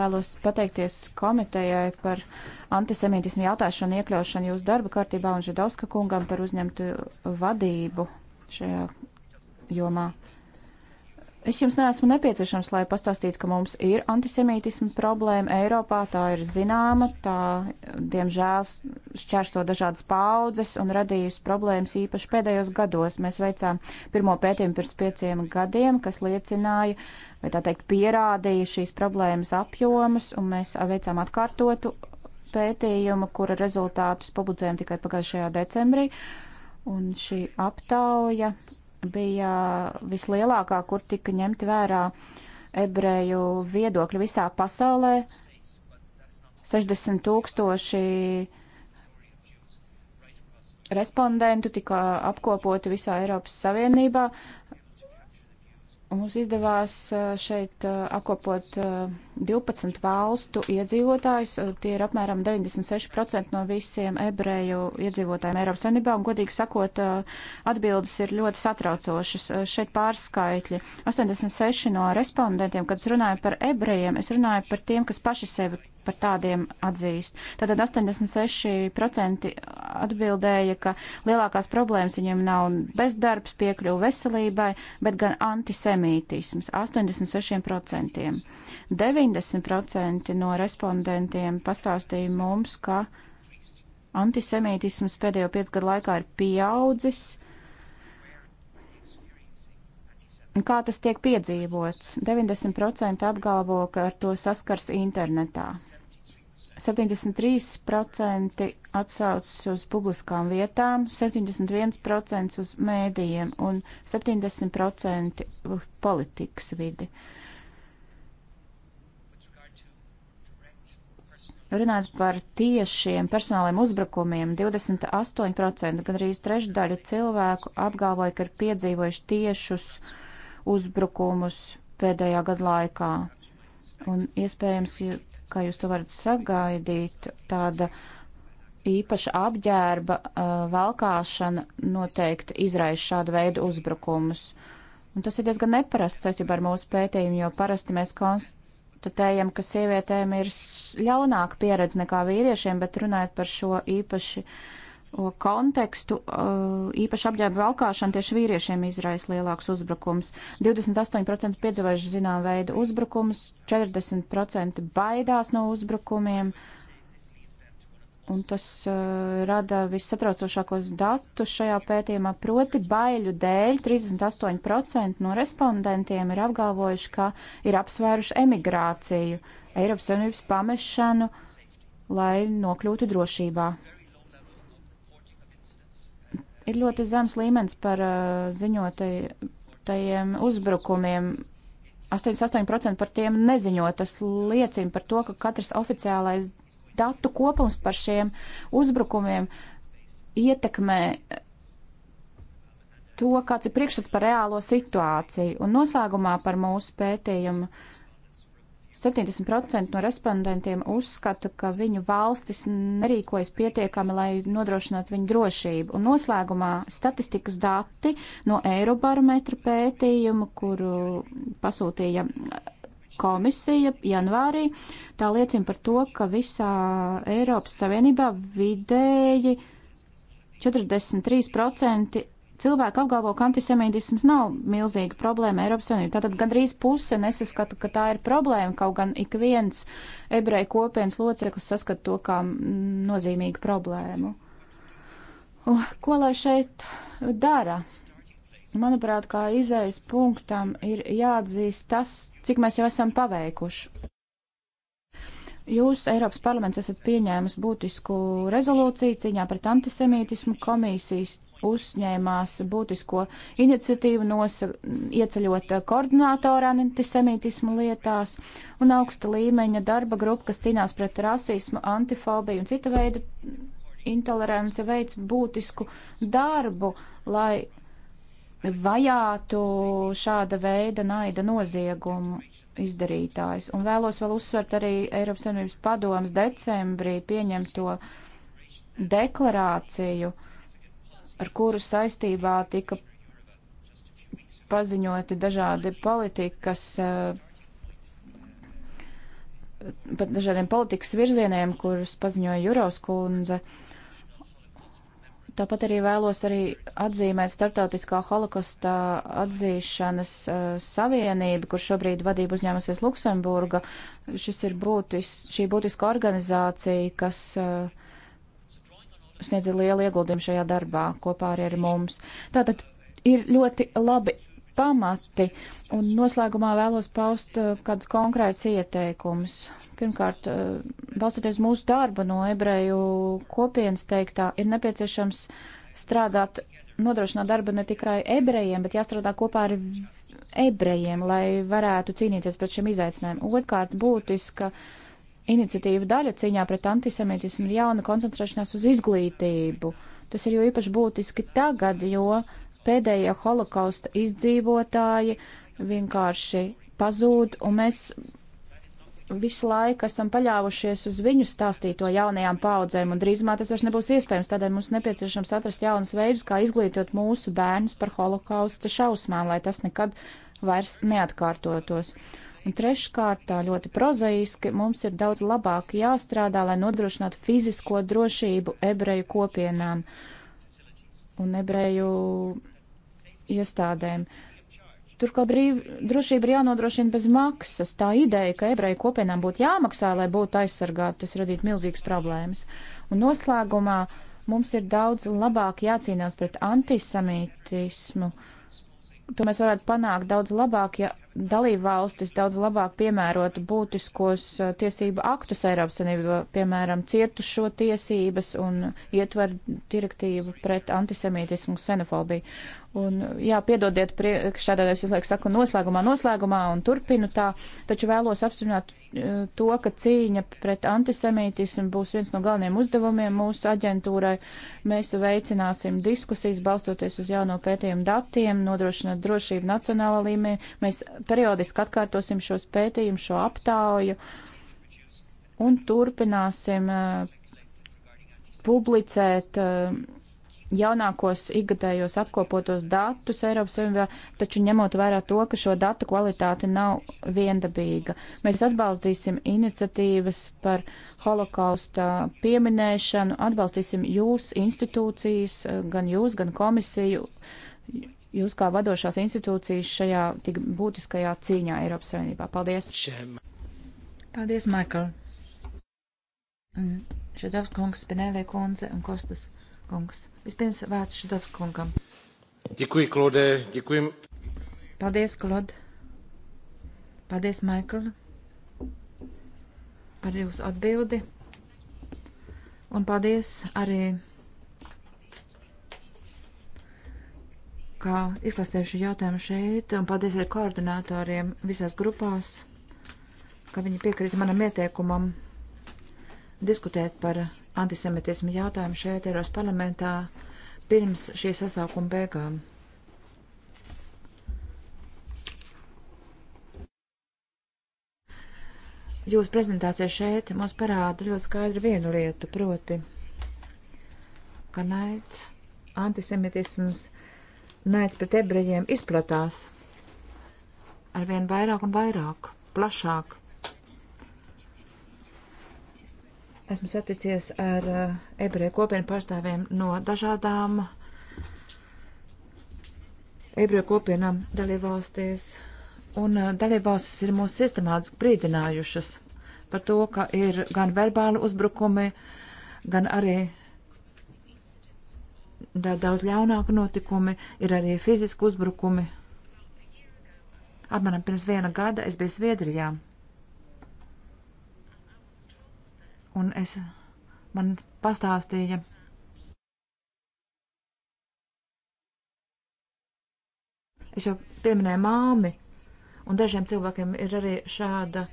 Vēlos pateikties komitejai par antisemītismu jautāšanu iekļaušanu jūsu darba kārtībā un Židovska kungam par uzņemtu vadību šajā jomā. Es jums neesmu nepieciešams, lai pastāstītu, ka mums ir antisemītisma problēma Eiropā, tā ir zināma, tā, diemžēl, šķērso dažādas paudzes un radījusi problēmas īpaši pēdējos gados. Mēs veicām pirmo pētījumu pirms pieciem gadiem, kas liecināja, vai tā teikt, pierādīja šīs problēmas apjomus, un mēs veicām atkārtotu pētījumu, kura rezultātus publicējām tikai pagājušajā decembrī. Un šī aptauja bija uh, vislielākā, kur tika ņemti vērā ebreju viedokļi visā pasaulē. 60 tūkstoši respondentu tika apkopoti visā Eiropas Savienībā. Mums izdevās šeit apkopot 12 valstu iedzīvotājus. Tie ir apmēram 96% no visiem ebreju iedzīvotājiem Eiropas Savienībā, un, godīgi sakot, atbildes ir ļoti satraucošas. Šeit pārskaitļi. 86 no respondentiem, kad es runāju par ebrejiem, es runāju par tiem, kas paši sevi par tādiem atzīst. Tātad 86% atbildēja, ka lielākās problēmas viņiem nav bezdarbs, piekļuva veselībai, bet gan antisemītisms - 86%. 90% no respondentiem pastāstīja mums, ka antisemītisms pēdējo piecu gadu laikā ir pieaudzis. Kā tas tiek piedzīvots? 90% apgalvo, ka ar to saskars internetā. 73% atsaucas uz publiskām vietām, 71% uz mēdījiem un 70% politikas vidi. Runāt par tiešiem personāliem uzbrukumiem, 28%, gan arī trešdaļa cilvēku apgalvoja, ka ir piedzīvojuši tiešus uzbrukumus pēdējā gada laikā. Un iespējams, kā jūs to varat sagaidīt, tāda īpaša apģērba uh, valkāšana noteikti izraisa šādu veidu uzbrukumus. Un tas ir diezgan neparasts saistībā ar mūsu pētījumu, jo parasti mēs konstatējam, ka sievietēm ir ļaunāka pieredze nekā vīriešiem, bet runājot par šo īpaši uh, kontekstu eh, īpaši apģērba valkāšana tieši vīriešiem izraisa lielāks uzbrukums. 28% piedzīvojuši zinām veidu uzbrukums, 40% baidās no uzbrukumiem, un tas uh, rada vissatraucošākos datus šajā pētījumā. Proti baiļu dēļ 38% no respondentiem ir apgalvojuši, ka ir apsvēruši emigrāciju, Eiropas Savienības pamešanu, lai nokļūtu drošībā ir ļoti zems līmenis par uh, ziņotajiem uzbrukumiem. 88% par tiem neziņo. Tas liecina par to, ka katrs oficiālais datu kopums par šiem uzbrukumiem ietekmē to, kāds ir priekšstats par reālo situāciju. Un noslēgumā par mūsu pētījumu. Uh, 70% no respondentiem uzskata, ka viņu valstis nerīkojas pietiekami, lai nodrošinātu viņu drošību. Un noslēgumā statistikas dati no Eirobarometra pētījuma, kuru pasūtīja komisija janvārī, tā liecina par to, ka visā Eiropas Savienībā vidēji 43% Cilvēki apgalvo, ka antisemītisms nav milzīga problēma Eiropas Savienībā. Tātad gandrīz puse nesaskata, ka tā ir problēma, kaut gan ik viens ebreju kopienas loceklis saskata to kā nozīmīgu problēmu. Uh, ko lai šeit dara? Manuprāt, kā izējas punktam ir jāatzīst tas, cik mēs jau esam paveikuši. Jūs, Eiropas parlaments, esat pieņēmis būtisku rezolūciju cīņā pret antisemītismu. Komisijas uzņēmās būtisko iniciatīvu nosa, ieceļot koordinātoru antisemītismu lietās un augsta līmeņa darba grupa, kas cīnās pret rasismu, antifobiju un cita veida intoleranci, veids būtisku darbu, lai vajātu šāda veida naida noziegumu izdarītājs. Un vēlos vēl uzsvert arī Eiropas Savienības padomas decembrī pieņemto deklarāciju, uh, ar kuru saistībā tika paziņoti dažādi politikas, eh, pat dažādiem politikas virzieniem, kurus paziņoja Juros kundze. Tāpat arī vēlos arī atzīmēt Startautiskā holokosta atzīšanas uh, savienību, kur šobrīd vadību uzņēmusies Luksemburga. Šis ir būtis, šī būtiska organizācija, kas uh, sniedza lielu ieguldījumu šajā darbā kopā arī ar mums. Tātad ir ļoti labi pamati, un noslēgumā vēlos paust uh, kādus konkrētus ieteikumus. Pirmkārt, uh, balstoties mūsu darba no ebreju kopienas teiktā, ir nepieciešams strādāt, nodrošināt darbu ne tikai ebrejiem, bet jāstrādā kopā ar ebrejiem, lai varētu cīnīties pret šiem izaicinājumiem. Otkārt, būtiska. Uh, iniciatīva daļa cīņā pret antisemītismu ir jauna koncentrēšanās uz izglītību. Tas ir jo īpaši būtiski tagad, jo pēdējie holokausta izdzīvotāji vienkārši pazūd, un mēs visu laiku esam paļāvušies uz viņu stāstīto jaunajām paudzēm, un drīzumā tas vairs nebūs iespējams. Tādēļ mums nepieciešams atrast jaunas veidus, kā izglītot mūsu bērnus par holokausta šausmām, lai tas nekad vairs neatkārtotos. Uh, Un treškārt, tā ļoti prozaiski, mums ir daudz labāk jāstrādā, lai nodrošinātu fizisko drošību ebreju kopienām un ebreju iestādēm. Turklāt brīv, drošība ir jānodrošina bez maksas. Tā ideja, ka ebreju kopienām būtu jāmaksā, lai būtu aizsargāti, tas radītu milzīgas problēmas. Un noslēgumā mums ir daudz labāk jācīnās pret antisemītismu. Uh, to mēs varētu panākt daudz labāk, ja dalība valstis daudz labāk piemērotu būtiskos uh, tiesību aktus Eiropas Savienībā, piemēram, cietušo tiesības un ietver direktīvu pret antisemītismu un xenofobiju. Un, jā, piedodiet, priekšādādājs, es laiku saku noslēgumā, noslēgumā un turpinu tā, taču vēlos apstiprināt to, ka cīņa pret antisemītismu būs viens no galvenajiem uzdevumiem mūsu aģentūrai. Mēs veicināsim diskusijas balstoties uz jauno pētījumu datiem, nodrošinot drošību nacionālā līmenī. Mēs periodiski atkārtosim šos pētījumus, šo aptauju un turpināsim eh, publicēt eh, jaunākos ikgadējos apkopotos datus Eiropas Savienībā, taču ņemot vērā to, ka šo datu kvalitāte nav viendabīga. Mēs atbalstīsim iniciatīvas par holokausta pieminēšanu, atbalstīsim jūs institūcijas, gan jūs, gan komisiju, jūs kā vadošās institūcijas šajā tik būtiskajā cīņā Eiropas Savienībā. Paldies! Šiem. Paldies, Maikl! Šedavs kungs, Spinēlē kundze un Kostas kungs. Vispirms vārds Šudovs kungam. Děkuji, Klode, děkuji. Paldies, Klod. Paldies, Maikl, par jūsu atbildi. Un paldies arī, kā izklāstējuši jautājumu šeit, un paldies arī koordinātoriem visās grupās, ka viņi piekrita manam ieteikumam diskutēt par antisemitismu jautājumu šeit Eiros parlamentā pirms šī sasaukuma beigām. Jūsu prezentācija šeit mums parāda ļoti skaidru vienu lietu, proti, ka naids, antisemitisms, naids pret ebrejiem izplatās arvien vairāk un vairāk, plašāk. Esmu saticies ar eh, ebreju kopienu pārstāvēm no dažādām ebreju kopienām dalībvalstīs. Un eh, dalībvalstis ir mūs sistemātiski brīdinājušas par to, ka ir gan verbāli uzbrukumi, gan arī daudz ļaunāki notikumi, ir arī fiziski uzbrukumi. Apmēram pirms viena gada es biju Zviedrijā. un es man pastāstīja. Es jau pieminēju māmi, un dažiem cilvēkiem ir arī šāda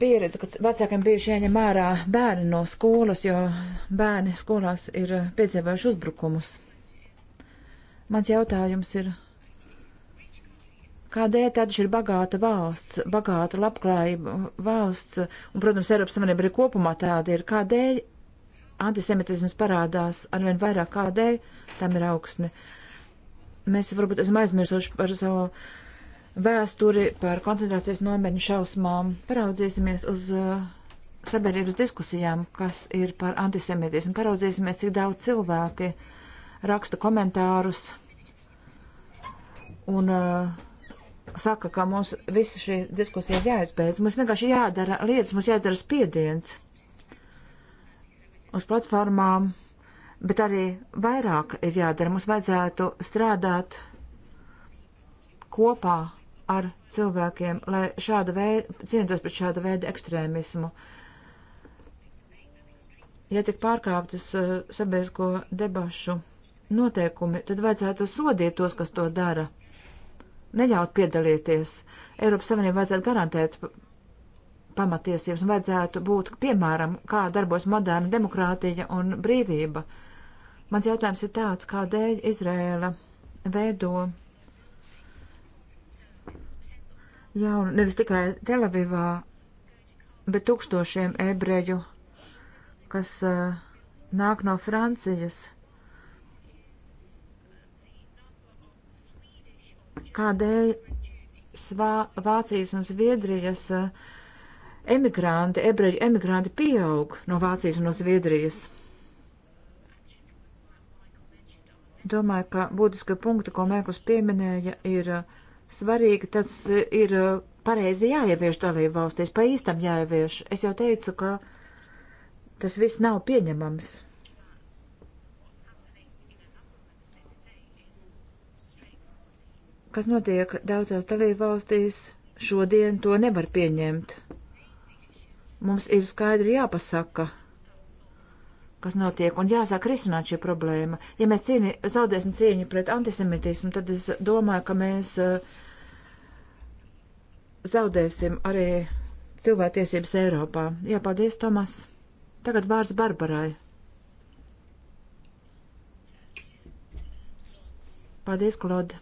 pieredze, ka vecākiem bijuši jāņem ārā bērni no skolas, jo bērni skolās ir piedzīvojuši uzbrukumus. Mans jautājums ir, Kādēļ tad šī ir bagāta valsts, bagāta labklājība valsts, un, protams, Eiropas Savienība arī kopumā tāda ir, kādēļ antisemitisms parādās arvien vairāk, kādēļ tam ir augsne. Mēs varbūt esam aizmirsuši par savu vēsturi, par koncentrācijas nometņu šausmām. Paraudzīsimies uz uh, sabiedrības diskusijām, kas ir par antisemitismu. Paraudzīsimies, cik daudz cilvēki raksta komentārus un uh, saka, ka mums visas šī diskusija ir jāizbeidz. Mums vienkārši jādara lietas, mums jādara spiediens uz platformām, bet arī vairāk ir jādara. Mums vajadzētu strādāt kopā ar cilvēkiem, lai šāda veida, cīnītos pret šāda veida ekstrēmismu. Ja tik pārkāptas uh, sabiedrisko debašu noteikumi, tad vajadzētu sodīt tos, kas to dara neļaut piedalīties. Eiropas Savienībai vajadzētu garantēt pamatiesības un vajadzētu būt piemēram, kā darbos moderna demokrātija un brīvība. Mans jautājums ir tāds, kādēļ Izrēla veido jaunu, nevis tikai Telavivā, bet tūkstošiem ebreju, kas uh, nāk no Francijas kādēļ Svā, Vācijas un Zviedrijas eh, emigranti, ebreļu emigranti pieaug no Vācijas un no Zviedrijas. Domāju, ka būtiska punkta, ko Mērkus pieminēja, ir eh, svarīgi, tas eh, ir pareizi jāievieš dalību valstīs, pa īstam jāievieš. Es jau teicu, ka tas viss nav pieņemams. kas notiek daudzās dalībvalstīs, šodien to nevar pieņemt. Mums ir skaidri jāpasaka, kas notiek, un jāsāk risināt šī problēma. Ja mēs cīni, zaudēsim cīņu pret antisemitismu, tad es domāju, ka mēs uh, zaudēsim arī cilvēktiesības Eiropā. Jā, paldies, Tomas. Tagad vārds Barbarai. Paldies, Klod.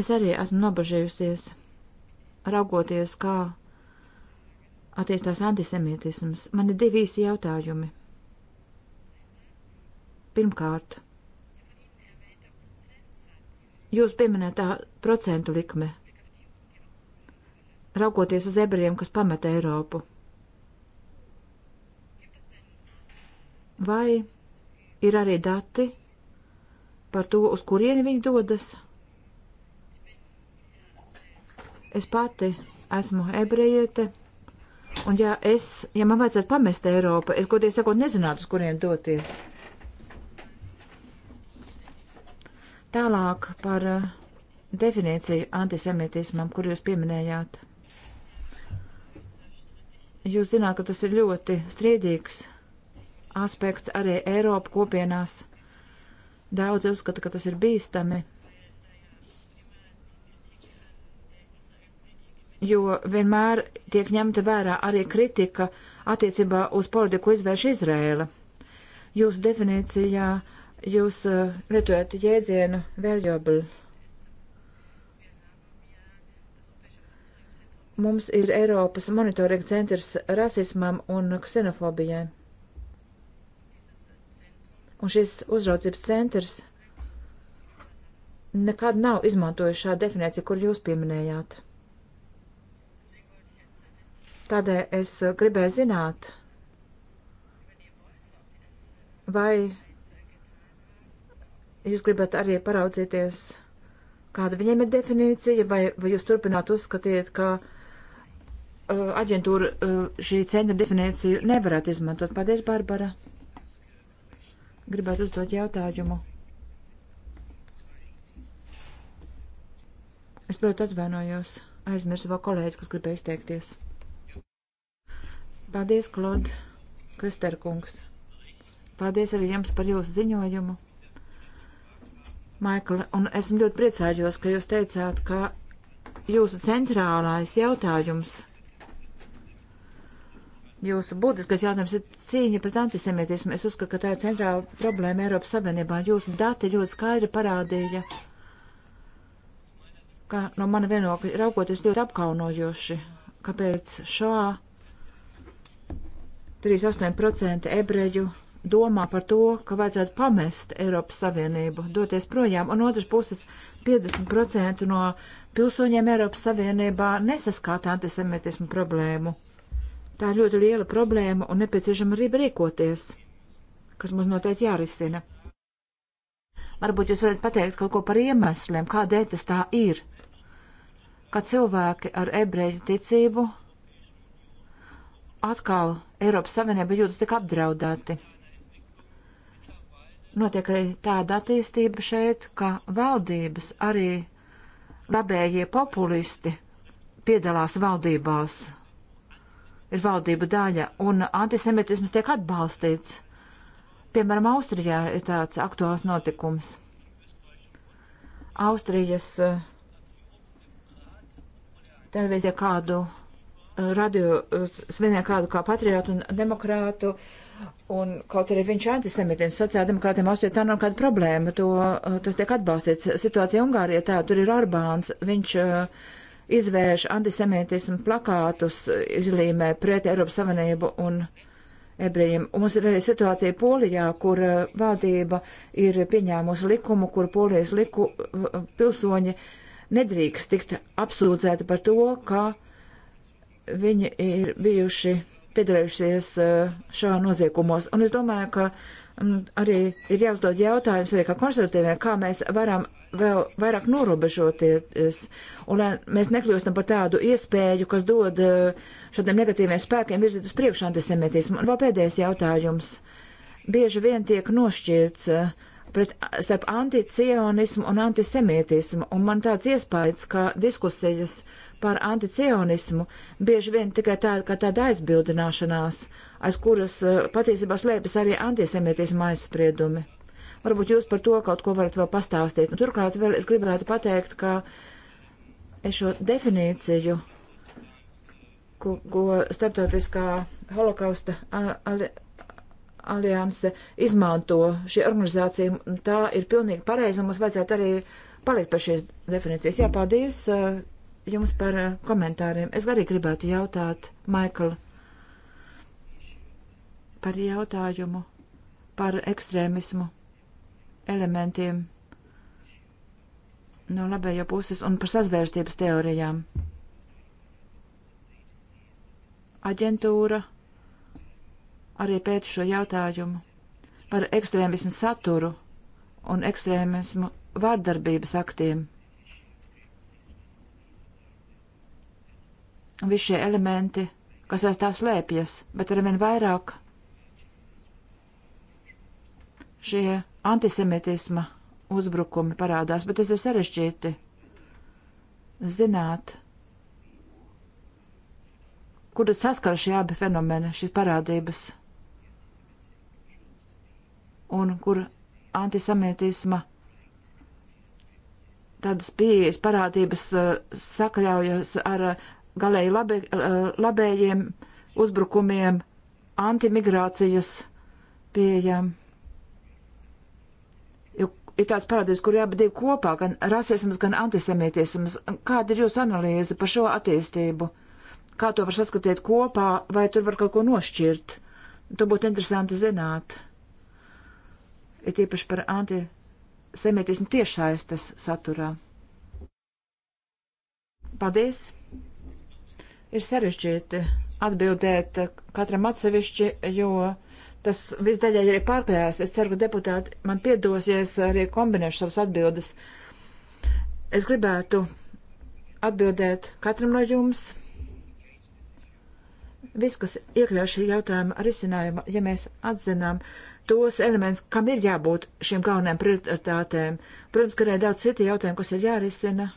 Es arī esmu nobažījusies, raugoties, kā attīstās antisemītisms. Man ir divi īsi jautājumi. Pirmkārt, jūs pieminētā procentu likme, raugoties uz ebriem, kas pamet Eiropu. Vai ir arī dati par to, uz kurieni viņi dodas? Es pati esmu ebrejiete, un ja, es, ja man vajadzētu pamest Eiropu, es godīgi sakot nezinātu, uz kurien doties. Tālāk par eh, definīciju antisemītismam, kur jūs pieminējāt. Jūs zināt, ka tas ir ļoti strīdīgs aspekts arī Eiropa kopienās. Daudz uzskata, ka tas ir bīstami. jo vienmēr tiek ņemta vērā arī kritika attiecībā uz politiku izvērš Izrēla. Jūsu definīcijā jūs uh, lietojat jēdzienu variable. Mums ir Eiropas monitoringa centrs rasismam un ksenofobijai. Un šis uzraudzības centrs nekad nav izmantojis šādu definīciju, kur jūs pieminējāt. Tādēļ es eh, gribēju zināt, vai jūs gribat arī paraudzīties, kāda viņiem ir definīcija, vai, vai jūs turpināt uzskatiet, ka uh, aģentūra uh, šī centra definīciju nevarētu izmantot. Paldies, Barbara. Gribētu uzdot jautājumu. Es ļoti atvainojos. Aizmirsu vēl kolēģi, kas gribēja izteikties. Paldies, Klod, Kristerkungs. Paldies arī jums par jūsu ziņojumu. Maikl, un esmu ļoti priecājos, ka jūs teicāt, ka jūsu centrālais jautājums, jūsu būtiskais jautājums ir cīņa pret antisemītismu. Es uzskatu, ka tā ir centrāla problēma Eiropas Savienībā. Jūsu dati ļoti skaidri parādīja, ka no mana vienokļa raugoties ļoti apkaunojoši, kāpēc šā 38% ebreģu domā par to, ka vajadzētu pamest Eiropas Savienību, doties projām, un otrs puses 50% no pilsoņiem Eiropas Savienībā nesaskata antisemitismu problēmu. Tā ir ļoti liela problēma un nepieciešama arī rīkoties, kas mums noteikti jārisina. Varbūt jūs varat pateikt kaut ko par iemesliem, kādēļ tas tā ir, ka cilvēki ar ebreju ticību atkal Eiropas Savienība jūtas tik apdraudēti. Notiek arī tāda attīstība šeit, ka valdības arī labējie populisti piedalās valdībās. Ir valdība daļa, un antisemitisms tiek atbalstīts. Piemēram, Austrijā ir tāds aktuāls notikums. Austrijas eh, televīzija kādu radio svinēja kādu kā patriotu un demokrātu, un kaut arī viņš antisemitiens sociāldemokrātiem Austrijā tā nav kāda problēma, to, eh, tas tiek atbalstīts. Situācija Ungārijā tā, tur ir Orbāns, viņš uh, izvērš antisemītismu plakātus, izlīmē pret Eiropas Savienību un ebrejiem. Un mums ir arī situācija Polijā, kur uh, valdība ir pieņēmusi likumu, kur polijas liku uh, pilsoņi nedrīkst tikt apsūdzēti par to, ka uh, viņi ir bijuši piedalījušies eh, šā noziegumos. Un es domāju, ka mm, arī ir jāuzdod jautājums arī kā konservatīviem, kā mēs varam vēl vairāk norobežoties, un lai mēs nekļūstam par tādu iespēju, kas dod eh, šādiem negatīviem spēkiem virzīt uz priekšu antisemītismu. Un vēl pēdējais jautājums. Bieži vien tiek nošķirts eh, pret, starp anticionismu un antisemītismu, un man tāds iespējas, ka diskusijas uh, par anticionismu, bieži vien tikai tā, kā tāda aizbildināšanās, aiz kuras e, patiesībā slēpjas arī antisemītisma aizspriedumi. Varbūt jūs par to kaut ko varat vēl pastāstīt. Un turklāt vēl es gribētu pateikt, ka es šo definīciju, ko, ko starptautiskā holokausta alianse izmanto šī organizācija, tā ir pilnīgi pareiza, un mums vajadzētu arī palikt pie šīs definīcijas. Jā, paldies. E, jums par eh, komentāriem. Es arī gribētu jautāt, Maikl, par jautājumu par ekstrēmismu elementiem no labējo puses un par sazvērstības teorijām. Aģentūra arī pēta šo jautājumu par ekstrēmismu saturu un ekstrēmismu vārdarbības aktiem. visi šie elementi, kas aiz tā slēpjas, bet arvien vairāk šie antisemitisma uzbrukumi parādās, bet tas ir sarežģīti zināt, kur tad saskara šie abi fenomeni, šīs parādības, un kur antisemitisma tādas pieejas parādības eh, sakļaujas ar galēji labi, eh, labējiem uzbrukumiem, antimigrācijas pieejām. Jo ir tāds parādības, kur jābūt divi kopā, gan rasisms, gan antisemītisms. Kāda ir jūsu analīze par šo attīstību? Kā to var saskatīt kopā, vai tur var kaut ko nošķirt? To būtu interesanti zināt. Ir tiepaši par antisemītismu tiešsaistes saturā. Paldies! ir sarežģīti atbildēt katram atsevišķi, jo tas viss daļai arī pārpējās. Es ceru, ka deputāti man piedos, ja es arī kombinēšu savas atbildes. Es gribētu atbildēt katram no jums. Viss, kas iekļauj šī jautājuma risinājuma, ja mēs atzinām tos elements, kam ir jābūt šiem galvenajām prioritātēm. Protams, ka ir daudz citi jautājumi, kas ir jārisina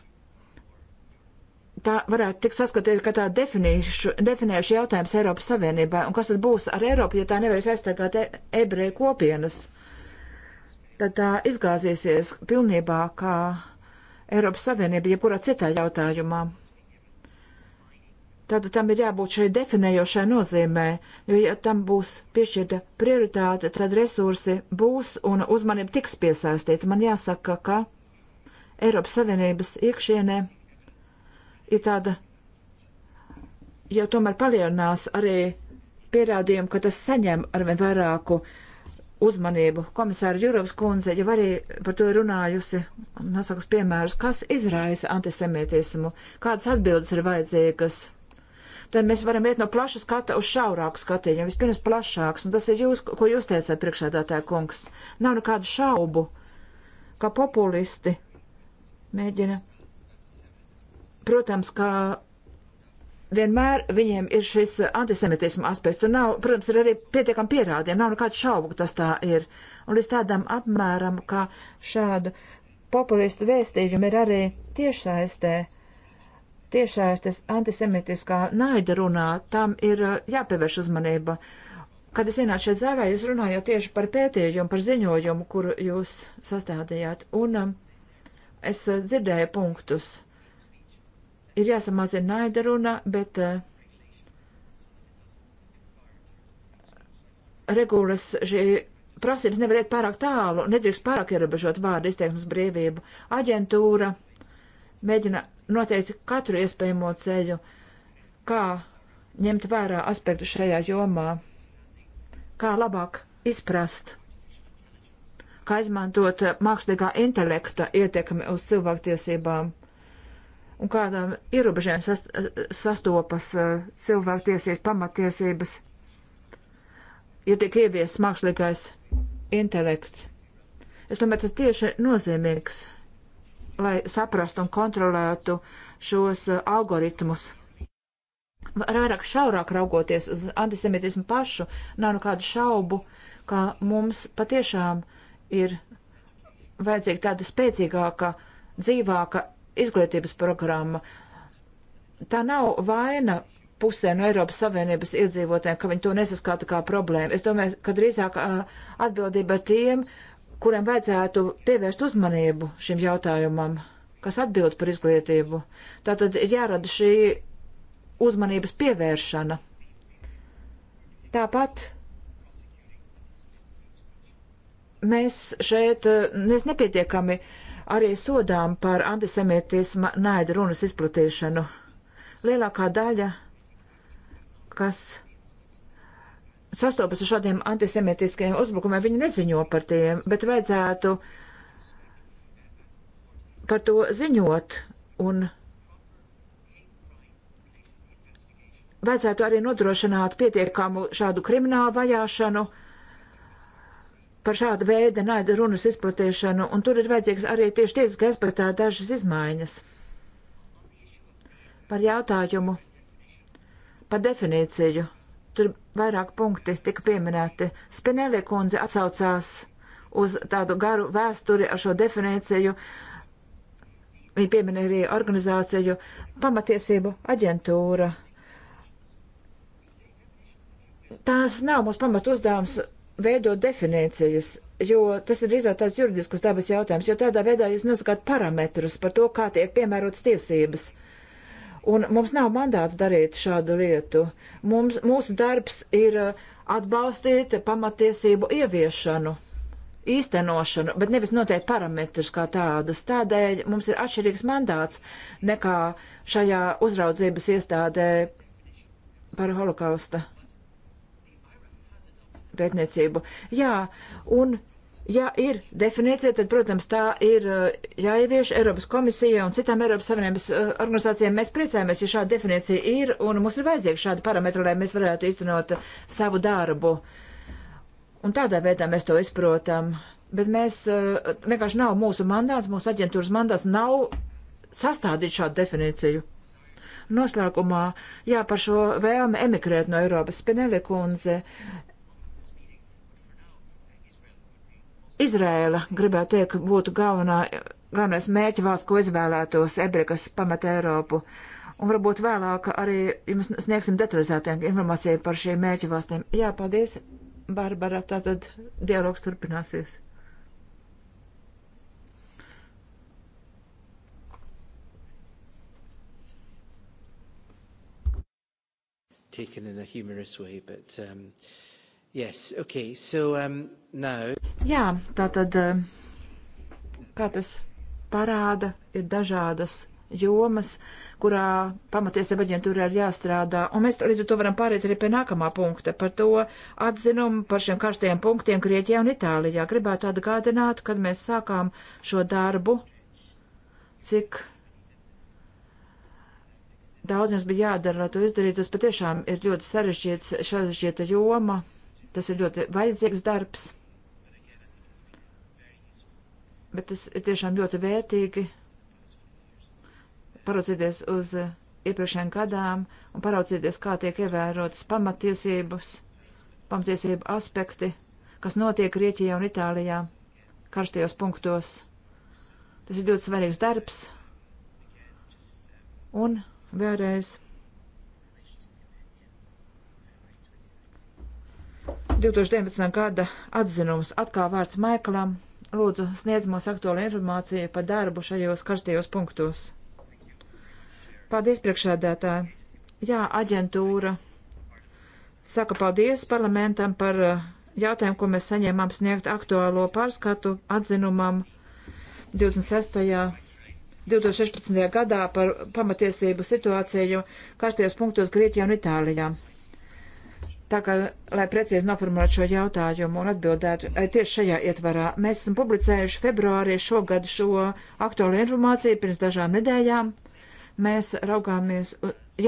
tā varētu tikt saskatīt, ka tā definīšu, definējuši jautājums Eiropas Savienībai, un kas tad būs ar Eiropu, ja tā nevarēs aizstāvēt e ebreju kopienas, tad tā izgāzīsies pilnībā kā Eiropas Savienība jebkurā citā jautājumā. Tātad tam ir jābūt šai definējošai nozīmē, jo ja tam būs piešķirta prioritāte, tad resursi būs un uzmanība tiks piesaistīta. Man jāsaka, ka Eiropas Savienības iekšienē ir tāda, jau tomēr palielinās arī pierādījumi, ka tas saņem arvien vairāku uzmanību. Komisāra Jurovs kundze jau arī par to runājusi, nosakus piemērus, kas izraisa antisemītismu, kādas atbildes ir vajadzīgas. Tad mēs varam iet no plaša skata uz šaurāku skatījumu, vispirms plašāks, un tas ir jūs, ko jūs teicāt priekšēdātāja kungs. Nav nekādu šaubu, ka populisti mēģina protams, ka vienmēr viņiem ir šis antisemitisma aspekts. Tur nav, protams, ir arī pietiekami pierādījumi, nav nekādu šaubu, ka tas tā ir. Un līdz tādam apmēram, ka šādu populistu vēstījumu ir arī tiešsaistē. Tiešsaistes antisemitiskā naida runā, tam ir uh, jāpievērš uzmanība. Kad es ienācu šeit zārā, jūs runājāt tieši par pētījumu, par ziņojumu, kuru jūs sastādījāt, un um, es uh, dzirdēju punktus ir jāsamazina naida runa, bet uh, regulas šī prasības nevar iet pārāk tālu, nedrīkst pārāk ierobežot vārdu izteiksmes brīvību. Aģentūra mēģina noteikt katru iespējamo ceļu, kā ņemt vērā aspektu šajā jomā, kā labāk izprast, kā izmantot mākslīgā intelekta ietekmi uz cilvēktiesībām un kādām ierobežēm sast, sastopas eh, cilvēktiesības, pamatiesības, ja tiek ieviesis mākslīgais intelekts. Es domāju, tas tieši nozīmīgs, lai saprastu un kontrolētu šos eh, algoritmus. Vairāk šaurāk raugoties uz antisemitismu pašu, nav nekādu no šaubu, ka mums patiešām ir vajadzīga tāda spēcīgāka, dzīvāka izglītības programma. Tā nav vaina pusē no Eiropas Savienības iedzīvotājiem, ka viņi to nesaskata kā problēmu. Es domāju, ka drīzāk atbildība ir tiem, kuriem vajadzētu pievērst uzmanību šim jautājumam, kas atbild par izglītību. Tātad ir jārada šī uzmanības pievēršana. Tāpat mēs šeit mēs nepietiekami uh, arī sodām par antisemītisma naida runas izplatīšanu. Lielākā daļa, kas sastopas ar šādiem antisemītiskiem uzbrukumiem, viņi neziņo par tiem, bet vajadzētu par to ziņot un vajadzētu arī nodrošināt pietiekamu šādu kriminālu vajāšanu par šādu veidu naida runas izplatīšanu, un tur ir vajadzīgs arī tieši tiesiskā aspektā dažas izmaiņas. Par jautājumu, par definīciju, tur vairāk punkti tika pieminēti. Spinelli kundze atsaucās uz tādu garu vēsturi ar šo definīciju. Viņa pieminēja arī organizāciju pamatiesību aģentūra. Tās nav mūsu pamat uzdevums veidot definīcijas, jo tas ir drīzāk tāds juridiskas dabas jautājums, jo tādā veidā jūs nosakāt parametrus par to, kā tiek piemērotas tiesības. Un mums nav mandāts darīt šādu lietu. Mums, mūsu darbs ir uh, atbalstīt pamatiesību ieviešanu, īstenošanu, bet nevis noteikti parametrus kā tādus. Tādēļ mums ir atšķirīgs mandāts nekā šajā uzraudzības iestādē par holokausta pētniecību. Jā, un ja ir definīcija, tad, protams, tā ir eh, jāievieš Eiropas komisija un citām Eiropas Savienības eh, organizācijām. Mēs priecājamies, ja šāda definīcija ir, un mums ir vajadzīgi šādi parametri, lai mēs varētu īstenot eh, savu darbu. Un tādā veidā mēs to izprotam. Bet mēs vienkārši nav mūsu mandāts, mūsu aģentūras mandāts nav sastādīt šādu definīciju. Noslēgumā, jā, par šo vēlmi emigrēt no Eiropas Spinelli kundze Izrēla, gribētu teikt, būtu galvenā, galvenais mērķi valsts, ko izvēlētos Ebrikas pamat Eiropu. Un varbūt vēlāk arī jums sniegsim detalizētāk informāciju par šīm mērķu valstīm. Jā, paldies, Barbara, tātad dialogs turpināsies. Taken in a humorous way, but um, Yes, okay. so, um, now... Jā, tā tad, eh, kā tas parāda, ir dažādas jomas, kurā pamatiesība aģentūra ir jāstrādā. Un mēs līdz ar to varam pāriet arī pie nākamā punkta par to atzinumu par šiem karstajiem punktiem Grieķijā un Itālijā. Gribētu atgādināt, kad mēs sākām šo darbu, cik daudz jums bija jādara, lai to izdarītu. Tas patiešām ir ļoti sarežģīts, sarežģīta joma. Tas ir ļoti vajadzīgs darbs, bet tas ir tiešām ļoti vērtīgi paraucīties uz eh, iepriekšējiem gadām un paraucīties, kā tiek ievērotas pamatiesības, pamatiesību aspekti, kas notiek Rieķijā un Itālijā karstajos punktos. Tas ir ļoti svarīgs darbs. Un vēlreiz. 2019. gada atzinums atkal vārds Maiklam. Lūdzu, sniedz mums aktuālu informāciju par darbu šajos karstajos punktos. Paldies, priekšēdētāji. Jā, aģentūra saka paldies parlamentam par eh, jautājumu, ko mēs saņēmām sniegt aktuālo pārskatu atzinumam 26. 2016. gadā par pamatiesību situāciju karstajos punktos Grieķijā un Itālijā. Tā kā, lai precīzi noformulētu šo jautājumu un atbildētu eh, tieši šajā ietvarā, mēs esam publicējuši februārī šogad šo aktuālo informāciju pirms dažām nedēļām. Mēs raugāmies,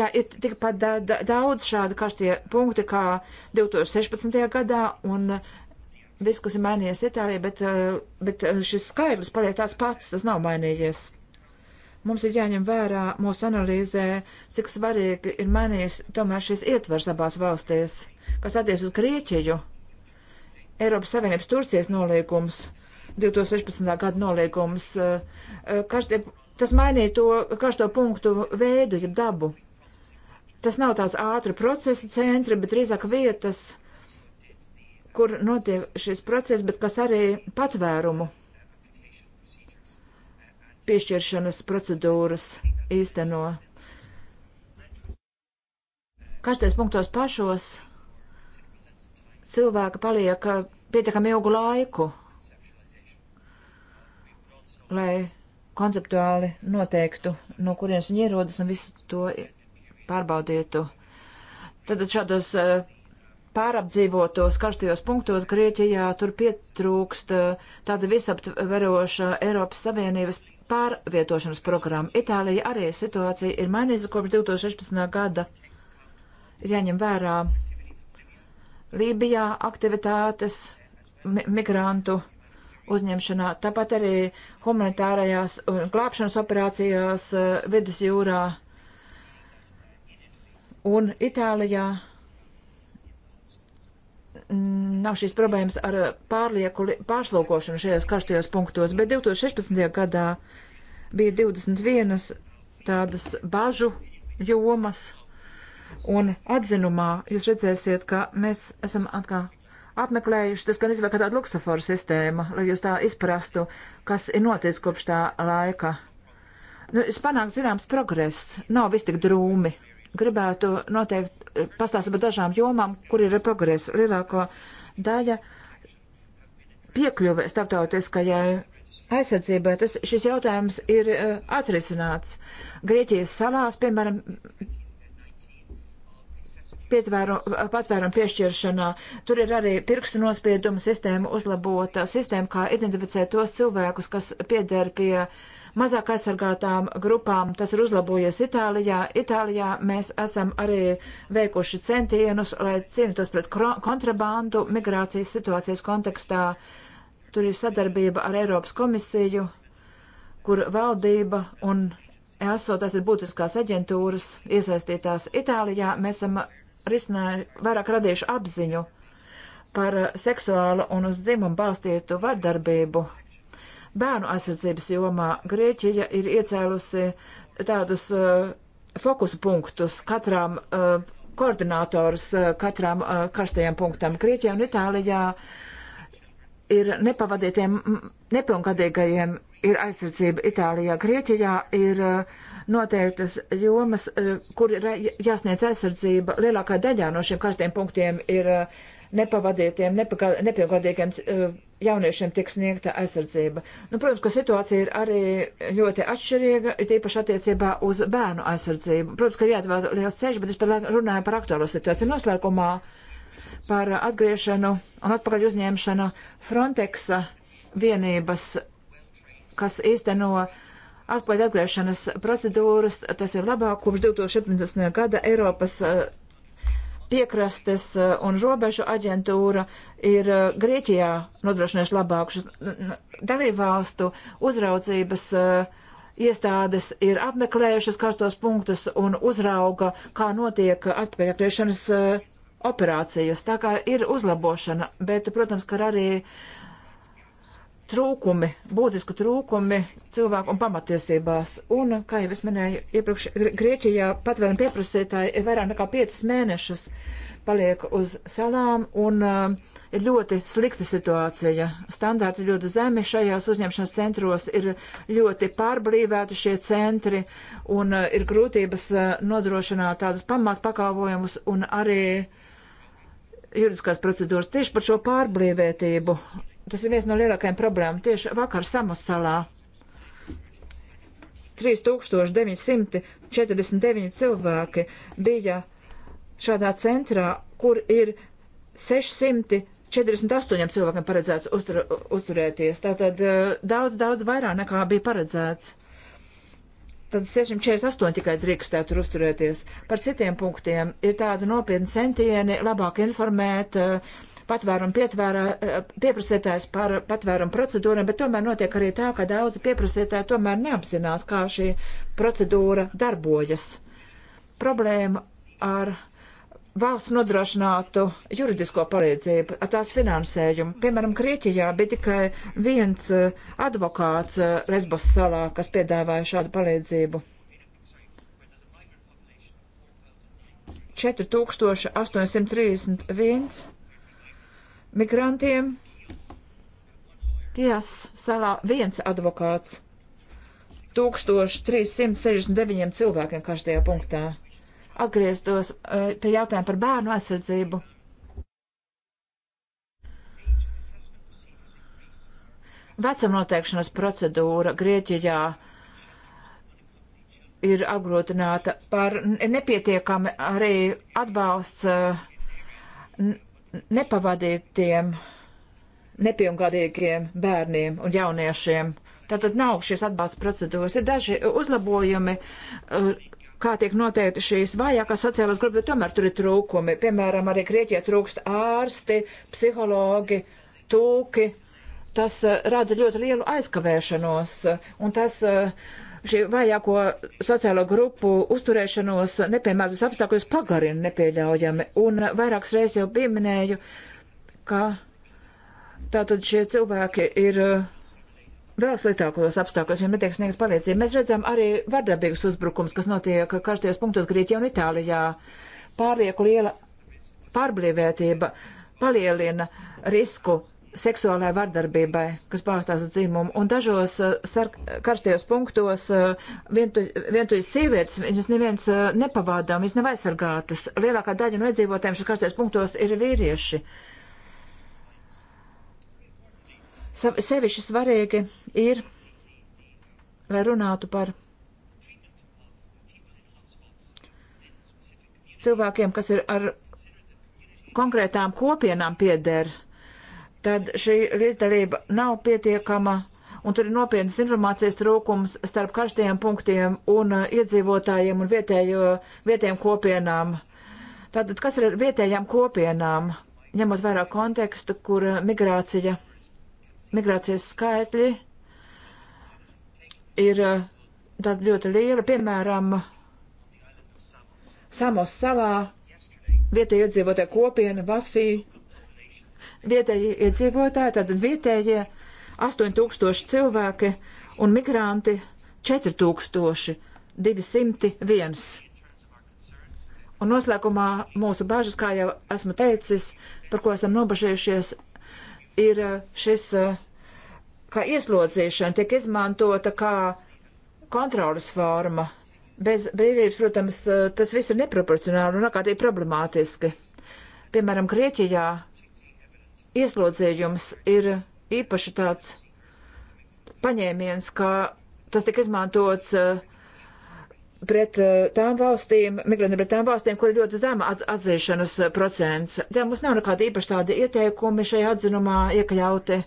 jā, ir tikpat da, da, daudz šādu karstie punkti kā 2016. gadā, un viss, kas ir mainījies Itālijā, bet, eh, bet eh, šis skaidrs paliek tāds pats, tas nav mainījies. Mums ir jāņem vērā mūsu analīzē, cik svarīgi ir mainījies tomēr šis ietvers abās valstīs, kas attiecas uz Grieķiju. Eiropas Savienības Turcijas nolīgums, 2016. gada nolīgums, eh, eh, karstie, tas mainīja to karsto punktu veidu, jeb dabu. Tas nav tāds ātri procesa centri, bet drīzāk vietas, kur notiek šis process, bet kas arī patvērumu piešķiršanas procedūras īsteno. Kaštais punktos pašos cilvēki paliek uh, pietiekami ilgu laiku, lai konceptuāli noteiktu, no kurienes viņi ierodas un visu to pārbaudītu. Tad šādos uh, pārapdzīvotos karstajos punktos Grieķijā tur pietrūkst uh, tāda visaptveroša Eiropas Savienības pārvietošanas programmu. Itālija arī situācija ir mainījusi kopš 2016. gada. Ir jāņem vērā Lībijā aktivitātes, mi migrantu uzņemšanā, tāpat arī humanitārajās un glābšanas operācijās eh, vidusjūrā un Itālijā nav šīs problēmas ar pārlieku pārslūkošanu šajās karstajos punktos, bet 2016. gadā bija 21 tādas bažu jomas, un atzinumā jūs redzēsiet, ka mēs esam atkal apmeklējuši, tas gan izvēl kā tāda luksaforu sistēma, lai jūs tā izprastu, kas ir noticis kopš tā laika. Nu, es panāku zināms progress, nav viss tik drūmi. Gribētu noteikti pastāsta par dažām jomām, kur ir progresa lielāko daļa piekļuve starptautiskajai aizsardzībai. Tas, šis jautājums ir uh, atrisināts. Grieķijas salās, piemēram, patvērumu piešķiršanā. Tur ir arī pirkstu nospiedumu sistēma uzlabota, sistēma, kā identificēt tos cilvēkus, kas pieder pie uh, mazāk aizsargātām grupām. Tas ir uzlabojies Itālijā. Itālijā mēs esam arī veikuši centienus, lai cīnītos pret kontrabandu migrācijas situācijas kontekstā. Tur ir sadarbība ar Eiropas komisiju, kur valdība un ESO, tas ir būtiskās aģentūras, iesaistītās Itālijā. Mēs esam risināju, vairāk radījuši apziņu par seksuālu un uz dzimumu balstītu vardarbību Bērnu aizsardzības jomā Grieķija ir iecēlusi tādus uh, fokusu punktus katram uh, koordinātors uh, katram uh, karstajam punktam. Grieķijā un Itālijā ir nepavadītiem nepilngadīgajiem ir aizsardzība Itālijā. Grieķijā ir uh, noteiktas jomas, uh, kur ir jāsniedz aizsardzība. Lielākā daļā no šiem karstiem punktiem ir uh, nepavadītiem, nepilngadīgiem uh, jauniešiem tiek sniegta aizsardzība. Nu, protams, ka situācija ir arī ļoti atšķirīga, ir tīpaši attiecībā uz bērnu aizsardzību. Protams, ka ir jāatvēl liels ceļš, bet es pat runāju par aktuālo situāciju noslēgumā, par atgriešanu un atpakaļ uzņemšanu Frontexa vienības, kas īsteno atpakaļ atgriešanas procedūras. Tas ir labāk kopš 2017. gada Eiropas. Uh, piekrastes eh, un robežu aģentūra ir eh, Grieķijā nodrošinājuši labākus dalībvalstu uzraudzības eh, iestādes ir apmeklējušas karstos punktus un uzrauga, kā notiek atpērkļiešanas operācijas. Tā kā ir uzlabošana, bet, protams, ka arī uh, trūkumi, būtiski trūkumi cilvēku un pamatiesībās. Un, kā jau es minēju, iepriekš Grieķijā patvērumu pieprasītāji ir vairāk nekā 5 mēnešus paliek uz salām un uh, ir ļoti slikta situācija. Standārti ļoti zemi šajās uzņemšanas centros ir ļoti pārbrīvēti šie centri un uh, ir grūtības uh, nodrošināt tādus pamatpakalpojumus un arī juridiskās procedūras tieši par šo pārbrīvētību Tas ir viens no lielākajiem problēmām. Tieši vakar Samosalā 3949 cilvēki bija šādā centrā, kur ir 648 cilvēkiem paredzēts uztur, uzturēties. Tātad eh, daudz, daudz vairāk nekā bija paredzēts. Tad 648 tikai drīkstēja tur uzturēties. Par citiem punktiem ir tādi nopietni centieni labāk informēt uh, patvērumu pietvērā, pieprasītājs par patvērumu procedūram, bet tomēr notiek arī tā, ka daudzi pieprasītāji tomēr neapzinās, kā šī procedūra darbojas. Problēma ar valsts nodrošinātu juridisko palīdzību, ar tās finansējumu. Piemēram, Grieķijā bija tikai viens eh, advokāts eh, Lesbos salā, kas piedāvāja šādu palīdzību. 4831 migrantiem. Jās salā viens advokāts 1369 cilvēkiem každajā punktā. Atgrieztos eh, pie jautājuma par bērnu aizsardzību. Vecuma noteikšanas procedūra Grieķijā ir apgrūtināta par nepietiekami arī atbalsts eh, nepavadītiem nepilngadīgiem bērniem un jauniešiem. Tātad nav šīs atbalsta procedūras. Ir daži uzlabojumi, eh, kā tiek noteikti šīs vājākās sociālās grupas, bet tomēr tur ir trūkumi. Piemēram, arī Grieķijā trūkst ārsti, psihologi, tūki. Tas eh, rada ļoti lielu aizkavēšanos, eh, un tas uh, šī vajāko sociālo grupu uzturēšanos nepiemērotus apstākļus pagarina nepieļaujami. Un vairākas reizes jau pieminēju, ka tātad šie cilvēki ir braukslitākos uh, apstākļos, viņiem netiek sniegt palīdzību. Mēs redzam arī vardarbīgus uzbrukums, kas notiek karstajos punktos Grieķijā un Itālijā. Pārlieku liela pārblīvētība palielina risku seksuālajai vardarbībai, kas pārstās uz dzimumu. Un dažos uh, sark, karstajos punktos uh, vientuļas sievietes, viņas neviens uh, nepavādā, viņas nav aizsargātas. Lielākā daļa no iedzīvotājiem šajos karstajos punktos ir vīrieši. Sevišķi svarīgi ir, lai runātu par cilvēkiem, kas ir ar konkrētām kopienām pieder tad šī līdzdalība nav pietiekama, un tur ir nopietnas informācijas trūkums starp karstajiem punktiem un uh, iedzīvotājiem un vietējo, vietējiem kopienām. Tātad, kas ir vietējām kopienām, ņemot vērā kontekstu, kur uh, migrācija, migrācijas skaitļi ir uh, tāda ļoti liela, piemēram, Samos salā vietējo iedzīvotāju kopiena, Vafija, vietējie iedzīvotāji, tātad vietējie 8000 cilvēki un migranti 4201. Un noslēgumā mūsu bažas, kā jau esmu teicis, par ko esam nobažījušies, ir uh, šis, uh, kā ieslodzīšana tiek izmantota kā kontrolas forma. Bez brīvības, protams, uh, tas viss ir neproporcionāli un ārkārtīgi problemātiski. Piemēram, Grieķijā ieslodzījums ir īpaši tāds paņēmiens, ka tas tika izmantots uh, pret uh, tām valstīm, migrantiem pret tām valstīm, kur ir ļoti zema atzīšanas uh, procents. Jā, mums nav nekāda īpaši tāda ieteikumi šajā atzinumā iekļauti.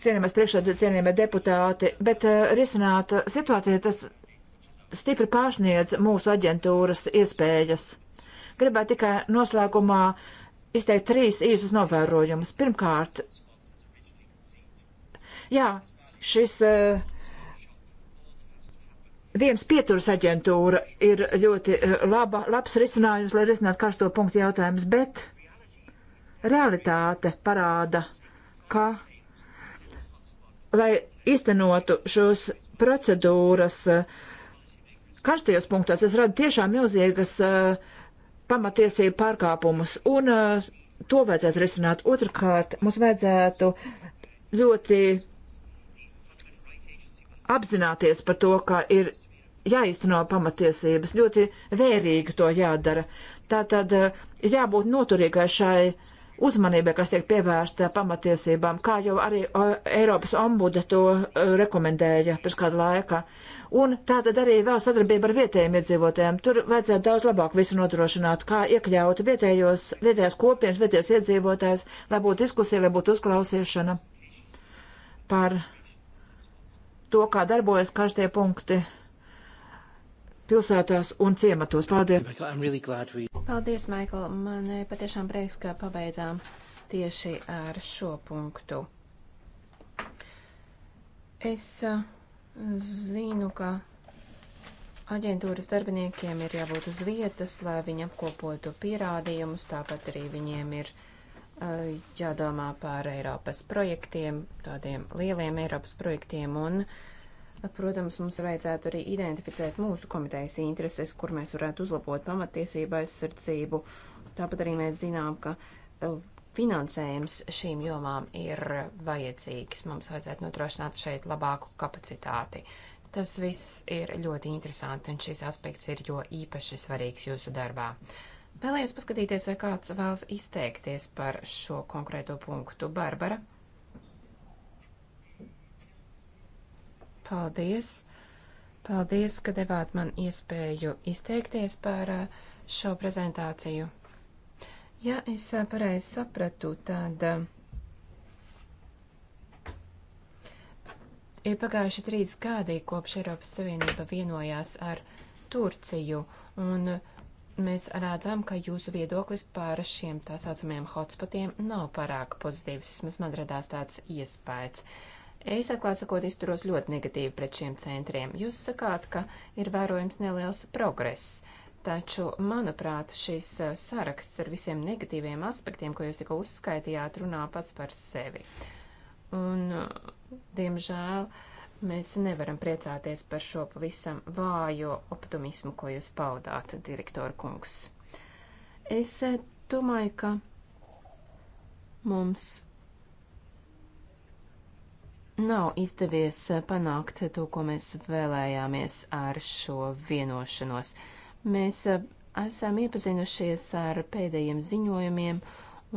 Cienījamies priekšādi, cienījamie deputāti, bet uh, risināt situāciju tas stipri pārsniedz mūsu aģentūras iespējas. Gribētu tikai noslēgumā uh, izteikt trīs īsus novērojumus. Pirmkārt, jā, šis uh, viens pieturas aģentūra ir ļoti eh, laba, labs risinājums, lai risinātu karsto punktu jautājumus, bet realitāte parāda, ka, lai iztenotu šos procedūras eh, karstajos punktos, es radu tiešām milzīgas uh, pamatiesību pārkāpumus, un uh, to vajadzētu risināt. Otrakārt, mums vajadzētu ļoti apzināties par to, ka ir jāizteno pamatiesības, ļoti vērīgi to jādara. Tātad uh, jābūt noturīgai šai uzmanībai, kas tiek pievērsta pamatiesībām, kā jau arī uh, Eiropas ombuda to uh, rekomendēja pirms kādu laiku. Un tā tad arī vēl sadarbība ar vietējiem iedzīvotājiem. Tur vajadzētu daudz labāk visu nodrošināt, kā iekļaut vietējos, vietējās kopienas, vietējās iedzīvotājs, lai būtu diskusija, lai būtu uzklausīšana par to, kā darbojas karstie punkti pilsētās un ciematos. Paldies! Really we... Paldies, Maikl! Man eh, patiešām prieks, ka pabeidzām tieši ar šo punktu. Es uh, Zinu, ka aģentūras darbiniekiem ir jābūt uz vietas, lai viņi apkopotu pierādījumus, tāpat arī viņiem ir uh, jādomā par Eiropas projektiem, tādiem lieliem Eiropas projektiem, un, protams, mums vajadzētu arī identificēt mūsu komitejas intereses, kur mēs varētu uzlabot pamatiesību aizsardzību. Tāpat arī mēs zinām, ka uh, finansējums šīm jomām ir vajadzīgs. Mums vajadzētu nodrošināt šeit labāku kapacitāti. Tas viss ir ļoti interesanti, un šis aspekts ir jo īpaši svarīgs jūsu darbā. Vēlējos paskatīties, vai kāds vēlas izteikties par šo konkrēto punktu. Barbara? Paldies! Paldies, ka devāt man iespēju izteikties par uh, šo prezentāciju. Ja es pareizi sapratu, tad ir pagājuši trīs gadi, kopš Eiropas Savienība vienojās ar Turciju, un mēs redzam, ka jūsu viedoklis par šiem tā saucamajiem hotspotiem nav pārāk pozitīvs. Vismaz man radās tāds iespējas. Es atklāt sakot, izturos ļoti negatīvi pret šiem centriem. Jūs sakāt, ka ir vērojams neliels progress. Taču, manuprāt, šis saraksts ar visiem negatīviem aspektiem, ko jūs tikko uzskaitījāt, runā pats par sevi. Un, diemžēl, mēs nevaram priecāties par šo pavisam vājo optimismu, ko jūs paudāt, direktora kungs. Es domāju, ka mums nav izdevies panākt to, ko mēs vēlējāmies ar šo vienošanos. Uh, Mēs esam iepazinušies ar pēdējiem ziņojumiem,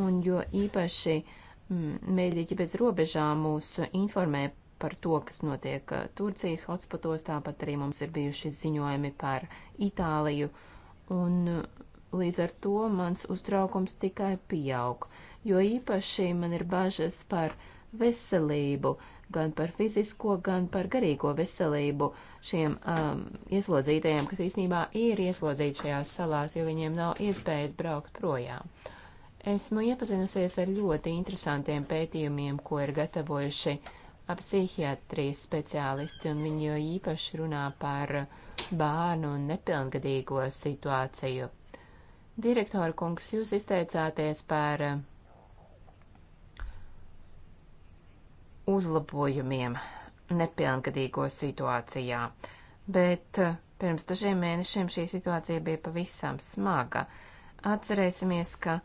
un jo īpaši Mēģiķi mm, bez robežām mūs informē par to, kas notiek Turcijas hotspotos, tāpat arī mums ir bijuši ziņojumi par Itāliju, un līdz ar to mans uztraukums tikai pieaug, jo īpaši man ir bažas par veselību, gan par fizisko, gan par garīgo veselību šiem um, ieslodzītajiem, kas īsnībā ir ieslodzīti šajās salās, jo viņiem nav iespējas braukt projām. Esmu iepazinusies ar ļoti interesantiem pētījumiem, ko ir gatavojuši psihiatrijas speciālisti, un viņi jau īpaši runā par bērnu un nepilngadīgo situāciju. Direktora kungs, jūs izteicāties par uh, uzlabojumiem nepilngadīgo situācijā, bet eh, pirms dažiem mēnešiem šī situācija bija pavisam smaga. Atcerēsimies, ka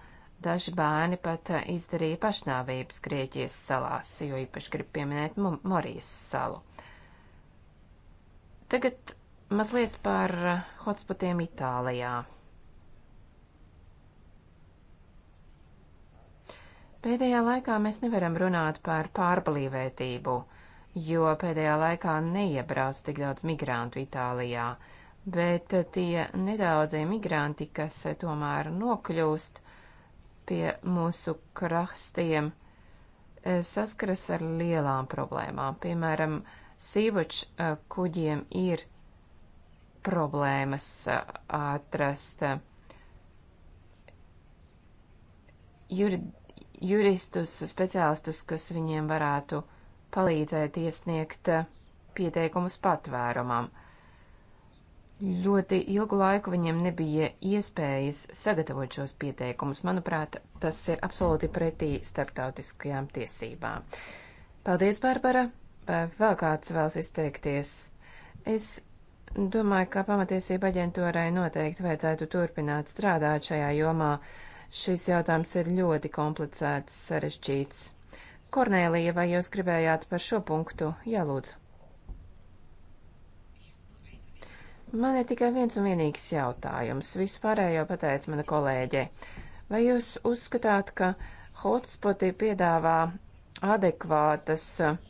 daži bērni pat eh, izdarīja pašnāvības Grieķijas salās, jo īpaši grib pieminēt Morijas salu. Tagad mazliet par eh, hotspotiem Itālijā. Pēdējā laikā mēs nevaram runāt par pārblīvētību, jo pēdējā laikā neiebrauc tik daudz migrantu Itālijā, bet tie nedaudzie migranti, kas tomēr nokļūst pie mūsu krastiem, saskaras ar lielām problēmām. Piemēram, sīvaču kuģiem ir problēmas atrast jurid juristus, speciālistus, kas viņiem varētu palīdzēt iesniegt eh, pieteikumus patvērumam. Ļoti ilgu laiku viņiem nebija iespējas sagatavot šos pieteikumus. Manuprāt, tas ir absolūti pretī starptautiskajām tiesībām. Paldies, Barbara! Vai vēl kāds vēlas izteikties? Es domāju, ka pamatiesība aģentūrai noteikti vajadzētu turpināt strādāt šajā jomā Šis jautājums ir ļoti komplicēts, sarežģīts. Kornēlija, vai jūs gribējāt par šo punktu? Jā, lūdzu. Man ir tikai viens un vienīgs jautājums. Vispārējo pateica mana kolēģe. Vai jūs uzskatāt, ka hotspoti piedāvā adekvātas uh,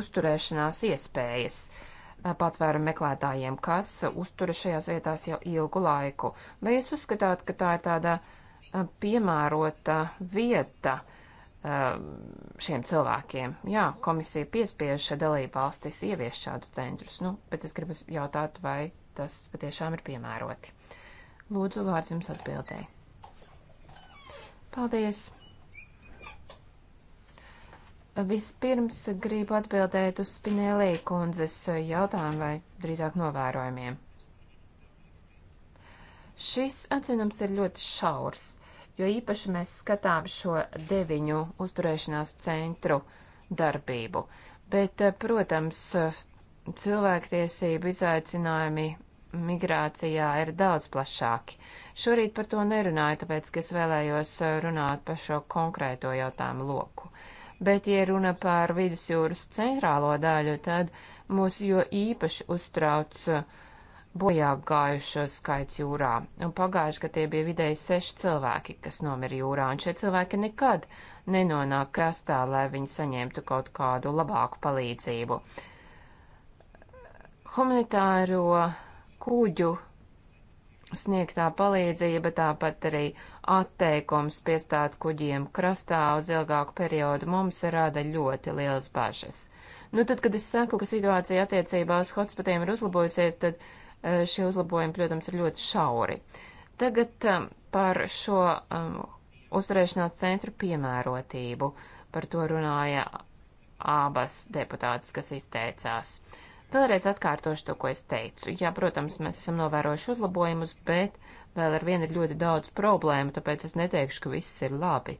uzturēšanās iespējas? Uh, patvērumu meklētājiem, kas uztura šajās vietās jau ilgu laiku. Vai jūs uzskatāt, ka tā ir tāda Eh, piemērota vieta eh, šiem cilvēkiem. Jā, komisija piespiež dalību valstis ievies šādu centrus, nu, bet es gribu jautāt, vai tas patiešām ir piemēroti. Lūdzu, vārds jums atbildēji. Paldies! Vispirms gribu atbildēt uz Spinelī kundzes jautājumu vai drīzāk novērojumiem. Šis atzinums ir ļoti šaurs jo īpaši mēs skatām šo deviņu uzturēšanās centru darbību. Bet, eh, protams, cilvēktiesību izaicinājumi migrācijā ir daudz plašāki. Šorīt par to nerunāju, tāpēc, ka es vēlējos eh, runāt par šo konkrēto jautājumu loku. Bet, ja runa par vidusjūras centrālo daļu, tad mūs jo īpaši uztrauc uh, bojā gājušo skaits jūrā, un pagājuši, ka tie bija vidēji seši cilvēki, kas nomira jūrā, un šie cilvēki nekad nenonāk krastā, lai viņi saņemtu kaut kādu labāku palīdzību. Humanitāro kuģu sniegtā palīdzība, tāpat arī atteikums piestāt kuģiem krastā uz ilgāku periodu mums rada ļoti liels bažas. Nu, tad, kad es saku, ka situācija attiecībā uz hotspotiem ir uzlabojusies, tad Eh, šie uzlabojumi, protams, ir ļoti šauri. Tagad eh, par šo um, uzturēšanās centru piemērotību. Par to runāja abas deputātas, kas izteicās. Vēlreiz atkārtošu to, ko es teicu. Jā, protams, mēs esam novērojuši uzlabojumus, bet vēl ar vienu ir ļoti daudz problēmu, tāpēc es neteikšu, ka viss ir labi.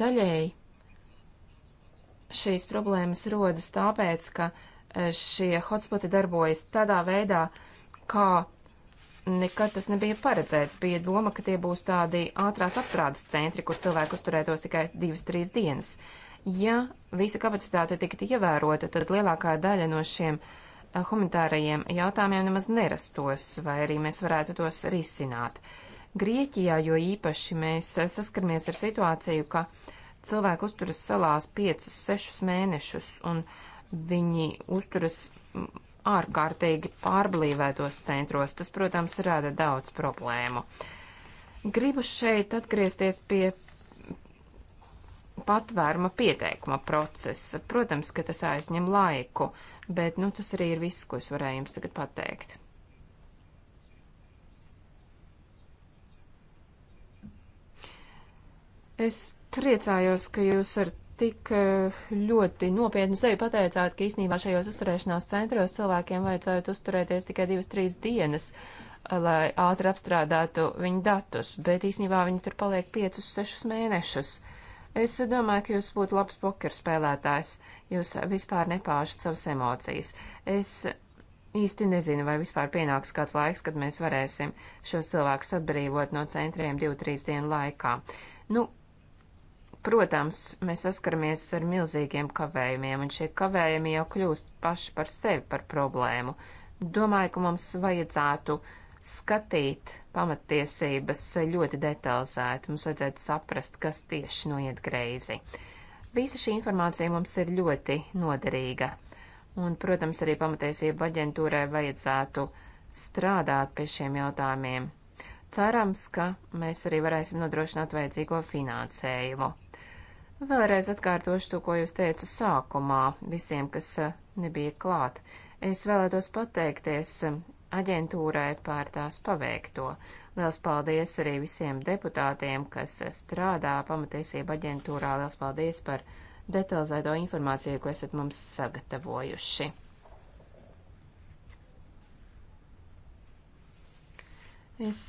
Daļēji šīs problēmas rodas tāpēc, ka uh, Eh, šie hotspoti darbojas tādā veidā, kā nekad tas nebija paredzēts. Bija doma, ka tie būs tādi ātrās apstrādes centri, kur cilvēku uzturētos tikai divas, trīs dienas. Ja visa kapacitāte tiktu ievērota, tad lielākā daļa no šiem eh, humanitārajiem jautājumiem nemaz nerastos, vai arī mēs varētu tos risināt. Grieķijā jo īpaši mēs eh, saskaramies ar situāciju, ka cilvēku uzturas salās 5-6 mēnešus, un uh, Viņi uzturas ārkārtīgi pārblīvētos centros. Tas, protams, rada daudz problēmu. Gribu šeit atgriezties pie patvēruma pieteikuma procesa. Protams, ka tas aizņem laiku, bet nu, tas arī ir viss, ko es varēju jums tagad pateikt. Es priecājos, ka jūs ar tik eh, ļoti nopietni sevi pateicāt, ka īsnībā šajos uzturēšanās centros cilvēkiem vajadzētu uzturēties tikai divas, trīs dienas, eh, lai ātri apstrādātu viņu datus, bet īsnībā viņi tur paliek piecus, sešus mēnešus. Es domāju, ka jūs būtu labs pokeru spēlētājs, jūs vispār nepāžat savas emocijas. Es īsti nezinu, vai vispār pienāks kāds laiks, kad mēs varēsim šos cilvēkus atbrīvot no centriem divu, trīs dienu laikā. Nu, Protams, mēs saskaramies ar milzīgiem kavējumiem, un šie kavējumi jau kļūst paši par sevi par problēmu. Domāju, ka mums vajadzētu skatīt pamatiesības ļoti detalizēti. Mums vajadzētu saprast, kas tieši noiet greizi. Visa šī informācija mums ir ļoti noderīga. Un, protams, arī pamatiesība aģentūrai vajadzētu strādāt pie šiem jautājumiem. Cerams, ka mēs arī varēsim nodrošināt vajadzīgo finansējumu. Vēlreiz atkārtošu to, ko jūs teicu sākumā visiem, kas eh, nebija klāt. Es vēlētos pateikties eh, aģentūrai par tās paveikto. Liels paldies arī visiem deputātiem, kas eh, strādā pamatiesība aģentūrā. Liels paldies par detalizēto informāciju, ko esat mums sagatavojuši. Es,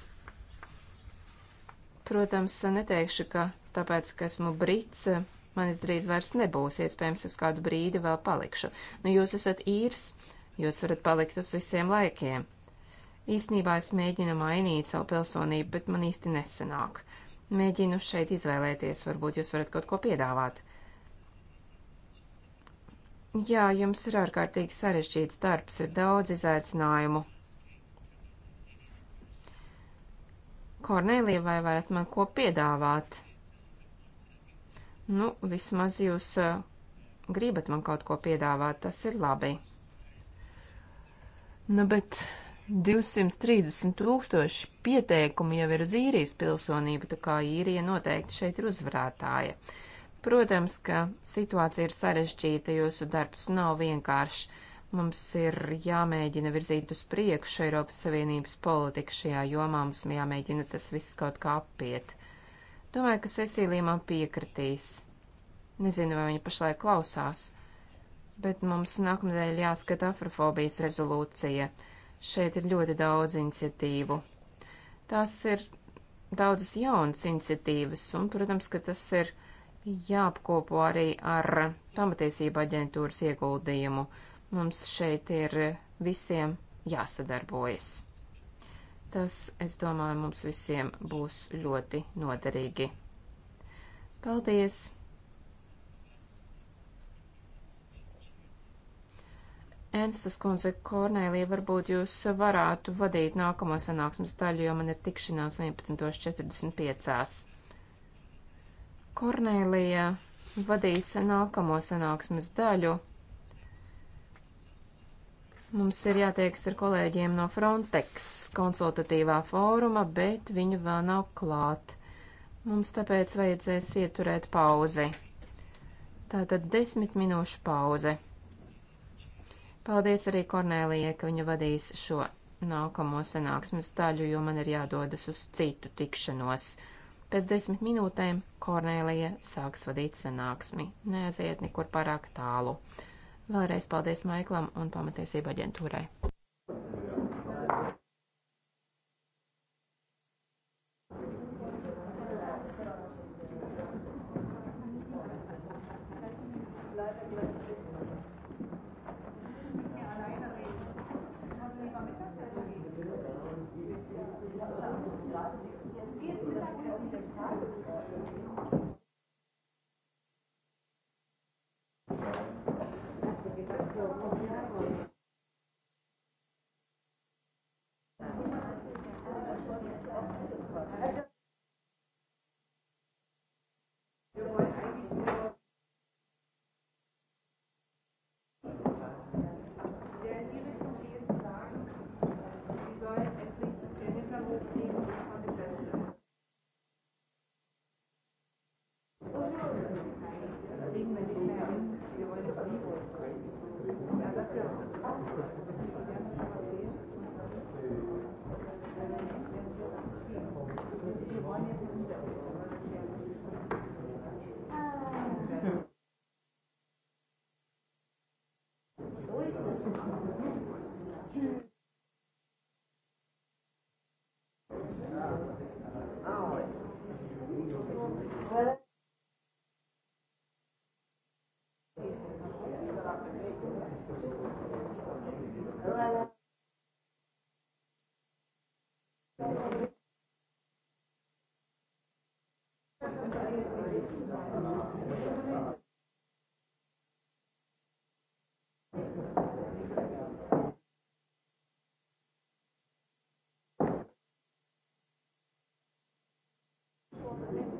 protams, neteikšu, ka tāpēc, ka esmu brits, manis drīz vairs nebūs, iespējams, uz kādu brīdi vēl palikšu. Nu, jūs esat īrs, jūs varat palikt uz visiem laikiem. Īsnībā es mēģinu mainīt savu pilsonību, bet man īsti nesanāk. Mēģinu šeit izvēlēties, varbūt jūs varat kaut ko piedāvāt. Jā, jums ir ārkārtīgi sarežģīts darbs, ir daudz izaicinājumu. Kornelija, vai varat man ko piedāvāt? Nu, vismaz jūs uh, gribat man kaut ko piedāvāt, tas ir labi. Nu, bet 230 tūkstoši pieteikumu jau ir uz īrijas pilsonību, tā kā īrija noteikti šeit ir uzvarētāja. Protams, ka situācija ir sarežģīta, jūsu darbs nav vienkāršs. Mums ir jāmēģina virzīt uz priekšu Eiropas Savienības politiku šajā jomā, mums jāmēģina tas viss kaut kā apiet. Domāju, ka Cecīlija man piekritīs. Nezinu, vai viņa pašlaik klausās, bet mums nākamnedēļ jāskata afrofobijas rezolūcija. Šeit ir ļoti daudz iniciatīvu. Tās ir daudzas jaunas iniciatīvas, un, protams, ka tas ir jāapkopo arī ar pamatiesība aģentūras ieguldījumu. Mums šeit ir visiem jāsadarbojas. Tas, es domāju, mums visiem būs ļoti noderīgi. Paldies! Ensas kundze, Kornēlija, varbūt jūs varētu vadīt nākamo sanāksmes daļu, jo man ir tikšanās 11.45. Kornēlija vadīs nākamo sanāksmes daļu. Mums ir jātiekas ar kolēģiem no Frontex konsultatīvā fóruma, bet viņu vēl nav klāt. Mums tāpēc vajadzēs ieturēt pauzi. Tātad desmit minūšu pauze. Paldies arī Kornēlijai, ka viņa vadīs šo nākamo sanāksmes daļu, jo man ir jādodas uz citu tikšanos. Pēc desmit minūtēm Kornēlija sāks vadīt sanāksmi. Neaiziet nekur pārāk tālu. Vēlreiz paldies Maiklam un pamatiesību aģentūrai.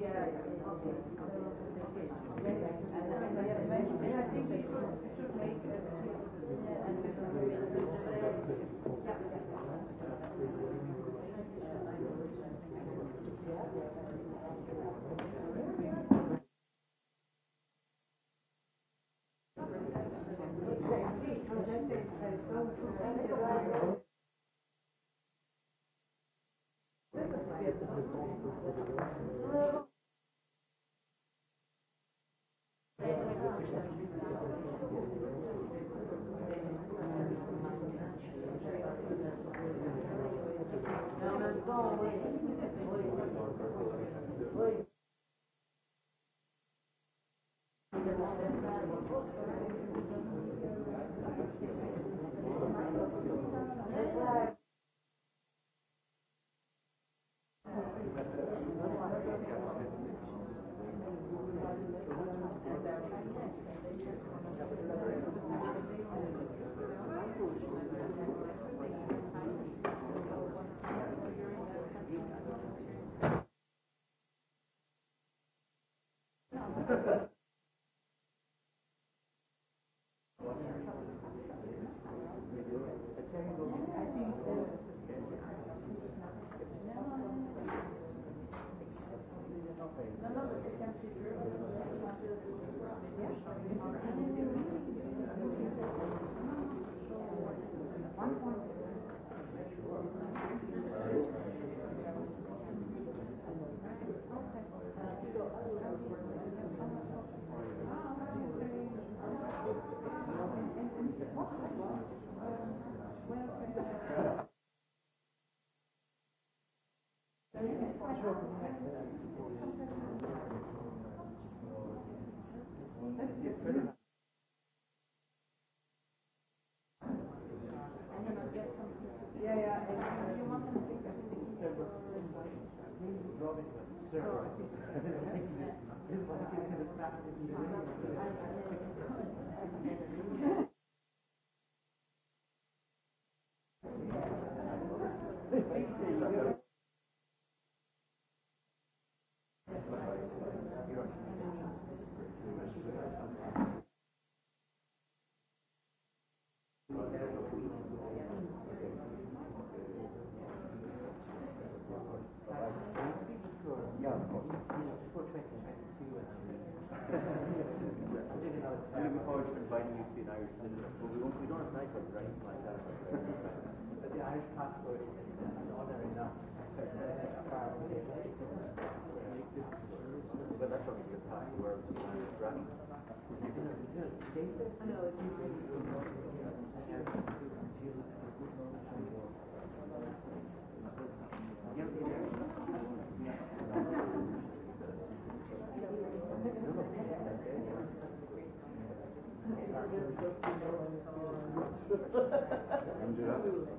Yeah, okay. Thank you. Irish syndrome. Well, we, won't, we don't have nightclubs or anything like that. but the Irish passport is an honour enough. But that's only because half the world's an Irish brand. I know, it's Angela.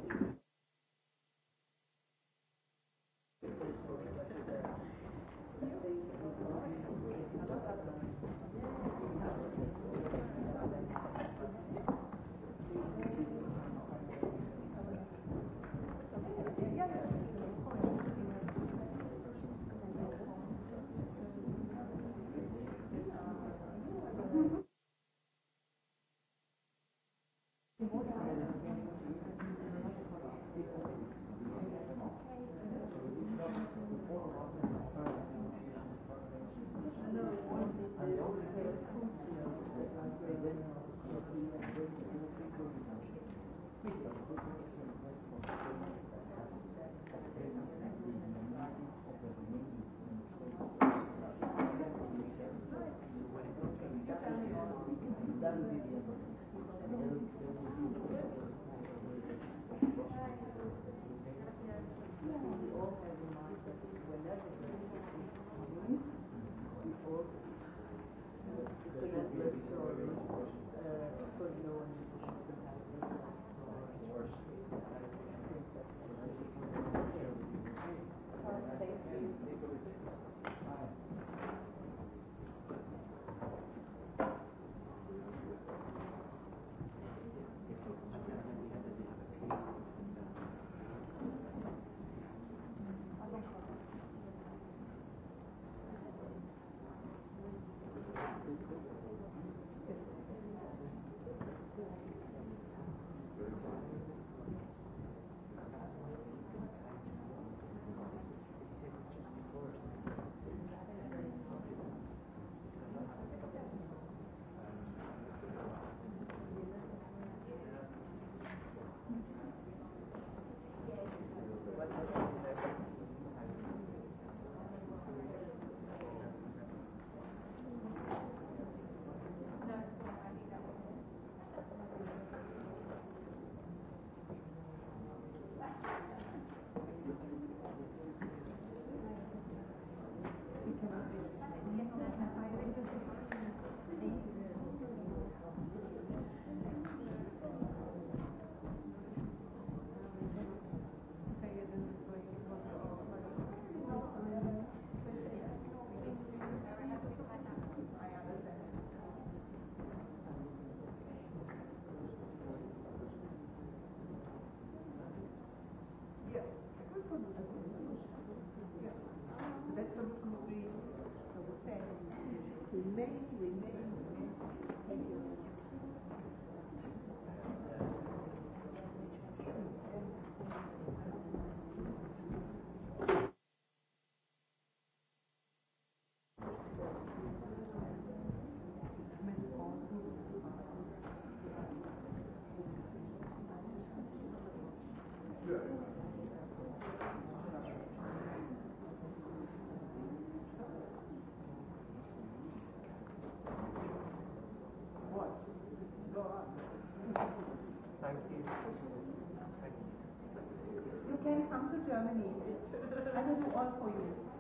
Germany. I will do all for you.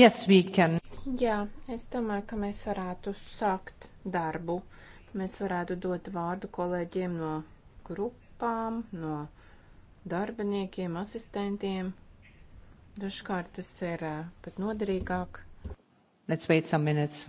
Yes, we can. Jā, es domāju, ka mēs varētu sākt darbu. Mēs varētu dot vārdu kolēģiem no grupām, no darbiniekiem, asistentiem. Dažkārt tas ir eh, pat noderīgāk. Let's wait some minutes.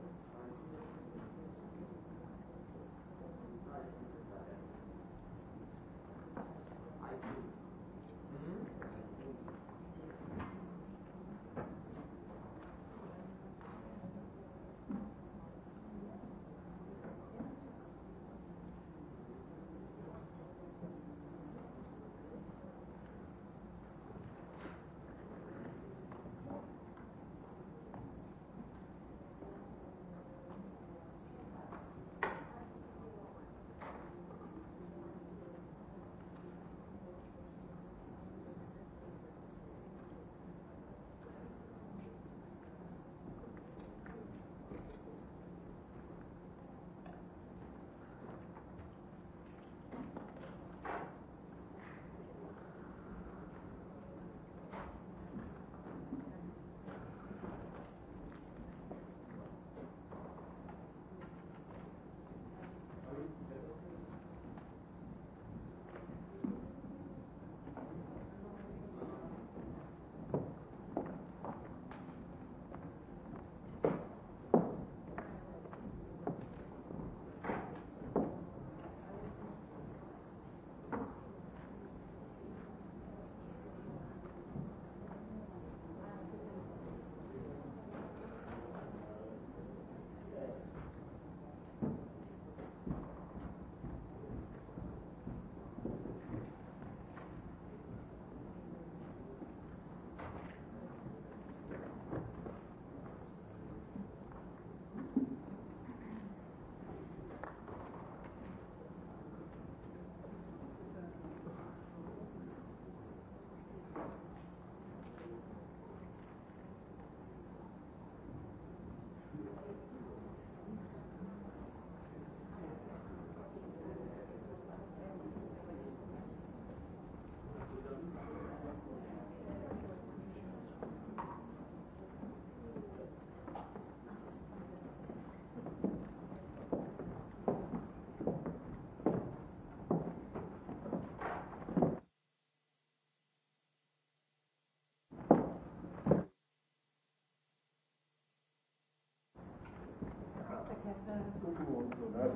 Sorry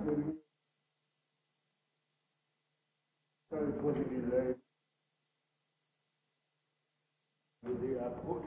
for the delay. With the output.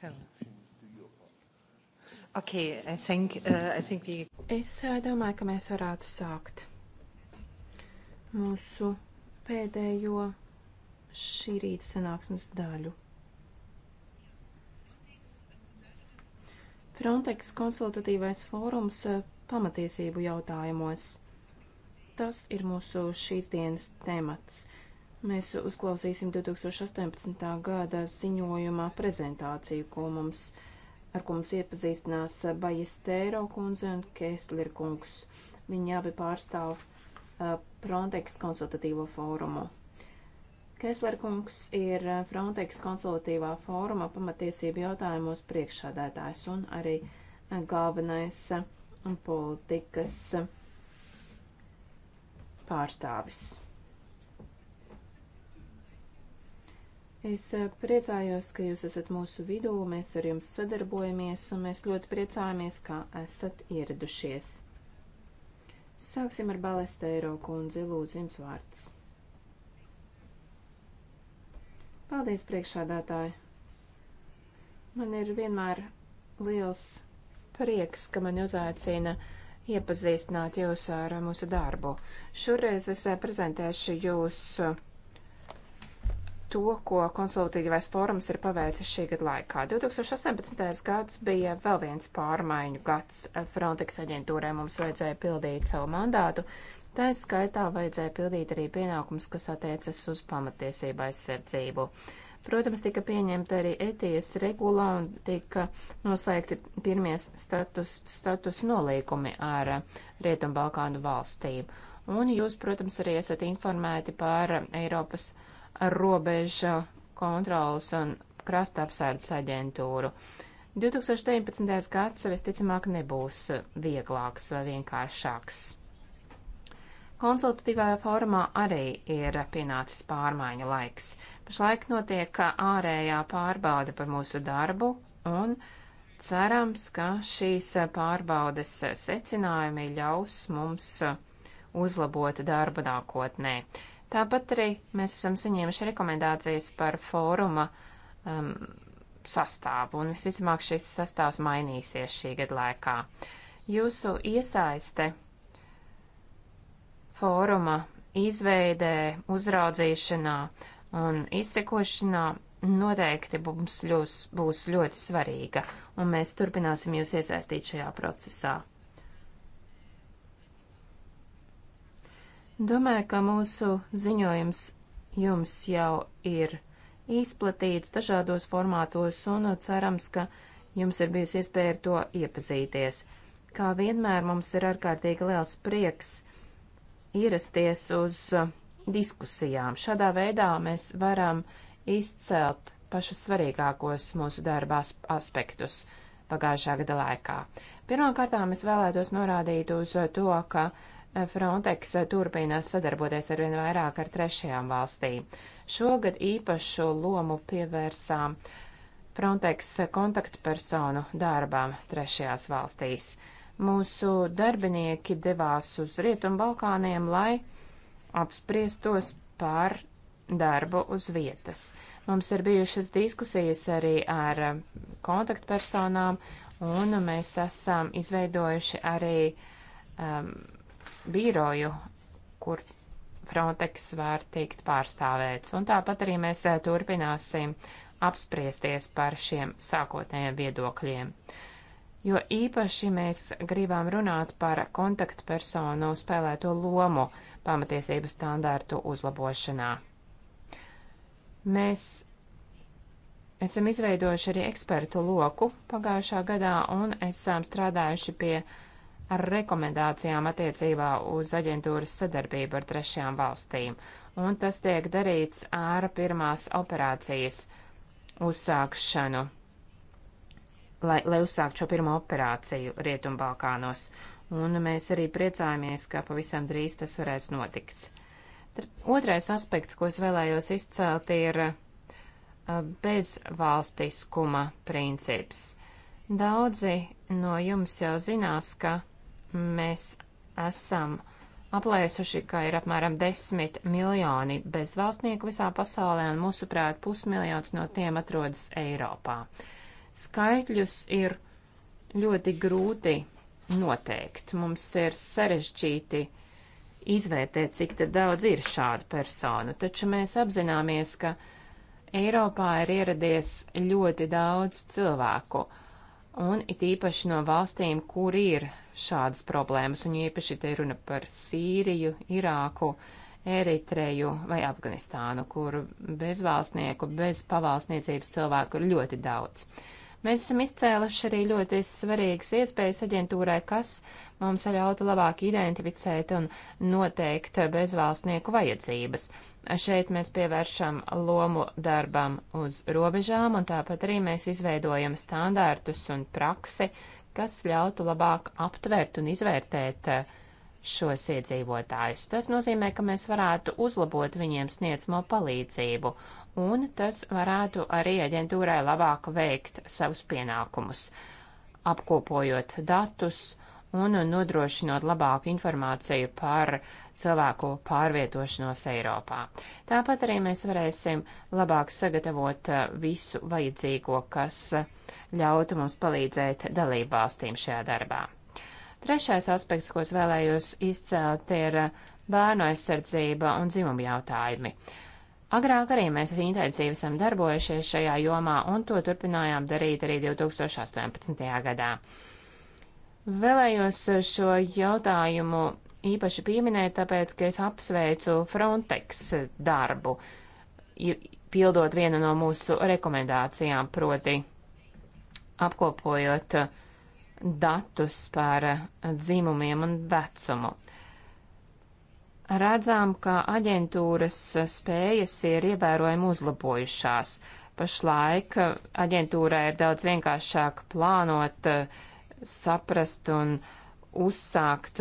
So. Okay, I think, uh, I think we... Es uh, domāju, ka mēs varētu sākt mūsu pēdējo šī rīta sanāksmes daļu. Frontex konsultatīvais fórums uh, pamatiesību jautājumos. Tas ir mūsu šīs dienas temats. Mēs uzklausīsim 2018. gada ziņojumā prezentāciju, ko mums, ar ko mums iepazīstinās Bajestēro kundze un Kēsler kungs. Viņi abi pārstāv uh, Frontex konsultatīvo fórumu. Kēsler kungs ir uh, Frontex konsultatīvā fóruma pamatiesību jautājumos priekšādētājs un arī uh, galvenais uh, politikas pārstāvis. Es eh, priecājos, ka jūs esat mūsu vidū, mēs ar jums sadarbojamies un mēs ļoti priecājamies, ka esat ieradušies. Sāksim ar Balesteiro kundzi, lūdzu, jums vārds. Paldies, priekšādātāji! Man ir vienmēr liels prieks, ka man uzaicina iepazīstināt jūs ar mūsu darbu. Šoreiz es eh, prezentēšu jūs uh, to, ko konsultatīvais fórums ir paveicis šī gada laikā. 2018. gads bija vēl viens pārmaiņu gads Frontex aģentūrai. Mums vajadzēja pildīt savu mandātu. Tā skaitā vajadzēja pildīt arī pienākums, kas attiecas uz pamatiesību aizsardzību. Protams, tika pieņemta arī ETIES regula un tika noslēgti pirmie status, status nolīkumi ar Rietumbalkānu valstīm. Un jūs, protams, arī esat informēti par Eiropas uh, robežu kontrolas un krasta apsardzes aģentūru. 2019. gads visticamāk nebūs vieglāks vai vienkāršāks. Konsultatīvajā formā arī ir pienācis pārmaiņu laiks. Pašlaik notiek ārējā pārbauda par mūsu darbu un cerams, ka šīs pārbaudes secinājumi ļaus mums uzlabot darbu nākotnē. Tāpat arī mēs esam saņēmuši rekomendācijas par fóruma um, sastāvu, un visticamāk šis sastāvs mainīsies šī gada laikā. Jūsu iesaiste fóruma izveidē, uzraudzīšanā un izsekošanā noteikti mums ļos, būs ļoti svarīga, un mēs turpināsim jūs iesaistīt šajā procesā. Domāju, ka mūsu ziņojums jums jau ir izplatīts dažādos formātos un cerams, ka jums ir bijusi iespēja ar to iepazīties. Kā vienmēr mums ir ārkārtīgi liels prieks ierasties uz diskusijām. Šādā veidā mēs varam izcelt pašus svarīgākos mūsu darba aspektus pagājušā gada laikā. Pirmkārtām es vēlētos norādīt uz to, ka uh, Frontex turpinās sadarboties ar vien vairāk ar trešajām valstīm. Šogad īpašu lomu pievērsām Frontex kontaktpersonu darbām trešajās valstīs. Mūsu darbinieki devās uz Rietumu Balkāniem, lai apspriestos par darbu uz vietas. Mums ir bijušas diskusijas arī ar kontaktpersonām, un mēs esam izveidojuši arī um, bīroju, kur Frontex var tikt pārstāvēts. Un tāpat arī mēs eh, turpināsim apspriesties par šiem sākotnējiem viedokļiem. Jo īpaši mēs gribam runāt par kontaktpersonu spēlēto lomu pamatiesību standārtu uzlabošanā. Mēs esam izveidojuši arī ekspertu loku pagājušā gadā un esam strādājuši pie uh, ar rekomendācijām attiecībā uz aģentūras sadarbību ar trešajām valstīm, un tas tiek darīts ar pirmās operācijas uzsākšanu, lai, lai uzsākt šo pirmo operāciju Rietumbalkānos, un mēs arī priecājamies, ka pavisam drīz tas varēs notiks. Otrais aspekts, ko es vēlējos izcelt, ir bezvalstiskuma princips. Daudzi no jums jau zinās, ka Mēs esam aplēsuši, ka ir apmēram 10 miljoni bezvalstnieku visā pasaulē, un mūsuprāt, pusmiljons no tiem atrodas Eiropā. Skaitļus ir ļoti grūti noteikt. Mums ir sarežģīti izvērtēt, cik daudz ir šādu personu, taču mēs apzināmies, ka Eiropā ir ieradies ļoti daudz cilvēku, un it īpaši no valstīm, kur ir šādas problēmas, un īpaši te runa par Sīriju, Irāku, Eritreju vai Afganistānu, kur bezvalstnieku, bez pavalstniecības cilvēku ir ļoti daudz. Mēs esam izcēluši arī ļoti svarīgas iespējas aģentūrai, kas mums ļautu labāk identificēt un noteikt bezvalstnieku vajadzības. Šeit mēs pievēršam lomu darbam uz robežām, un tāpat arī mēs izveidojam standārtus un praksi, uh, kas ļautu labāk aptvert un izvērtēt eh, šos iedzīvotājus. Tas nozīmē, ka mēs varētu uzlabot viņiem sniedzamo palīdzību, un tas varētu arī aģentūrai labāk veikt savus pienākumus, apkopojot datus un nodrošinot labāku informāciju par cilvēku pārvietošanos Eiropā. Tāpat arī mēs varēsim labāk sagatavot eh, visu vajadzīgo, kas uh, ļautu mums palīdzēt dalību valstīm šajā darbā. Trešais aspekts, ko es vēlējos izcelt, ir bērnu aizsardzība un dzimumu jautājumi. Agrāk arī mēs intensīvi esam darbojušies šajā jomā un to turpinājām darīt arī 2018. gadā. Vēlējos šo jautājumu īpaši pieminēt, tāpēc, ka es apsveicu Frontex darbu, pildot vienu no mūsu rekomendācijām, proti apkopojot eh, datus par eh, dzimumiem un vecumu. Redzām, ka aģentūras eh, spējas ir ievērojami uzlabojušās. Pašlaik aģentūrai ir daudz vienkāršāk plānot, saprast un uzsākt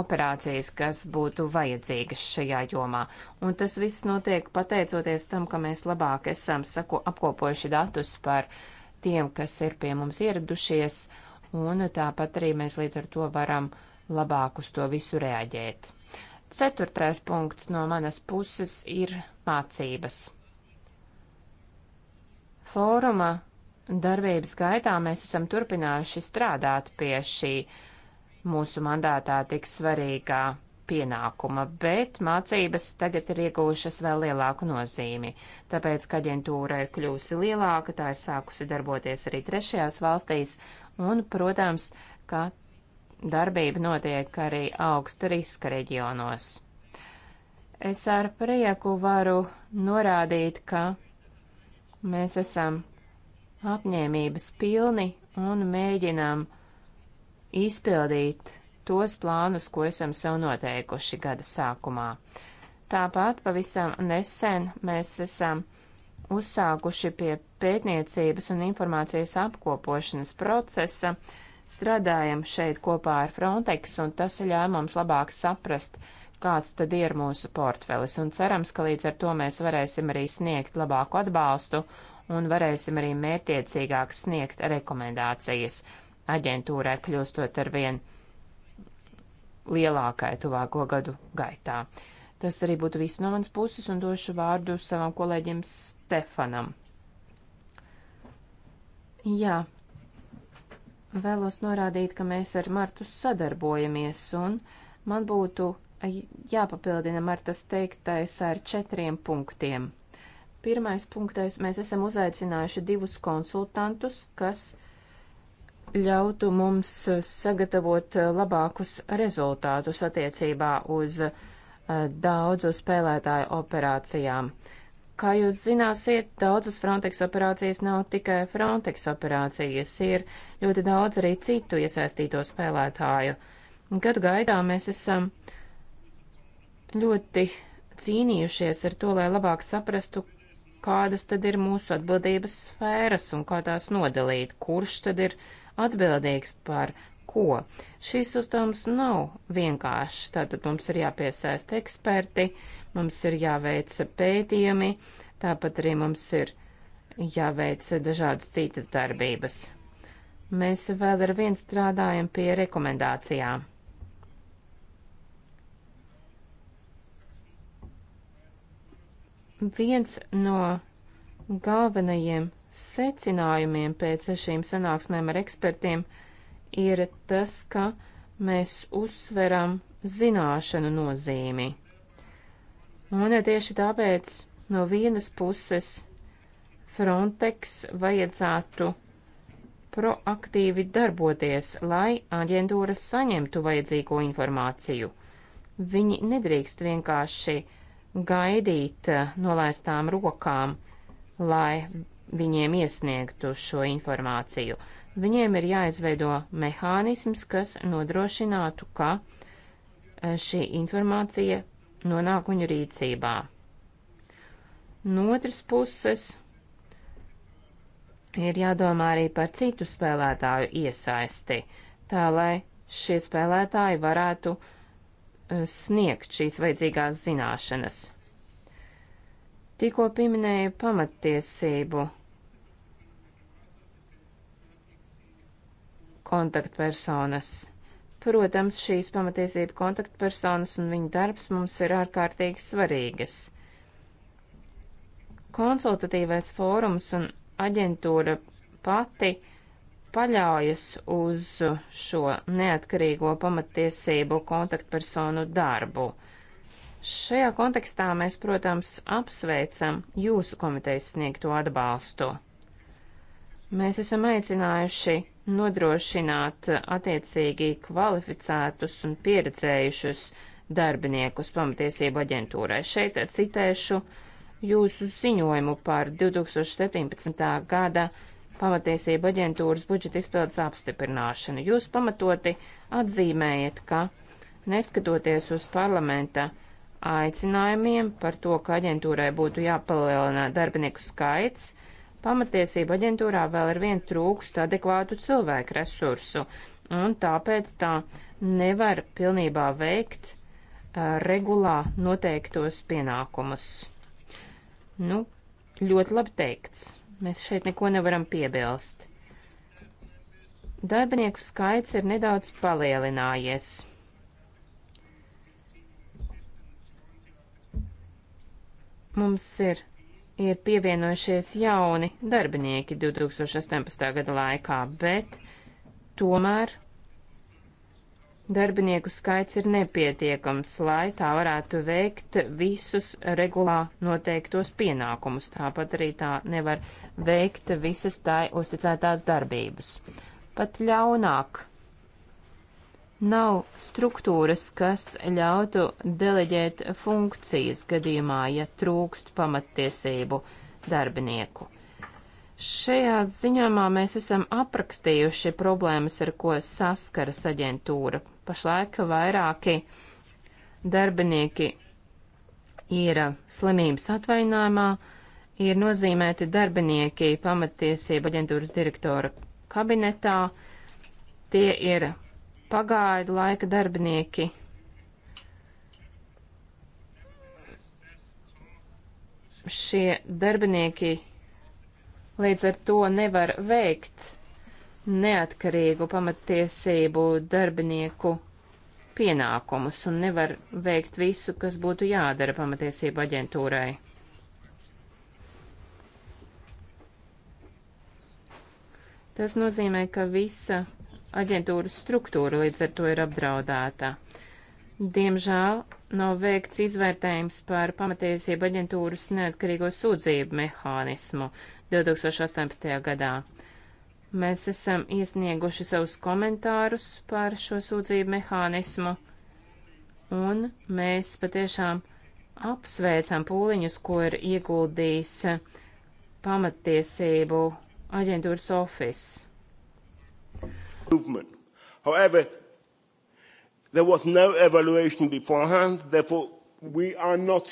operācijas, kas būtu vajadzīgas šajā jomā. Un tas viss notiek pateicoties tam, ka mēs labāk esam saku, apkopojuši datus par uh, tiem, kas ir pie mums ieradušies, un tāpat arī mēs līdz ar to varam labāk uz to visu reaģēt. Ceturtais punkts no manas puses ir mācības. Fóruma darbības gaitā mēs esam turpinājuši strādāt pie šī mūsu mandātā tik svarīgā pienākuma, bet mācības tagad ir iegūšas vēl lielāku nozīmi. Tāpēc, ka aģentūra ir kļūsi lielāka, tā ir sākusi darboties arī trešajās valstīs, un, protams, ka darbība notiek arī augsta riska reģionos. Es ar prieku varu norādīt, ka mēs esam apņēmības pilni un mēģinām izpildīt tos plānus, ko esam sev noteikuši gada sākumā. Tāpat pavisam nesen mēs esam uzsākuši pie pētniecības un informācijas apkopošanas procesa, strādājam šeit kopā ar Frontex, un tas ļauj mums labāk saprast, kāds tad ir mūsu portfelis, un cerams, ka līdz ar to mēs varēsim arī sniegt labāku atbalstu un varēsim arī mērtiecīgāk sniegt rekomendācijas aģentūrai kļūstot ar vien lielākai tuvāko gadu gaitā. Tas arī būtu viss no manas puses un došu vārdu savam kolēģim Stefanam. Jā, vēlos norādīt, ka mēs ar Martu sadarbojamies un man būtu jāpapildina Martas teiktais ar četriem punktiem. Pirmais punktais, mēs esam uzaicinājuši divus konsultantus, kas ļautu mums eh, sagatavot eh, labākus rezultātus attiecībā uz eh, daudzu spēlētāju operācijām. Kā jūs zināsiet, daudzas Frontex operācijas nav tikai Frontex operācijas, ir ļoti daudz arī citu iesaistīto spēlētāju. Gadu gaidā mēs esam ļoti cīnījušies ar to, lai labāk saprastu, kādas tad ir mūsu atbildības sfēras un kā tās nodalīt, kurš tad ir uh, atbildīgs par ko. Šīs uzdevums nav vienkāršs. Tātad mums ir jāpiesaista eksperti, mums ir jāveic pētījumi, tāpat arī mums ir jāveic dažādas citas darbības. Mēs vēl ar vien strādājam pie rekomendācijām. Viens no galvenajiem secinājumiem pēc šīm sanāksmēm ar ekspertiem ir tas, ka mēs uzsveram zināšanu nozīmi. Un tieši tāpēc no vienas puses Frontex vajadzētu proaktīvi darboties, lai aģentūra saņemtu vajadzīgo informāciju. Viņi nedrīkst vienkārši gaidīt nolaistām rokām, lai viņiem iesniegtu šo informāciju. Viņiem ir jāizveido mehānisms, kas nodrošinātu, ka e, šī informācija nonāk viņu rīcībā. No otras puses, ir jādomā arī par citu spēlētāju iesaisti, tā lai šie spēlētāji varētu e, sniegt šīs vajadzīgās zināšanas. Tikko pieminēju pamattiesību kontaktpersonas. Protams, šīs pamatiesība kontaktpersonas un viņu darbs mums ir ārkārtīgi svarīgas. Konsultatīvais fórums un aģentūra pati paļaujas uz šo neatkarīgo pamatiesību kontaktpersonu darbu. Šajā kontekstā mēs, protams, apsveicam jūsu komitejas sniegto atbalstu. Mēs esam aicinājuši nodrošināt attiecīgi kvalificētus un pieredzējušus darbiniekus pamatiesību aģentūrai. Šeit citēšu jūsu ziņojumu par 2017. gada pamatiesību aģentūras budžeta izpildes apstiprināšanu. Jūs pamatoti atzīmējat, ka neskatoties uz parlamenta aicinājumiem par to, ka aģentūrai būtu jāpalielina darbinieku skaits, uh, Pamatiesība aģentūrā vēl ar vien trūkst adekvātu cilvēku resursu, un tāpēc tā nevar pilnībā veikt uh, regulā noteiktos pienākumus. Nu, ļoti labi teikts. Mēs šeit neko nevaram piebilst. Darbinieku skaits ir nedaudz palielinājies. Mums ir ir pievienojušies jauni darbinieki 2018. gada laikā, bet tomēr darbinieku skaits ir nepietiekams, lai tā varētu veikt visus regulā noteiktos pienākumus. Tāpat arī tā nevar veikt visas tai uzticētās darbības. Pat ļaunāk Nav struktūras, kas ļautu deleģēt funkcijas gadījumā, ja trūkst pamattiesību darbinieku. Šajā ziņojumā mēs esam aprakstījuši problēmas, ar ko saskaras aģentūra. Pašlaik vairāki darbinieki ir slimības atvainājumā, ir nozīmēti darbinieki pamatiesība aģentūras direktora kabinetā. Tie ir pagaidu laika darbinieki. Šie darbinieki līdz ar to nevar veikt neatkarīgu pamatiesību darbinieku pienākumus un nevar veikt visu, kas būtu jādara pamatiesību aģentūrai. Tas nozīmē, ka visa aģentūras struktūra līdz ar to ir apdraudēta. Diemžēl nav veikts izvērtējums par pamatiesību aģentūras neatkarīgo sūdzību mehānismu 2018. gadā. Mēs esam iesnieguši savus komentārus par šo sūdzību mehānismu, un mēs patiešām apsveicam pūliņus, ko ir ieguldījis pamatiesību aģentūras ofis movement. However, there was no evaluation beforehand, therefore we are not.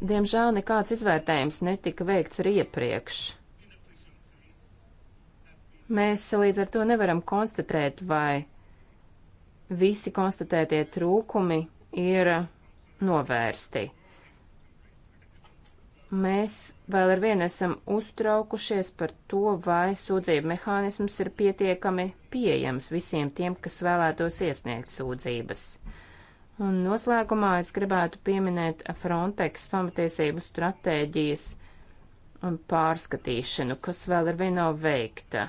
Diemžēl nekāds izvērtējums netika veikts arī iepriekš. Mēs līdz ar to nevaram konstatēt, vai visi konstatētie trūkumi ir novērsti. Mēs vēl ar vienu esam uztraukušies par to, vai sūdzību mehānisms ir pietiekami pieejams visiem tiem, kas vēlētos iesniegt sūdzības. Un noslēgumā es gribētu pieminēt Frontex pamatiesību stratēģijas un pārskatīšanu, kas vēl ar vienu nav veikta.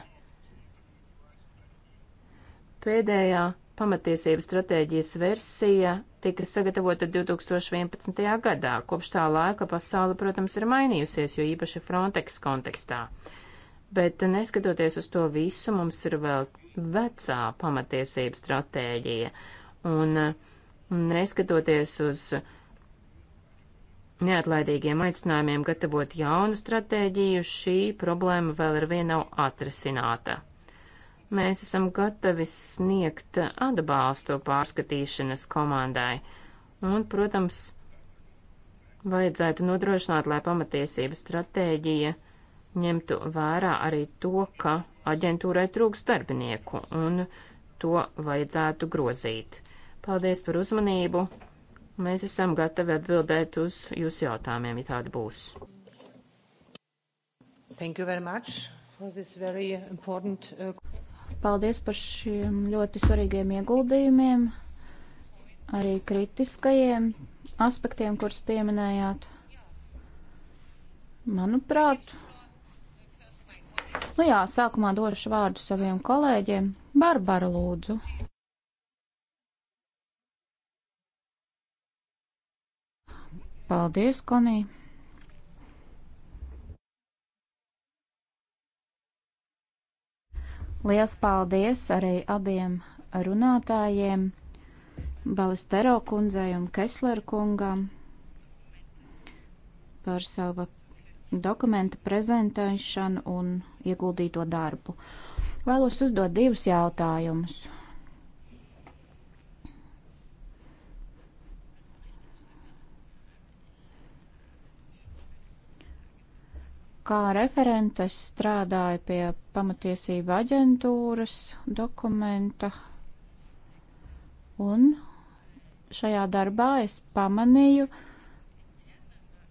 Pēdējā pamatiesību stratēģijas versija tika sagatavota 2011. gadā. Kopš tā laika pasaule, protams, ir mainījusies, jo īpaši Frontex kontekstā. Bet neskatoties uz to visu, mums ir vēl vecā pamatiesību stratēģija. Un, un neskatoties uz neatlaidīgiem aicinājumiem gatavot jaunu stratēģiju, šī problēma vēl ar vienu nav atrisināta. Mēs esam gatavi sniegt atbalstu pārskatīšanas komandai. Un, protams, vajadzētu nodrošināt, lai pamatiesību stratēģija ņemtu vērā arī to, ka aģentūrai trūks darbinieku, un to vajadzētu grozīt. Paldies par uzmanību! Mēs esam gatavi atbildēt uz jūsu jautājumiem, ja tādi būs. Thank you very much for this very important uh... Paldies par šiem ļoti svarīgiem ieguldījumiem, arī kritiskajiem aspektiem, kurus pieminējāt. Manuprāt, nu jā, sākumā došu vārdu saviem kolēģiem. Barbara lūdzu. Paldies, Konī. Liels paldies arī abiem runātājiem, Balistero kundzei un Kesleru kungam par savu dokumenta prezentēšanu un ieguldīto darbu. Vēlos uzdot divus jautājumus. kā referente strādāju pie pamatiesība aģentūras dokumenta, un šajā darbā es pamanīju,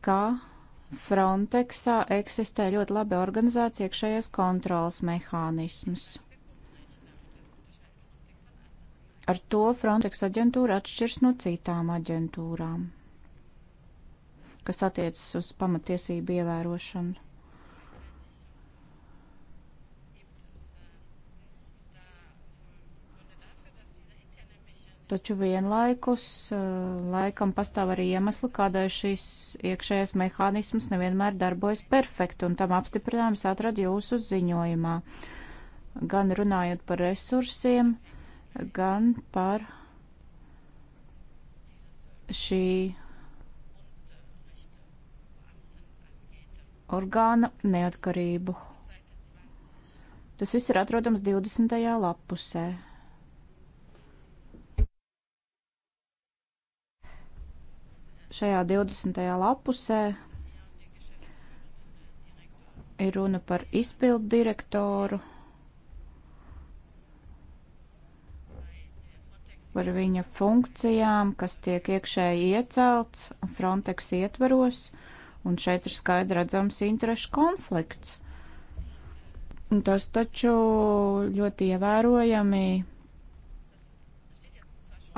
ka Frontexā eksistē ļoti labi organizēts iekšējais kontrols mehānisms. Ar to Frontex aģentūra atšķirs no citām aģentūrām, kas attiecas uz pamatiesību ievērošanu. Taču vienlaikus eh, laikam pastāv arī iemesli, kādēļ šis iekšējais mehānisms nevienmēr darbojas perfekti, un tam apstiprinājums atrad jūsu ziņojumā. Gan runājot par resursiem, gan par šī orgāna neatkarību. Tas viss ir atrodams 20. lapusē. šajā 20. lapusē ir runa par izpildu direktoru, par viņa funkcijām, kas tiek iekšēji iecelts Frontex ietvaros, un šeit ir skaidri redzams interešu konflikts. Un tas taču ļoti ievērojami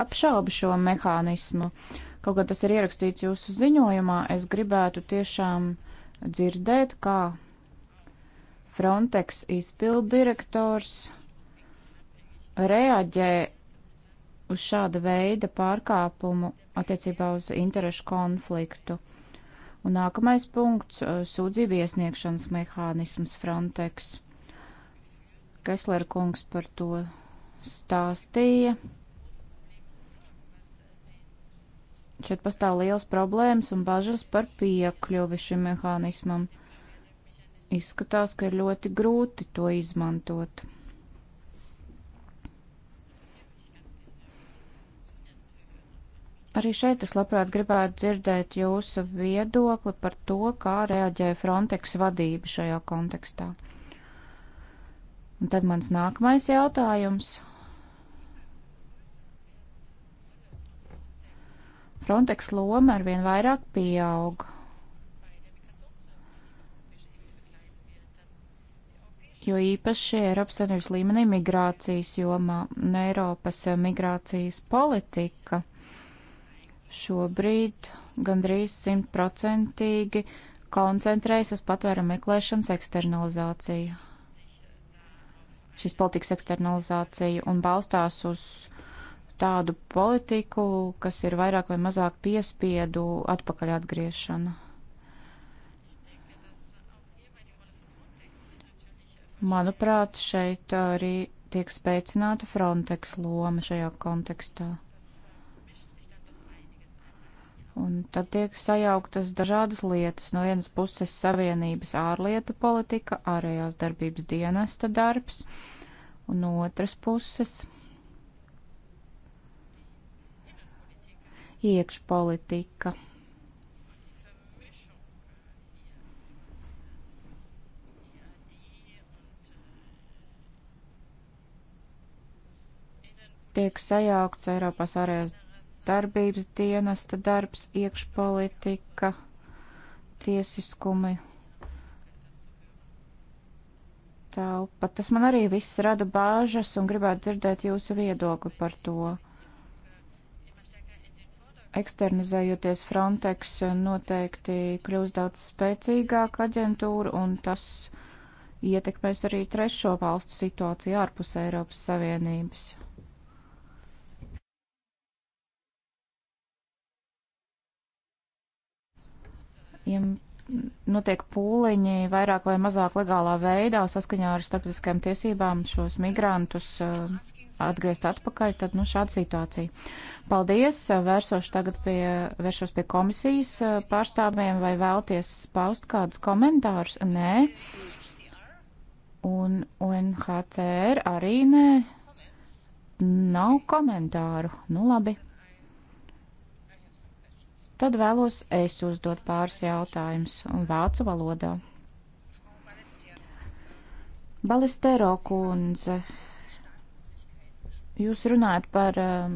apšauba šo mehānismu. Uh, Kaut gan tas ir ierakstīts jūsu ziņojumā, es gribētu tiešām dzirdēt, kā Frontex izpildirektors reaģē uz šāda veida pārkāpumu attiecībā uz interešu konfliktu. Un nākamais punkts - uh, sūdzību iesniegšanas mehānisms Frontex. Kesler kungs par to stāstīja. šeit pastāv liels problēmas un bažas par piekļuvi šim mehānismam. Izskatās, ka ir ļoti grūti to izmantot. Arī šeit es labprāt gribētu dzirdēt jūsu viedokli par to, kā reaģēja Frontex vadība šajā kontekstā. Un tad mans nākamais jautājums. Frontex loma arvien vairāk pieaug. Jo īpaši Eiropas Savienības līmenī migrācijas jomā un Eiropas eh, migrācijas politika šobrīd gandrīz simtprocentīgi koncentrējas uz patvērumu meklēšanas eksternalizāciju. Šis politikas eksternalizācija un balstās uz tādu politiku, kas ir vairāk vai mazāk piespiedu atpakaļ atgriešana. Manuprāt, šeit arī tiek spēcināta Frontex loma šajā kontekstā. Un tad tiek sajauktas dažādas lietas. No vienas puses savienības ārlietu politika, ārējās darbības dienesta darbs, un no otras puses iekšpolitika. Tiek sajaukts Eiropas ārējās darbības dienesta darbs, iekšpolitika, tiesiskumi, telpa. Tas man arī viss rada bāžas un gribētu dzirdēt jūsu viedokli par to eksternizējoties Frontex noteikti kļūs daudz spēcīgāka aģentūra un tas ietekmēs arī trešo valstu situāciju ārpus Eiropas Savienības. Ja notiek pūliņi vairāk vai mazāk legālā veidā saskaņā ar starptautiskajām tiesībām šos migrantus uh, atgriezt atpakaļ, tad nu, šāda situācija. Paldies! Vērsos tagad pie, vērsos pie komisijas eh, pārstāvjiem, vai vēlties paust kādus komentārus? Nē. Un UNHCR arī nē. Nav komentāru. Nu labi tad vēlos es uzdot pāris jautājumus vācu valodā. Balestero kundze, Jūs runājat par um,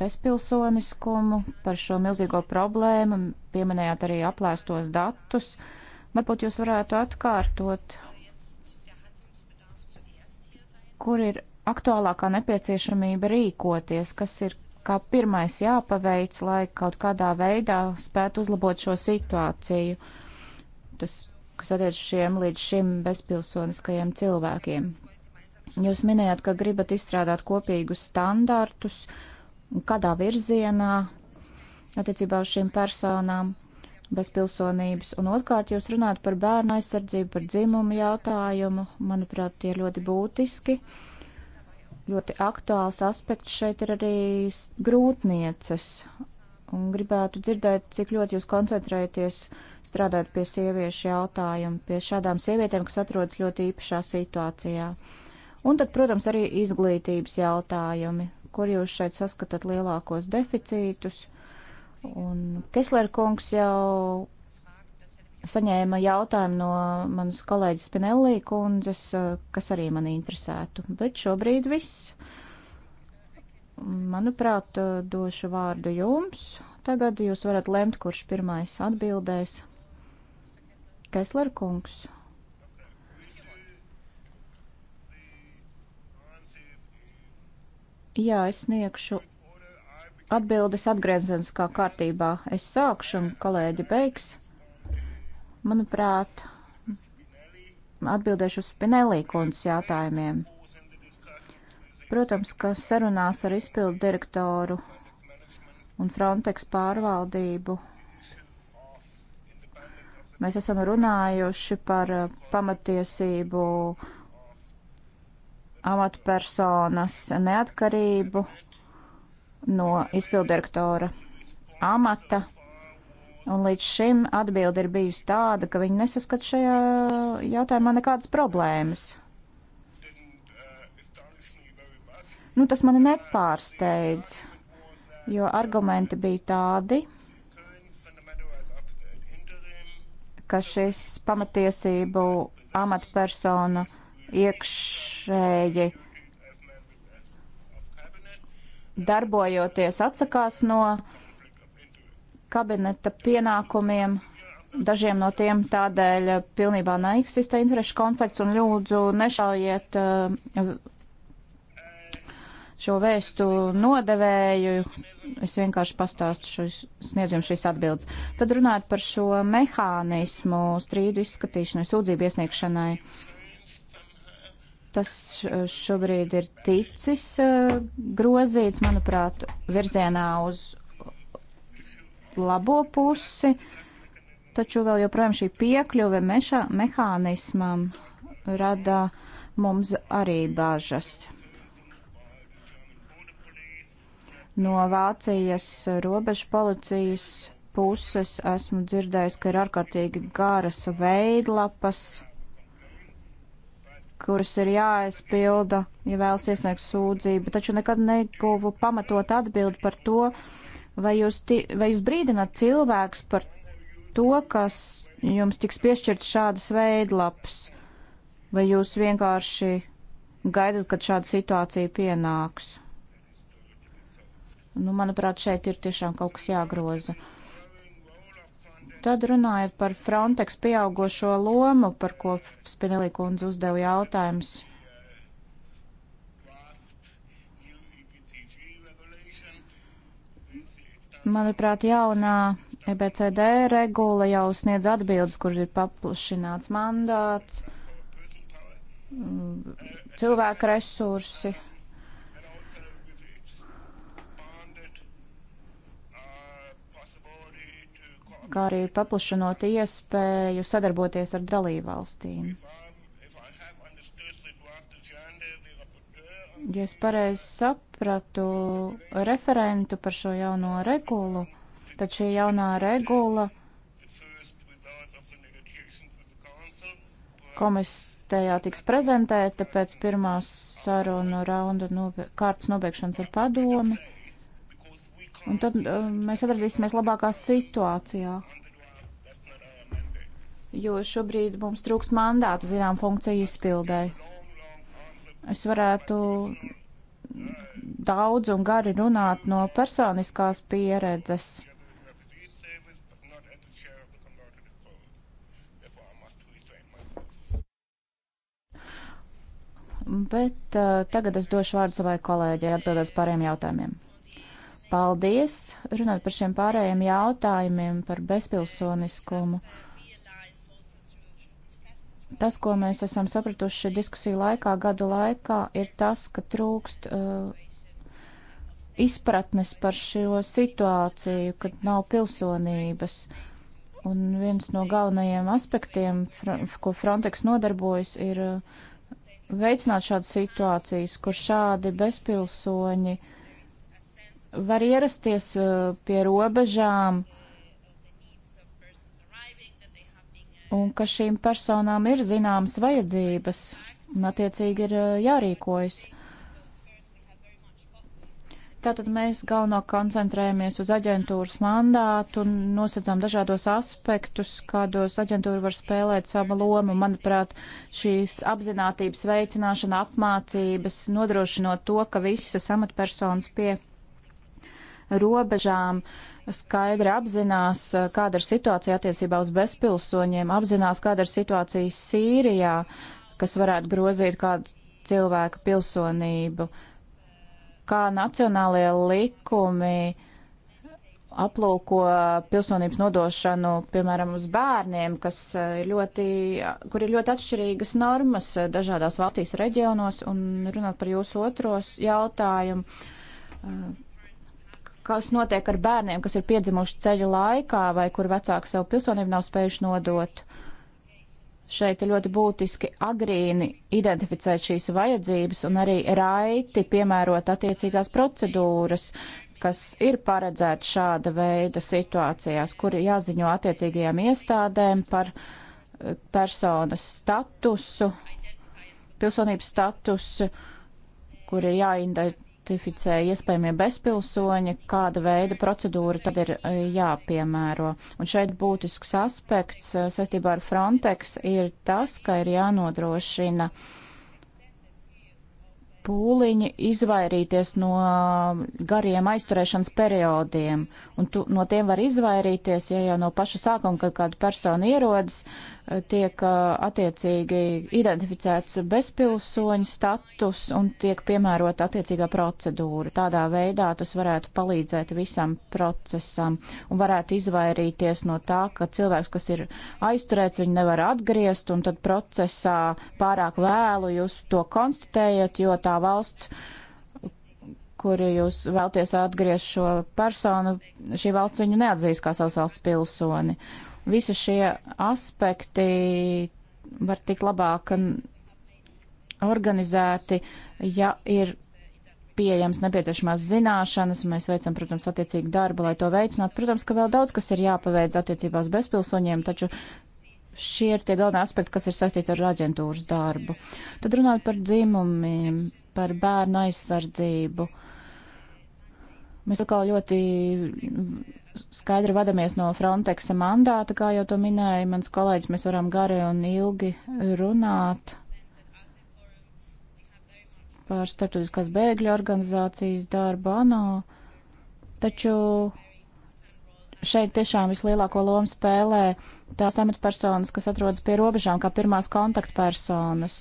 bezpilsoniskumu, par šo milzīgo problēmu, pieminējāt arī aplēstos datus. Varbūt jūs varētu atkārtot, kur ir aktuālākā nepieciešamība rīkoties, kas ir kā pirmais jāpaveic, lai kaut kādā veidā spētu uzlabot šo situāciju, tas, kas attiec šiem līdz šim bezpilsoniskajiem cilvēkiem. Jūs minējāt, ka gribat izstrādāt kopīgus standartus, kādā virzienā attiecībā uz šīm personām bez pilsonības. Un otrkārt, jūs runājat par bērnu aizsardzību, par dzimumu jautājumu. Manuprāt, tie ir ļoti būtiski. Ļoti aktuāls aspekts šeit ir arī grūtnieces. Un gribētu dzirdēt, cik ļoti jūs koncentrējaties strādāt pie sieviešu jautājumu, pie šādām sievietēm, kas atrodas ļoti īpašā situācijā. Uh, Un tad, protams, arī izglītības jautājumi, kur jūs šeit saskatāt lielākos deficītus. Un Keslera kungs jau saņēma jautājumu no manas kolēģis Pinellī kundzes, kas arī mani interesētu. Bet šobrīd viss. Manuprāt, došu vārdu jums. Tagad jūs varat lemt, kurš pirmais atbildēs. Keslera kungs. Jā, es sniegšu atbildes atgriezeniskā kārtībā. Es sākšu un kolēģi beigs. Manuprāt, atbildēšu uz Spinelī kundzes jautājumiem. Protams, ka sarunās ar izpildu direktoru un Frontex pārvaldību mēs esam runājuši par pamatiesību uh, amatpersonas neatkarību no izpildirektora amata. Un līdz šim atbilde ir bijusi tāda, ka viņi nesaskat šajā jautājumā nekādas problēmas. Nu, tas mani nepārsteidz, jo argumenti bija tādi, ka šis pamatiesību amatpersona iekšēji darbojoties atsakās no kabineta pienākumiem. Dažiem no tiem tādēļ pilnībā neeksistē interešu konflikts un lūdzu nešaujiet eh, šo vēstu nodevēju. Es vienkārši pastāstu šis, sniedzim šīs atbildes. Tad runājot par šo mehānismu strīdu izskatīšanai, sūdzību iesniegšanai. Uh, tas šobrīd ir ticis grozīts, manuprāt, virzienā uz labo pusi, taču vēl joprojām šī piekļuve mešā, mehānismam rada mums arī bāžas. No Vācijas robežu policijas puses esmu dzirdējis, ka ir ārkārtīgi garas veidlapas kuras ir jāaizpilda, ja vēlas iesniegt sūdzību, taču nekad neguvu pamatot atbildi par to, vai jūs, vai jūs brīdināt cilvēks par to, kas jums tiks piešķirts šādas veidlaps, vai jūs vienkārši gaidat, kad šāda situācija pienāks. Nu, manuprāt, šeit ir tiešām kaut kas jāgroza. Uh, Tad runājot par Frontex pieaugošo lomu, par ko Spinelī kundze uzdeva jautājums. Manuprāt, jaunā EBCD regula jau sniedz atbildes, kur ir paplašināts mandāts, mm, cilvēku resursi, kā arī paplašanot iespēju sadarboties ar dalībvalstīm. Ja es pareizi sapratu referentu par šo jauno regulu, tad šī jaunā regula komisijā tiks prezentēta pēc pirmās sarunu raunda nobe kārtas nobeigšanas ar padomi. Un tad uh, mēs atradīsimies labākā situācijā. Jo šobrīd mums trūkst mandātu zinām funkciju izpildēji. Es varētu daudz un gari runāt no personiskās pieredzes. bet uh, tagad es došu vārdu savai kolēģei atbildēt pāriem jautājumiem. Paldies! Runāt par šiem pārējiem jautājumiem par bezpilsoniskumu. Tas, ko mēs esam sapratuši diskusiju laikā, gadu laikā, ir tas, ka trūkst uh, izpratnes par šo situāciju, kad nav pilsonības. Un viens no galvenajiem aspektiem, ko Frontex nodarbojas, ir uh, veicināt šādas situācijas, kur šādi bezpilsoņi uh, var ierasties uh, pie robežām un ka šīm personām ir zināmas vajadzības un attiecīgi ir uh, jārīkojas. Tātad mēs galvenokārt koncentrējamies uz aģentūras mandātu un nosacām dažādos aspektus, kādos aģentūra var spēlēt savu lomu. Manuprāt, šīs apzinātības veicināšana, apmācības, nodrošinot to, ka visas amatpersonas pie robežām skaidri apzinās, eh, kāda ir situācija attiecībā uz bezpilsoņiem, apzinās, kāda ir situācija Sīrijā, kas varētu grozīt kādu cilvēku pilsonību, kā nacionālie likumi aplūko pilsonības nodošanu, piemēram, uz bērniem, kas ir eh, ļoti, kur ir ļoti atšķirīgas normas eh, dažādās valstīs reģionos, un runāt par jūsu otros jautājumu kas notiek ar bērniem, kas ir piedzimuši ceļa laikā vai kur vecāki savu pilsonību nav spējuši nodot. Šeit ir ļoti būtiski agrīni identificēt šīs vajadzības un arī raiti piemērot attiecīgās procedūras, kas ir paredzēta šāda veida situācijās, kur jāziņo attiecīgajām iestādēm par eh, personas statusu, pilsonības statusu, kur ir jāidentificē notificē iespējamie bezpilsoņi, kāda veida procedūra tad ir e, jāpiemēro. Un šeit būtisks aspekts e, saistībā ar Frontex ir tas, ka ir jānodrošina pūliņi izvairīties no gariem aizturēšanas periodiem. Un tu, no tiem var izvairīties, ja jau no paša sākuma, kad kāda persona ierodas, uh, tiek attiecīgi identificēts bezpilsoņu status un tiek piemērota attiecīgā procedūra. Tādā veidā tas varētu palīdzēt visam procesam un varētu izvairīties no tā, ka cilvēks, kas ir aizturēts, viņu nevar atgriezt un tad procesā pārāk vēlu jūs to konstatējat, jo tā valsts kuri jūs vēlties atgriezt šo personu, šī valsts viņu neatzīs kā savas valsts pilsoni. Uh, Visi šie aspekti var tikt labāk organizēti, ja ir pieejams nepieciešamās zināšanas, un mēs veicam, protams, attiecīgu darbu, lai to veicinātu. Protams, ka vēl daudz kas ir jāpaveic attiecībās bezpilsoņiem, taču šie ir tie galvenie aspekti, kas ir saistīti ar aģentūras darbu. Tad runāt par dzimumiem, par bērnu aizsardzību. Mēs atkal ļoti skaidri vadamies no Frontexa mandāta, kā jau to minēja mans kolēģis, mēs varam gari un ilgi runāt par starptautiskās bēgļu organizācijas darbu ANO, taču šeit tiešām vislielāko lomu spēlē tās amatpersonas, kas atrodas pie robežām kā pirmās kontaktpersonas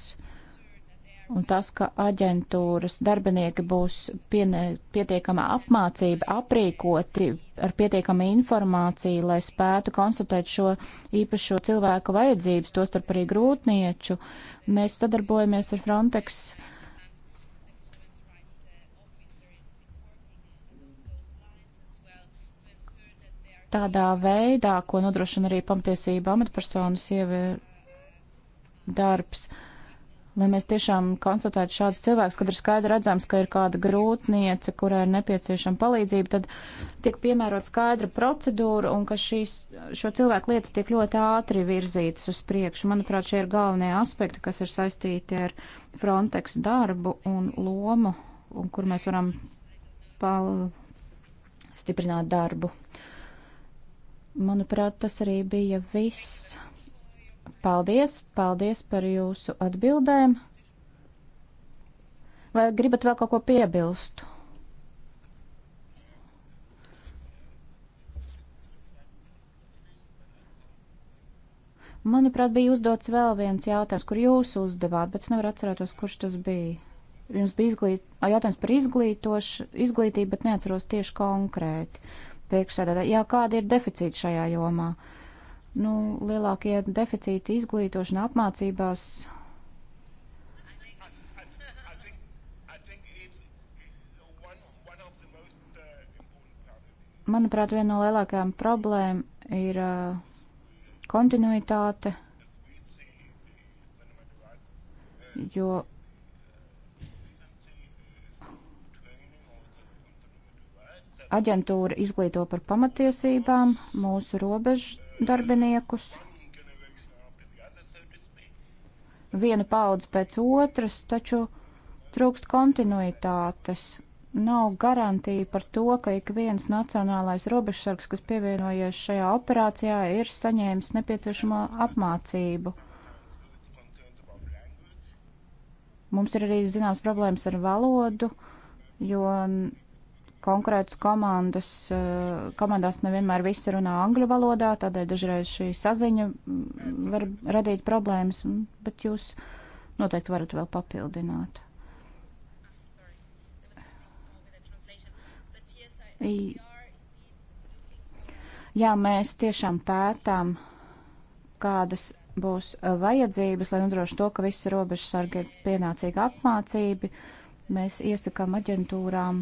Un tas, ka aģentūras darbinieki būs pietiekama apmācība, aprīkoti ar pietiekama informāciju, lai spētu konstatēt šo īpašo cilvēku vajadzības, tostarp arī grūtnieču, mēs sadarbojamies ar Frontex. Tādā veidā, ko nodrošina arī pamatiesība amatpersonas ievēr darbs. Uh, lai mēs tiešām konsultētu šādus cilvēkus, kad ir skaidri redzams, ka ir kāda grūtniece, kurai ir nepieciešama palīdzība, tad tiek piemērot skaidra procedūra un ka šīs, šo cilvēku lietas tiek ļoti ātri virzītas uz priekšu. Manuprāt, šie ir galvenie aspekti, kas ir saistīti ar Frontex darbu un lomu, un kur mēs varam pal stiprināt darbu. Manuprāt, tas arī bija viss. Paldies, paldies par jūsu atbildēm. Vai gribat vēl kaut ko piebilst? Manuprāt, bija uzdots vēl viens jautājums, kur jūs uzdevāt, bet es nevaru atcerēties, kurš tas bija. Jums bija izglīt... jautājums par izglītību, bet neatceros tieši konkrēti. Priekšsēdētāji, jā, kāda ir deficīta šajā jomā? Uh, Nu, lielākie deficīti izglītošana apmācībās. Manuprāt, viena no lielākajām problēmām ir uh, kontinuitāte, jo aģentūra izglīto par pamatiesībām, mūsu robežu darbiniekus. Viena paudze pēc otras, taču trūkst kontinuitātes. Nav garantija par to, ka ik viens nacionālais robežsargs, kas pievienojies šajā operācijā, ir saņēmis nepieciešamo apmācību. Mums ir arī zināms problēmas ar valodu, jo konkrētas komandas, eh, komandās nevienmēr visi runā angļu valodā, tādēļ dažreiz šī saziņa mm, var radīt problēmas, bet jūs noteikti varat vēl papildināt. Jā, mēs tiešām pētām, kādas būs eh, vajadzības, lai nodrošinātu to, ka visi robežsargi ir pienācīgi apmācībi. Mēs iesakām aģentūrām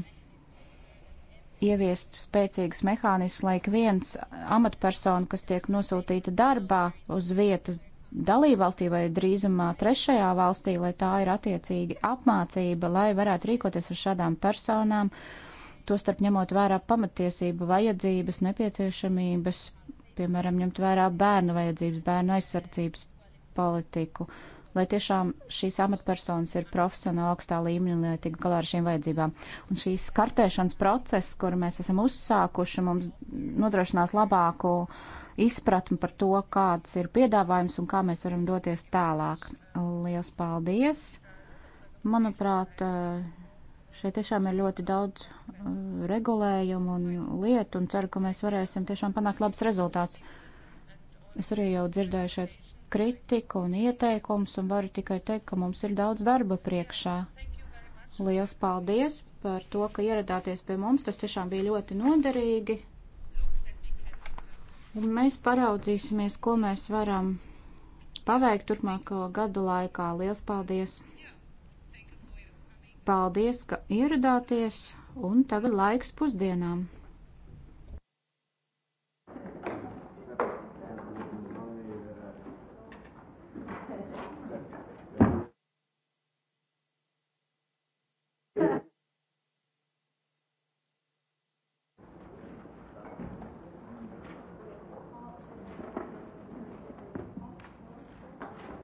ieviest spēcīgus mehānismus, lai ik viens amatpersona, kas tiek nosūtīta darbā uz vietas dalībvalstī vai drīzumā trešajā valstī, lai tā ir attiecīgi apmācība, lai varētu rīkoties ar šādām personām, tostarp ņemot vērā pamatiesību vajadzības, nepieciešamības, piemēram, ņemt vērā bērnu vajadzības, bērnu aizsardzības politiku. Uh, lai tiešām šīs amatpersonas ir profesionāli augstā līmenī, lai tik galā ar šīm vajadzībām. Un šīs kartēšanas process, kuru mēs esam uzsākuši, mums nodrošinās labāku izpratni par to, kāds ir piedāvājums un kā mēs varam doties tālāk. Lielas paldies! Manuprāt, šeit tiešām ir ļoti daudz eh, regulējumu un lietu, un ceru, ka mēs varēsim tiešām panākt labus rezultātus. Es arī jau dzirdēju šeit kritiku un ieteikumus, un varu tikai teikt, ka mums ir daudz darba priekšā. Liels paldies par to, ka ieradāties pie mums. Tas tiešām bija ļoti noderīgi. Un mēs paraudzīsimies, ko mēs varam paveikt turpmāko gadu laikā. Liels paldies! Paldies, ka ieradāties, un tagad laiks pusdienām.